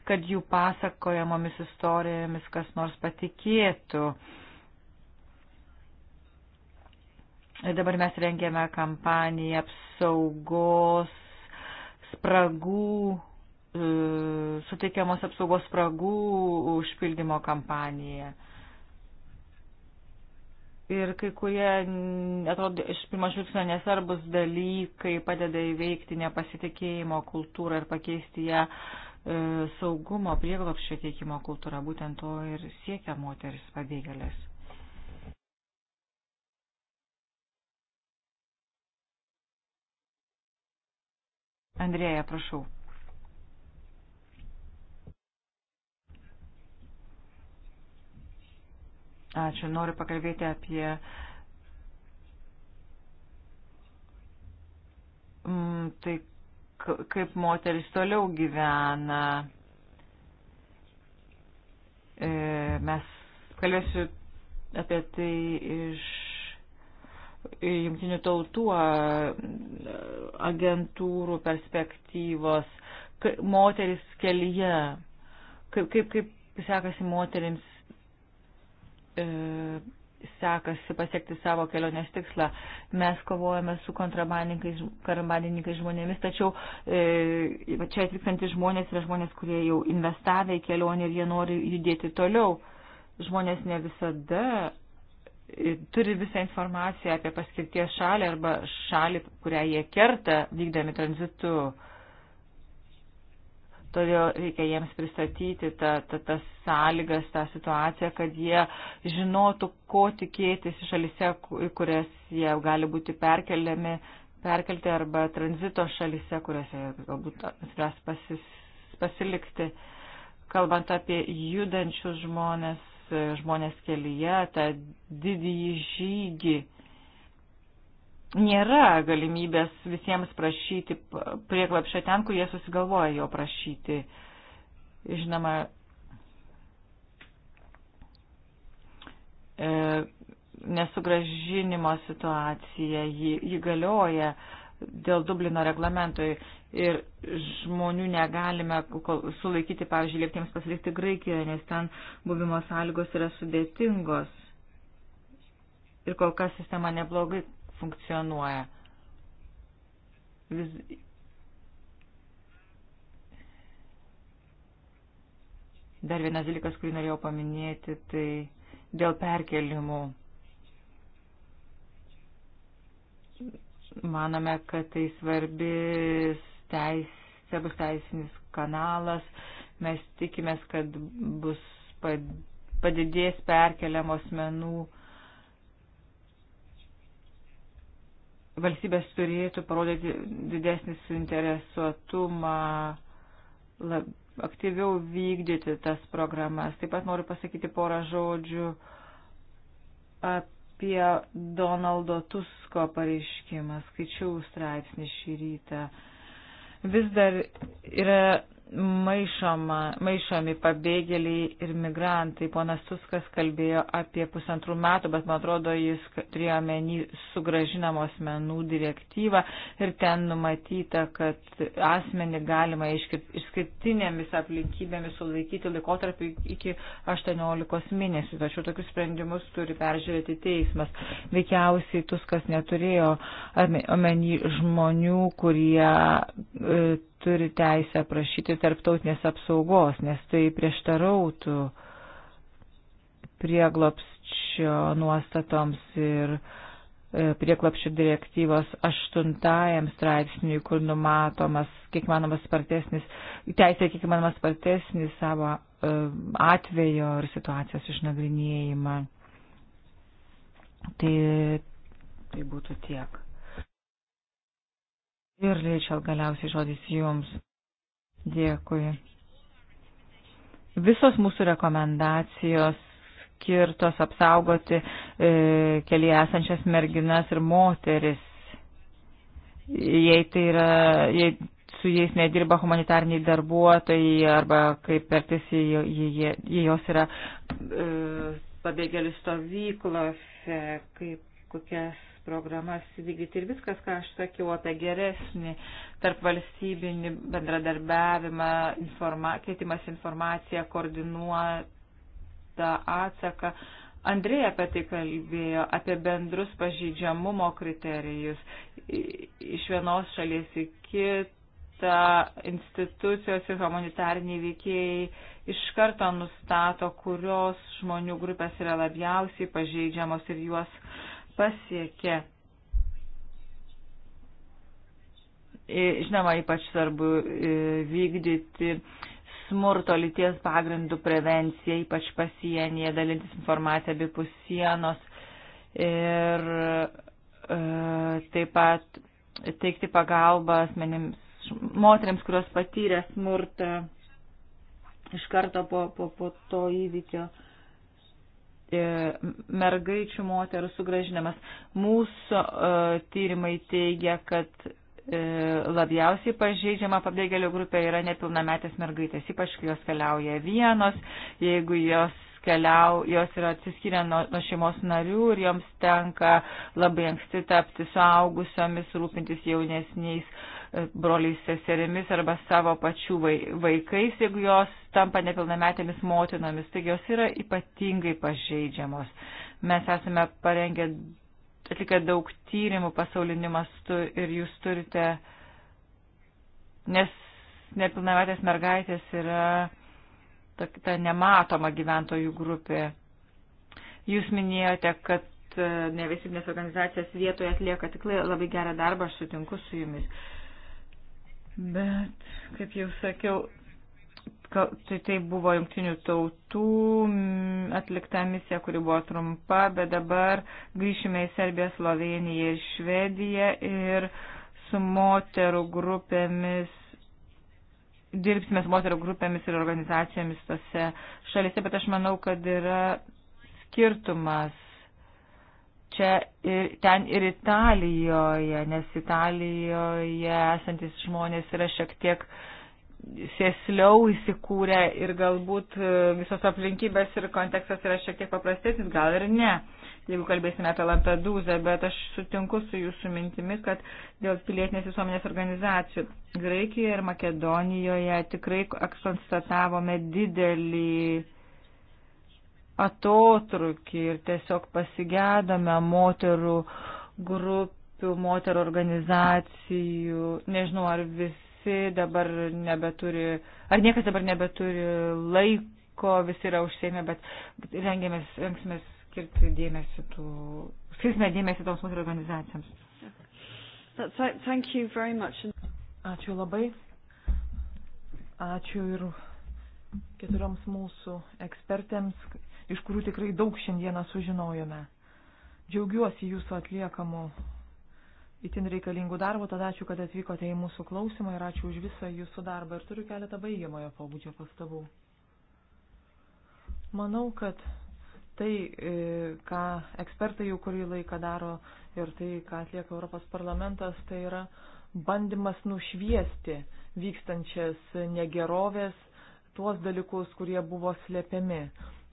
kad jų pasakojamomis istorijomis kas nors patikėtų. Ir dabar mes rengėme kampaniją apsaugos spragų e, suteikiamos apsaugos spragų užpildymo kampaniją. Uh, ir kai kurie, atrodo, iš pirmo žvilgsnio nesvarbus dalykai padeda įveikti nepasitikėjimo kultūrą ir pakeisti ją e, saugumo prieglopščio teikimo kultūrą. Būtent to ir siekia moteris pabėgėlės. Andrėja, prašau. Ačiū. Noriu pakalbėti apie mm, tai, kaip moteris toliau gyvena. E, mes kalbėsiu apie tai iš jungtinių tautų agentūrų perspektyvos, moteris kelyje, kaip, kaip, kaip sekasi moterims e, sekasi pasiekti savo kelionės tikslą. Mes kovojame su kontrabandininkais žmonėmis, tačiau e, čia atvykstantys žmonės yra žmonės, kurie jau investavė į kelionę ir jie nori judėti toliau. Žmonės ne visada e, turi visą informaciją apie paskirties šalį arba šalį, kurią jie kerta vykdami tranzitu. E, Todėl reikia jiems pristatyti ta, ta, tas sąlygas, tą situaciją, kad jie žinotų, ko tikėtis iš šalise, į kurias jie gali būti perkeliami, perkelti arba tranzito šalise, kuriuose galbūt spręs pasis, pasilikti. Kalbant apie judančius žmonės, žmonės kelyje, tą didįjį žygį nėra galimybės visiems prašyti prieglapšio ten, kur jie susigalvoja jo prašyti. Žinoma, e, nesugražinimo situacija, ji, ji galioja dėl Dublino reglamentoj ir žmonių negalime sulaikyti, pavyzdžiui, lieptiems pasilikti Graikijoje, nes ten buvimo sąlygos yra sudėtingos. Ir kol kas sistema neblogai funkcionuoja. Vis... Dar vienas dalykas, kurį norėjau paminėti, tai dėl perkelimų. Manome, kad tai svarbis teis, svarbus teisinis kanalas. Mes tikimės, kad bus padidės perkeliamos menų valstybės turėtų parodyti didesnį suinteresuotumą, lab, aktyviau vykdyti tas programas. Taip pat noriu pasakyti porą žodžių apie Donaldo Tusko pareiškimą. Skaičiau straipsnį šį rytą. Vis dar yra maišoma, maišomi pabėgėliai ir migrantai. Ponas Tuskas kalbėjo apie pusantrų metų, bet man atrodo, jis turėjo menį sugražinamos menų direktyvą ir ten numatyta, kad asmenį galima išskirtinėmis aplinkybėmis sulaikyti laikotarpį iki 18 mėnesių. Tačiau tokius sprendimus turi peržiūrėti teismas. Veikiausiai Tuskas neturėjo omeny žmonių, kurie. E, turi teisę prašyti tarptautinės apsaugos, nes tai prieštarautų prieglopščio nuostatoms ir e, prieklapščių direktyvos aštuntajam straipsniui, kur numatomas, kiek manomas, spartesnis, teisė, kiek manomas, spartesnis savo e, atvejo ir situacijos išnagrinėjimą. Tai, tai būtų tiek. Ir Reičel galiausiai žodis jums. Dėkui. Visos mūsų rekomendacijos skirtos apsaugoti e, kelyje esančias merginas ir moteris. Jei tai yra, jei su jais nedirba humanitarniai darbuotojai arba kaip pertis, jei, jei, jei jos yra e, pabėgėlių stovyklose, kaip kokias programas vykdyti ir viskas, ką aš sakiau apie geresnį tarp valstybinį bendradarbiavimą, informa, keitimas informaciją, koordinuotą atsaką. Andrei apie tai kalbėjo, apie bendrus pažydžiamumo kriterijus iš vienos šalies į kitą, institucijos ir humanitariniai veikėjai iš karto nustato, kurios žmonių grupės yra labiausiai pažeidžiamos ir juos pasiekė. Žinoma, ypač svarbu vykdyti smurto lyties pagrindų prevenciją, ypač pasienyje, dalintis informaciją apie pusienos ir e, taip pat teikti pagalbą asmenims, moteriams, kurios patyrė smurtą iš karto po, po, po to įvykio. E, E, mergaičių moterų sugražinimas. Mūsų e, tyrimai teigia, kad e, labiausiai pažeidžiama pabėgėlių grupė yra nepilnametės mergaitės, ypač kai jos keliauja vienos, jeigu jos keliau, jos yra atsiskyrę nuo, nuo šeimos narių ir joms tenka labai anksti tapti suaugusiomis, rūpintis jaunesniais broliais seserimis arba savo pačių vaikais, jeigu jos tampa nepilnametėmis motinomis. Taigi jos yra ypatingai pažeidžiamos. Mes esame parengę, atlikę daug tyrimų pasauliniu mastu ir jūs turite, nes nepilnametės mergaitės yra ta, ta nematoma gyventojų grupė. Jūs minėjote, kad e, nevyriausybinės organizacijos vietoje atlieka tikrai labai gerą darbą, aš sutinku su jumis. Bet, kaip jau sakiau, tai, tai buvo jungtinių tautų mm, atlikta misija, kuri buvo trumpa, bet dabar grįšime į Serbiją, Sloveniją ir Švediją ir su moterų grupėmis. Dirbsime su moterų grupėmis ir organizacijomis tose šalyse, bet aš manau, kad yra skirtumas čia ir ten ir Italijoje, nes Italijoje esantis žmonės yra šiek tiek sėsliau įsikūrę ir galbūt e, visos aplinkybės ir kontekstas yra šiek tiek paprastesnis, gal ir ne, jeigu kalbėsime apie Lampedūzą, bet aš sutinku su jūsų mintimi, kad dėl pilietinės visuomenės organizacijų Graikijoje ir Makedonijoje tikrai konstatavome didelį atotrukį ir tiesiog pasigėdame moterų grupių, moterų organizacijų. Nežinau, ar visi dabar nebeturi, ar niekas dabar nebeturi laiko, visi yra užsėmę, bet rengiamės, rengsimės skirti dėmesį tų, skirsime dėmesį toms moterų organizacijoms. Ačiū labai. Ačiū ir keturioms mūsų ekspertėms, iš kurių tikrai daug šiandieną sužinojome. Džiaugiuosi jūsų atliekamu itin reikalingų darbų, tada ačiū, kad atvykote į mūsų klausimą ir ačiū už visą jūsų darbą ir turiu keletą baigiamojo pobūdžio pastabų. Manau, kad tai, e, ką ekspertai jau kurį laiką daro ir tai, ką atlieka Europos parlamentas, tai yra bandymas nušviesti vykstančias negerovės, tuos dalykus, kurie buvo slėpiami.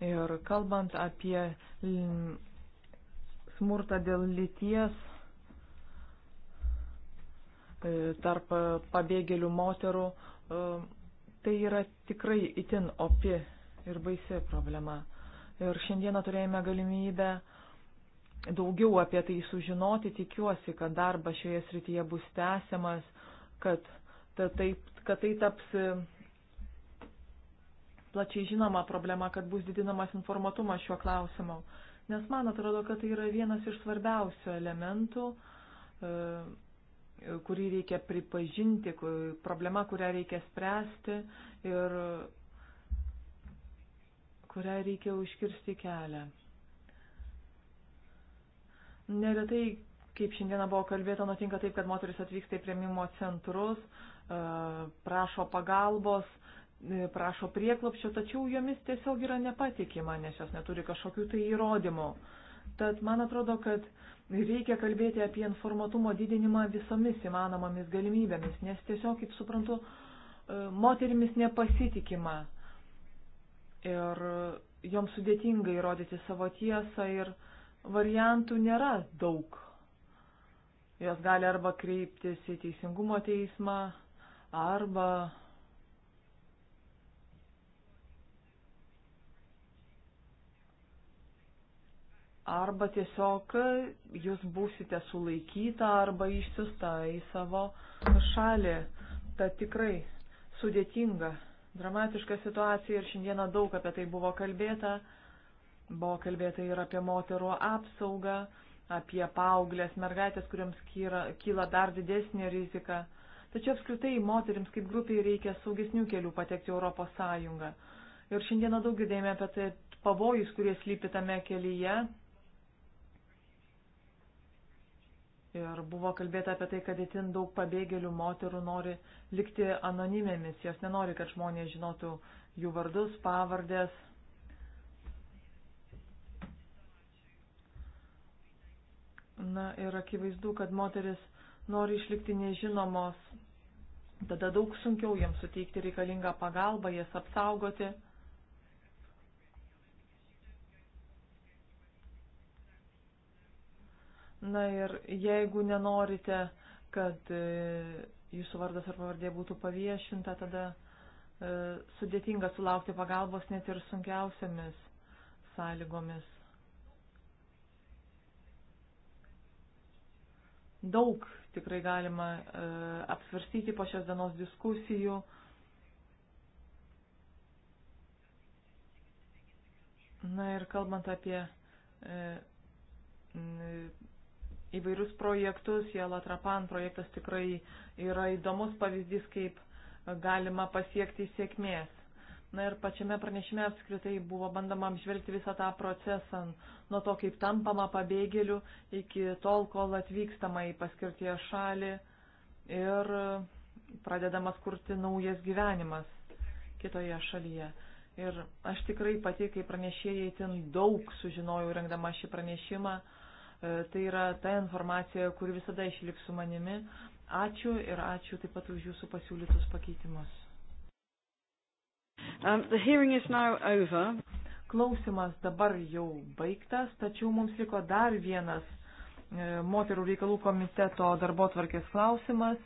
Ir kalbant apie smurtą dėl lyties e, tarp pabėgėlių moterų, e, tai yra tikrai itin opi ir baisi problema. Ir šiandieną turėjome galimybę daugiau apie tai sužinoti, tikiuosi, kad darbas šioje srityje bus tęsiamas, kad ta, taip, kad tai taps plačiai žinoma problema, kad bus didinamas informatumas šiuo klausimu. Nes man atrodo, kad tai yra vienas iš svarbiausių elementų, e, kurį reikia pripažinti, problema, kurią reikia spręsti ir kurią reikia užkirsti kelią. Neretai, kaip šiandieną buvo kalbėta, nutinka taip, kad moteris atvyksta į prieimimo centrus, e, prašo pagalbos, prašo prieklopščio, tačiau jomis tiesiog yra nepatikima, nes jos neturi kažkokių tai įrodymų. Tad man atrodo, kad reikia kalbėti apie informatumo didinimą visomis įmanomomis galimybėmis, nes tiesiog, kaip suprantu, e, moterimis nepasitikima ir joms sudėtinga įrodyti savo tiesą ir variantų nėra daug. Jos gali arba kreiptis į teisingumo teismą, arba arba tiesiog jūs būsite sulaikyta arba išsiusta į savo šalį. Ta tikrai sudėtinga, dramatiška situacija ir šiandieną daug apie tai buvo kalbėta. Buvo kalbėta ir apie moterų apsaugą, apie paauglės mergaitės, kuriams kyra, kyla dar didesnė rizika. Tačiau apskritai moteriams kaip grupiai reikia saugesnių kelių patekti Europos Sąjungą. Ir šiandieną daug girdėjome apie tai pavojus, kurie slypi tame kelyje, Ir buvo kalbėta apie tai, kad itin daug pabėgėlių moterų nori likti anonimėmis, jos nenori, kad žmonės žinotų jų vardus, pavardės. Na ir akivaizdu, kad moteris nori išlikti nežinomos, tada daug sunkiau jiems suteikti reikalingą pagalbą, jas apsaugoti. Na ir jeigu nenorite, kad e, jūsų vardas ar pavardė būtų paviešinta, tada e, sudėtinga sulaukti pagalbos net ir sunkiausiamis sąlygomis. Daug tikrai galima e, apsvarstyti po šios dienos diskusijų. Na ir kalbant apie įvairius projektus. Jelatrapan projektas tikrai yra įdomus pavyzdys, kaip galima pasiekti sėkmės. Na ir pačiame pranešime apskritai buvo bandama apžvelgti visą tą procesą nuo to, kaip tampama pabėgėliu iki tol, kol atvykstama į paskirtie šalį ir pradedamas kurti naujas gyvenimas kitoje šalyje. Ir aš tikrai pati, kaip pranešėjai, tin daug sužinojau rengdama šį pranešimą. Uh, E, tai yra ta informacija, kuri visada išliks su manimi. Ačiū ir ačiū taip pat už jūsų pasiūlytus pakeitimus. Um, the hearing is now over. Klausimas dabar jau baigtas, tačiau mums liko dar vienas e, moterų reikalų komiteto darbo tvarkės klausimas.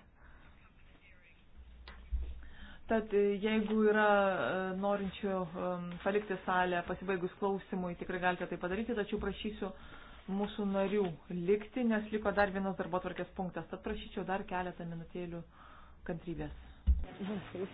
Tad e, jeigu yra e, norinčių e, palikti salę pasibaigus klausimui, tikrai galite tai padaryti, tačiau prašysiu mūsų narių likti, nes liko dar vienas darbo tvarkės punktas. Tad prašyčiau dar keletą minutėlių kantrybės. Mhm.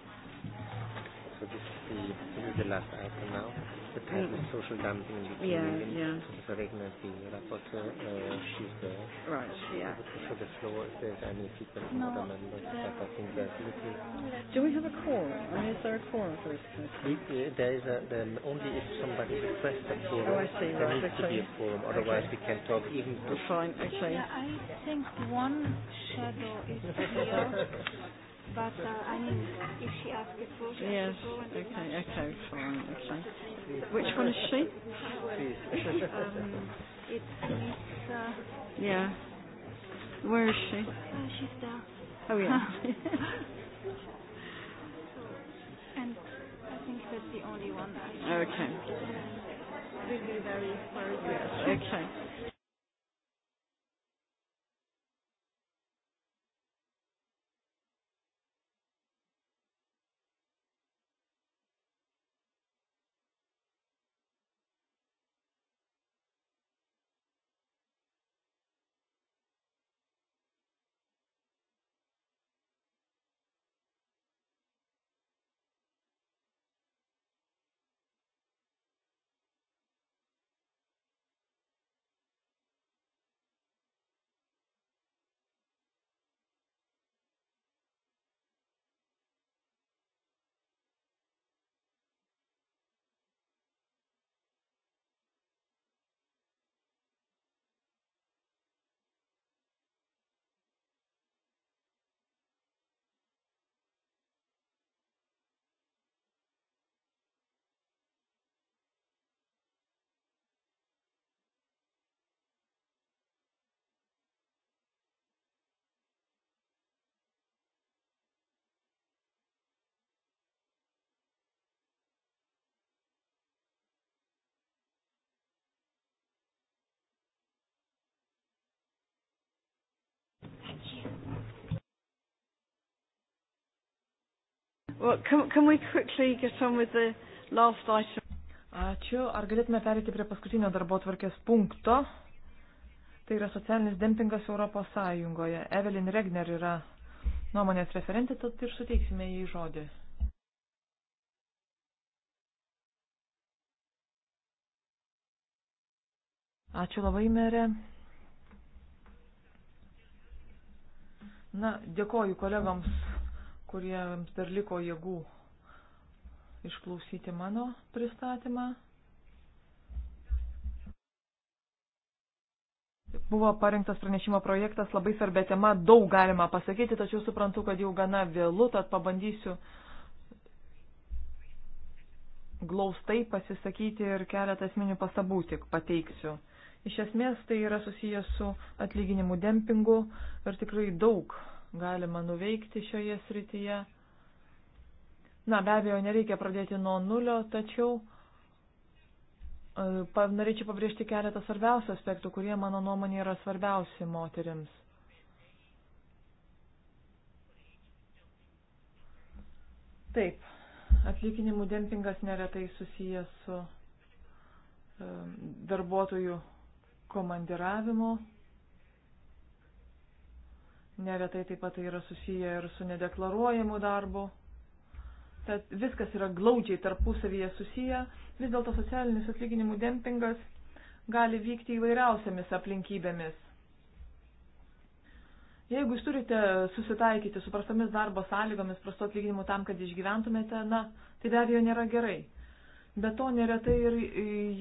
So this is the, this is the last item now. The type mm. of social dumping in the yeah, Union. Yeah. So Regner, the rapporteur, uh, she's there. Right, yeah. So the floor, if there's any feedback from no, other members, yeah. but I think there's little... Do we have a call? I mean, is there a call for this? We, uh, there is a, then only if somebody requests a call. Oh, I see. There right, needs okay. to be a forum, otherwise okay. we can talk even... To Fine, okay. Yeah, I think one shadow is here. But uh, I mean, if she asks it for, she yes. asks it for. And okay, okay, fine, okay. Which uh, one is she? um, it's Miss. Uh, yeah. Where is she? Uh, she's there. Oh yeah. and I think that's the only one. That okay. Will be very, very good. Yes, okay. Well, can, can we quickly get on with the last item? Ačiū. Ar galėtume perėti prie paskutinio darbo tvarkės punkto? Tai yra socialinis dempingas Europos Sąjungoje. Evelyn Regner yra nuomonės referentė, tad ir suteiksime jai žodį. Ačiū labai, merė. Na, dėkoju kolegoms kuriems dar liko jėgų išklausyti mano pristatymą. Buvo parengtas pranešimo projektas, labai svarbia tema, daug galima pasakyti, tačiau suprantu, kad jau gana vėlu, tad pabandysiu glaustai pasisakyti ir keletą esminių pastabų tik pateiksiu. Iš esmės tai yra susijęs su atlyginimu dempingu ir tikrai daug galima nuveikti šioje srityje. Na, be abejo, nereikia pradėti nuo nulio, tačiau e, norėčiau pabrėžti keletą svarbiausių aspektų, kurie mano nuomonė yra svarbiausi moteriams. Taip, atlyginimų dempingas neretai susijęs su e, darbuotojų komandiravimu. Neretai taip pat tai yra susiję ir su nedeklaruojamu darbu. Tad viskas yra glaudžiai tarpusavyje susiję. Vis dėlto socialinis atlyginimų dempingas gali vykti įvairiausiamis aplinkybėmis. Jeigu jūs turite susitaikyti su prastomis darbo sąlygomis, prasto atlyginimu tam, kad išgyventumėte, na, tai be abejo nėra gerai. Be to neretai ir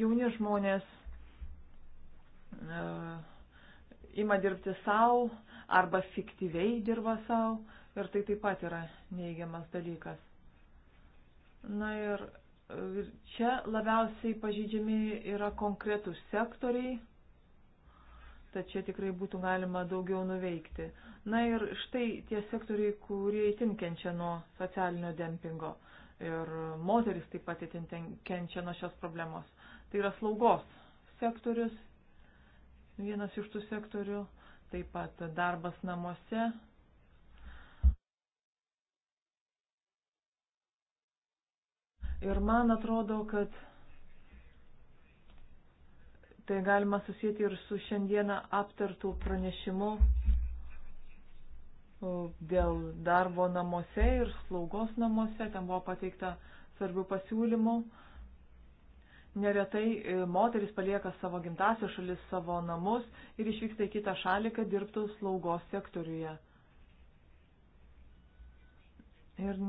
jauni žmonės uh, ima dirbti savo, arba fiktyviai dirba savo ir tai taip pat yra neigiamas dalykas. Na ir e, čia labiausiai pažydžiami yra konkretus sektoriai, tad čia tikrai būtų galima daugiau nuveikti. Na ir štai tie sektoriai, kurie itin kenčia nuo socialinio dempingo ir moteris taip pat itin kenčia nuo šios problemos. Tai yra slaugos sektorius, vienas iš tų sektorių, taip pat darbas namuose. Ir man atrodo, kad tai galima susijęti ir su šiandieną aptartų pranešimu dėl darbo namuose ir slaugos namuose. Ten buvo pateikta svarbių pasiūlymų. Neretai e, moteris palieka savo gimtasios šalis, savo namus ir išvyksta į kitą šalį, kad dirbtų slaugos sektoriuje. Ir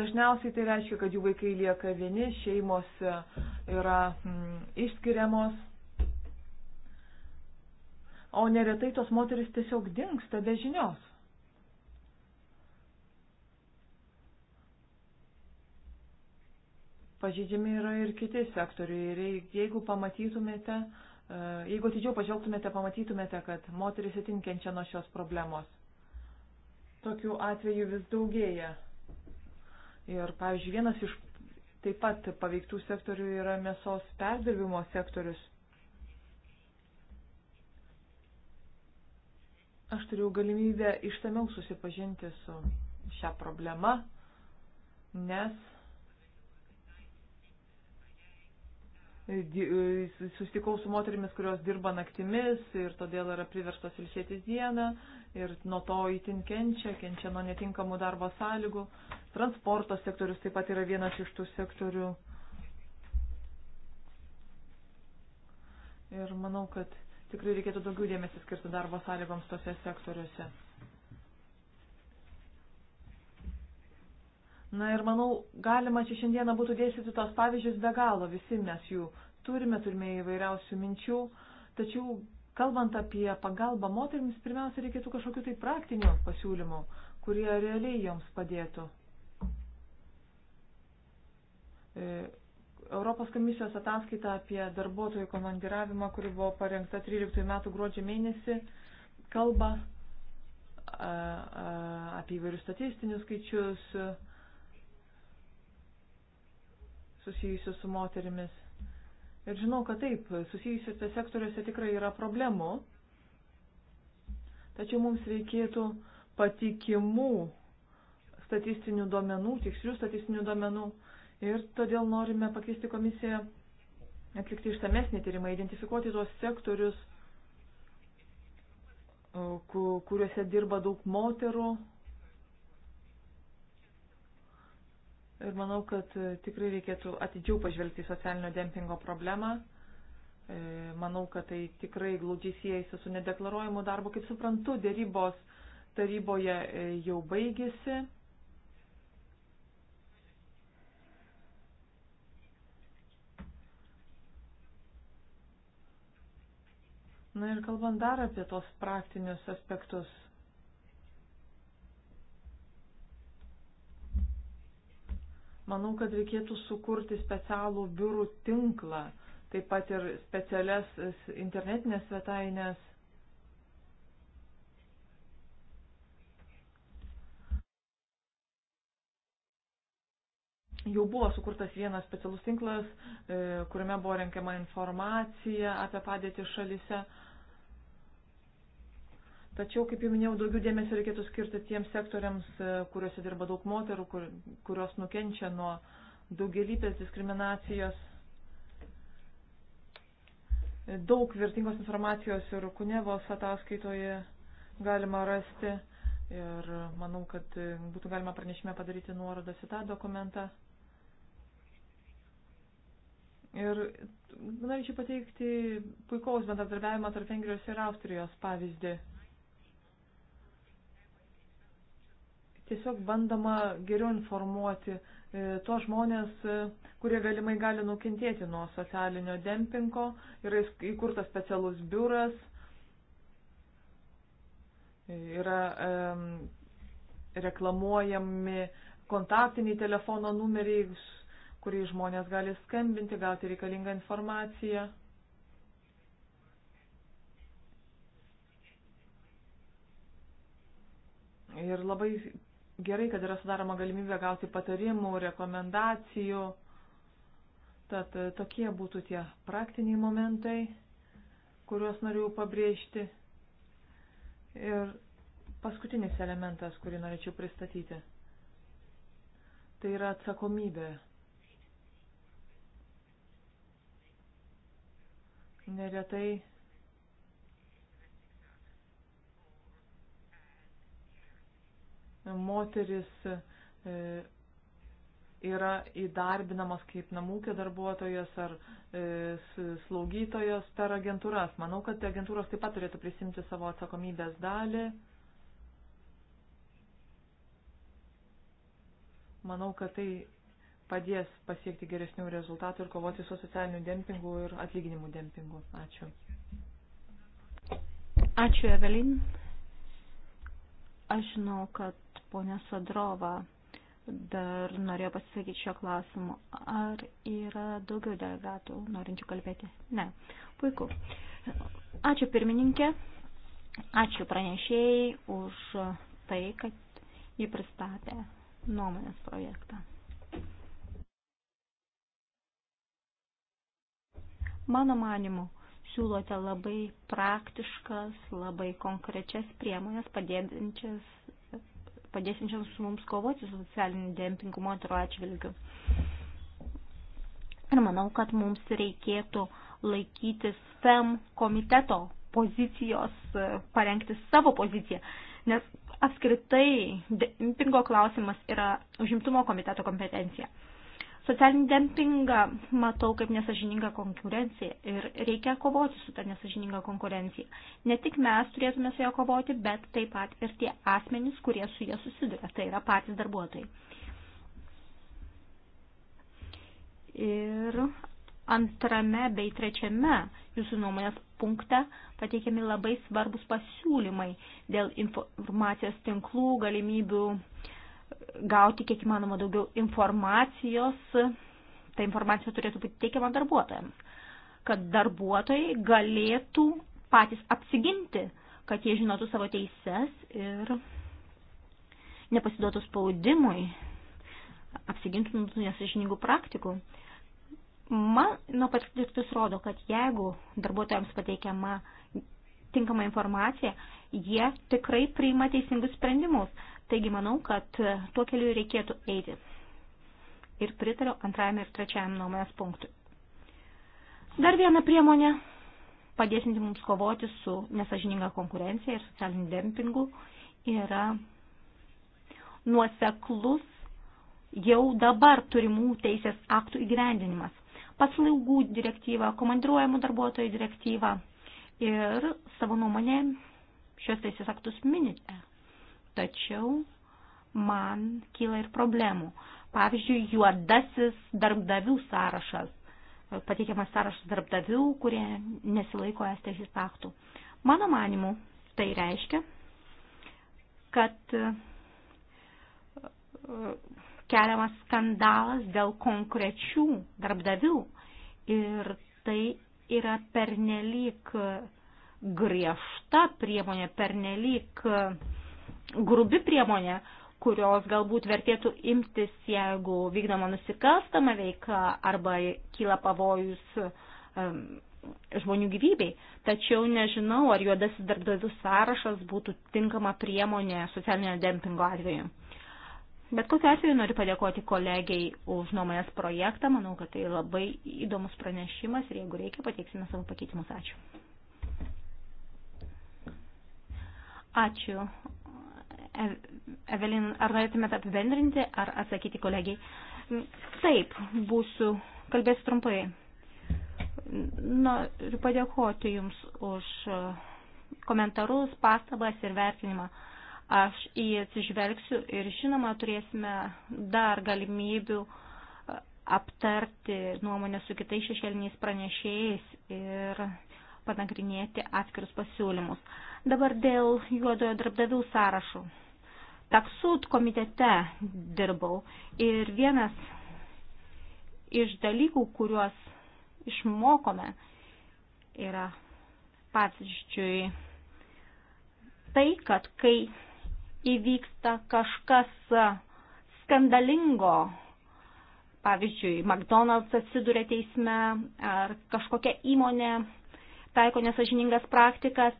dažniausiai tai reiškia, kad jų vaikai lieka vieni, šeimos e, yra mm, išskiriamos. O neretai tos moteris tiesiog dinksta be žinios. pažydžiami yra ir kiti sektoriai. Ir jeigu pamatytumėte, e, jeigu atidžiau pažvelgtumėte, pamatytumėte, kad moteris atinkenčia nuo šios problemos. Tokių atvejų vis daugėja. Ir, pavyzdžiui, vienas iš taip pat paveiktų sektorių yra mėsos perdirbimo sektorius. Aš turėjau galimybę ištamiau susipažinti su šią problemą, nes E, susitikau su moterimis, kurios dirba naktimis ir todėl yra priverstos ilsėtis dieną ir nuo to įtin kenčia, kenčia nuo netinkamų darbo sąlygų. Transporto sektorius taip pat yra vienas iš tų sektorių. Ir manau, kad tikrai reikėtų daugiau dėmesio skirti darbo sąlygoms tose sektoriuose. Na ir manau, galima čia šiandieną būtų dėstyti tos pavyzdžius be galo, visi mes jų turime, turime įvairiausių minčių, tačiau kalbant apie pagalbą moterims, pirmiausia, reikėtų kažkokiu tai praktiniu pasiūlymu, kurie realiai joms padėtų. E, Europos komisijos ataskaita apie darbuotojų komandiravimą, kuri buvo parengta 13 metų gruodžio mėnesį, kalba apie įvairius statistinius skaičius, susijusių su moterimis. Ir žinau, kad taip, susijusiuose sektoriuose tikrai yra problemų, tačiau mums reikėtų patikimų statistinių duomenų, tikslių statistinių duomenų ir todėl norime pakeisti komisiją atlikti ištamesnį tyrimą, identifikuoti tuos sektorius, kuriuose dirba daug moterų Ir manau, kad e, tikrai reikėtų atidžiau pažvelgti į socialinio dempingo problemą. E, manau, kad tai tikrai glaudžiai siejasi su nedeklaruojamu darbu. Kaip suprantu, dėrybos taryboje e, jau baigėsi. Na ir kalbant dar apie tos praktinius aspektus, Manau, kad reikėtų sukurti specialų biurų tinklą, taip pat ir specialias internetinės svetainės. Jau buvo sukurtas vienas specialus tinklas, e, kuriame buvo renkiama informacija apie padėtį šalise. Tačiau, kaip jau minėjau, daugiau dėmesio reikėtų skirti tiems sektoriams, e, kuriuose dirba daug moterų, kur, kurios nukenčia nuo daugelypės diskriminacijos. Daug vertingos informacijos ir Kunevos ataskaitoje galima rasti ir manau, kad būtų galima pranešime padaryti nuorodas į tą dokumentą. Ir norėčiau pateikti puikaus bendradarbiavimo tarp Vengrijos ir Austrijos pavyzdį. tiesiog bandoma geriau informuoti e, tuos žmonės, e, kurie galimai gali nukentėti nuo socialinio dempingo, yra įkurtas specialus biuras, yra e, reklamuojami kontaktiniai telefono numeriai, kuriais žmonės gali skambinti, gauti reikalingą informaciją. Ir labai gerai, kad yra sudaroma galimybė gauti patarimų, rekomendacijų. Tad e, tokie būtų tie praktiniai momentai, kuriuos norėjau pabrėžti. Ir paskutinis elementas, kurį norėčiau pristatyti, tai yra atsakomybė. Neretai moteris e, yra įdarbinamas kaip namūkio darbuotojas ar e, slaugytojas per agentūras. Manau, kad agentūros taip pat turėtų prisimti savo atsakomybės dalį. Manau, kad tai padės pasiekti geresnių rezultatų ir kovoti su socialiniu dempingu ir atlyginimu dempingu. Ačiū. Ačiū, Evelin. Aš žinau, kad Pone Sodrova dar norėjo pasisakyti šio klausimu. Ar yra daugiau delegatų norinčių kalbėti? Ne. Puiku. Ačiū pirmininkė, ačiū pranešėjai už tai, kad jį pristatė nuomonės projektą. Mano manimu, siūlote labai praktiškas, labai konkrečias priemonės padėdančias padėsinčiams mums kovoti su socialiniu dempingu moterų atžvilgiu. Ir manau, kad mums reikėtų laikytis FEM komiteto pozicijos, e, parengti savo poziciją, nes apskritai dempingo klausimas yra užimtumo komiteto kompetencija. Socialinį dempingą matau kaip nesažiningą konkurenciją ir reikia kovoti su tą nesažiningą konkurenciją. Ne tik mes turėtume su ją kovoti, bet taip pat ir tie asmenys, kurie su ją susiduria, tai yra patys darbuotojai. Ir antrame bei trečiame jūsų nuomonės punkte pateikiami labai svarbus pasiūlymai dėl informacijos tinklų, galimybių gauti kiek įmanoma daugiau informacijos. Ta informacija turėtų būti teikiama darbuotojams, kad darbuotojai galėtų patys apsiginti, kad jie žinotų savo teises ir nepasiduotų spaudimui, apsigintų nuo nesažiningų praktikų. Mano patirtis rodo, kad jeigu darbuotojams pateikiama tinkama informacija, jie tikrai priima teisingus sprendimus. Taigi manau, kad e, tuo keliu reikėtų eiti. Ir pritariu antrajam ir trečiajam nuomonės punktui. Dar viena priemonė padėsinti mums kovoti su nesažininga konkurencija ir socialiniu dempingu yra nuoseklus jau dabar turimų teisės aktų įgyvendinimas. Paslaugų direktyva, komandiruojamų darbuotojų direktyva ir savo nuomonė šios teisės aktus minite. Tačiau man kyla ir problemų. Pavyzdžiui, juodasis darbdavių sąrašas, pateikiamas sąrašas darbdavių, kurie nesilaiko es teisės aktų. Mano manimu, tai reiškia, kad e, keliamas skandalas dėl konkrečių darbdavių ir tai yra pernelyg griežta priemonė, pernelyg uh, grubi priemonė, kurios galbūt vertėtų imtis, jeigu vykdoma nusikalstama veika arba kyla pavojus um, žmonių gyvybei. Tačiau nežinau, ar juodasis darbdavių sąrašas būtų tinkama priemonė socialinio dempingo atveju. Bet kokiu atveju noriu padėkoti kolegiai už nuomonės projektą. Manau, kad tai labai įdomus pranešimas ir jeigu reikia, pateiksime savo pakeitimus. Ačiū. Ačiū Evelin, ar norėtumėte apibendrinti ar atsakyti kolegiai? Taip, būsiu, kalbėsiu trumpai. Noriu padėkoti Jums už uh, komentarus, pastabas ir vertinimą. Aš į atsižvelgsiu ir žinoma turėsime dar galimybių uh, aptarti nuomonę su kitais šešėliniais pranešėjais ir panagrinėti atskirus pasiūlymus. Dabar dėl juodojo darbdavių sąrašų taksut komitete dirbau ir vienas iš dalykų, kuriuos išmokome, yra pavyzdžiui tai, kad kai įvyksta kažkas skandalingo, pavyzdžiui, McDonald's atsiduria teisme ar kažkokia įmonė taiko nesažiningas praktikas,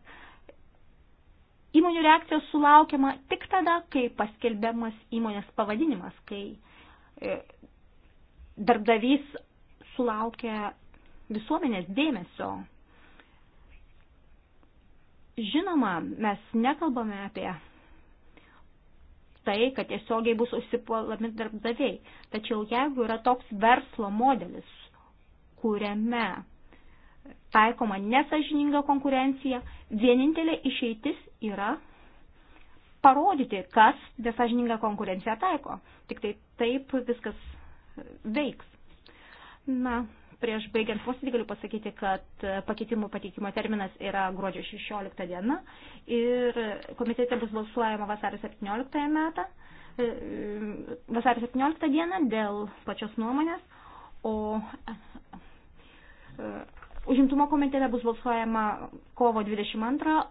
Įmonių reakcijos sulaukiama tik tada, kai paskelbiamas įmonės pavadinimas, kai e, darbdavys sulaukia visuomenės dėmesio. Žinoma, mes nekalbame apie tai, kad tiesiogiai bus užsipuolami darbdaviai. Tačiau jeigu yra toks verslo modelis, kuriame taikoma nesažininga konkurencija, vienintelė išeitis yra parodyti, kas besažininką konkurenciją taiko. Tik tai taip viskas veiks. Na, prieš baigiant posėdį galiu pasakyti, kad pakeitimų pateikimo terminas yra gruodžio 16 diena ir komitete bus balsuojama vasario 17 metą, e, vasario 17 dieną dėl pačios nuomonės, o e, užimtumo komitete bus balsuojama kovo 22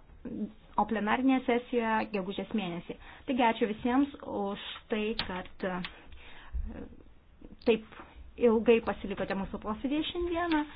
o plenarinėje sesijoje gegužės mėnesį. Taigi ačiū visiems už tai, kad e, taip ilgai pasilikote mūsų posėdėje šiandieną.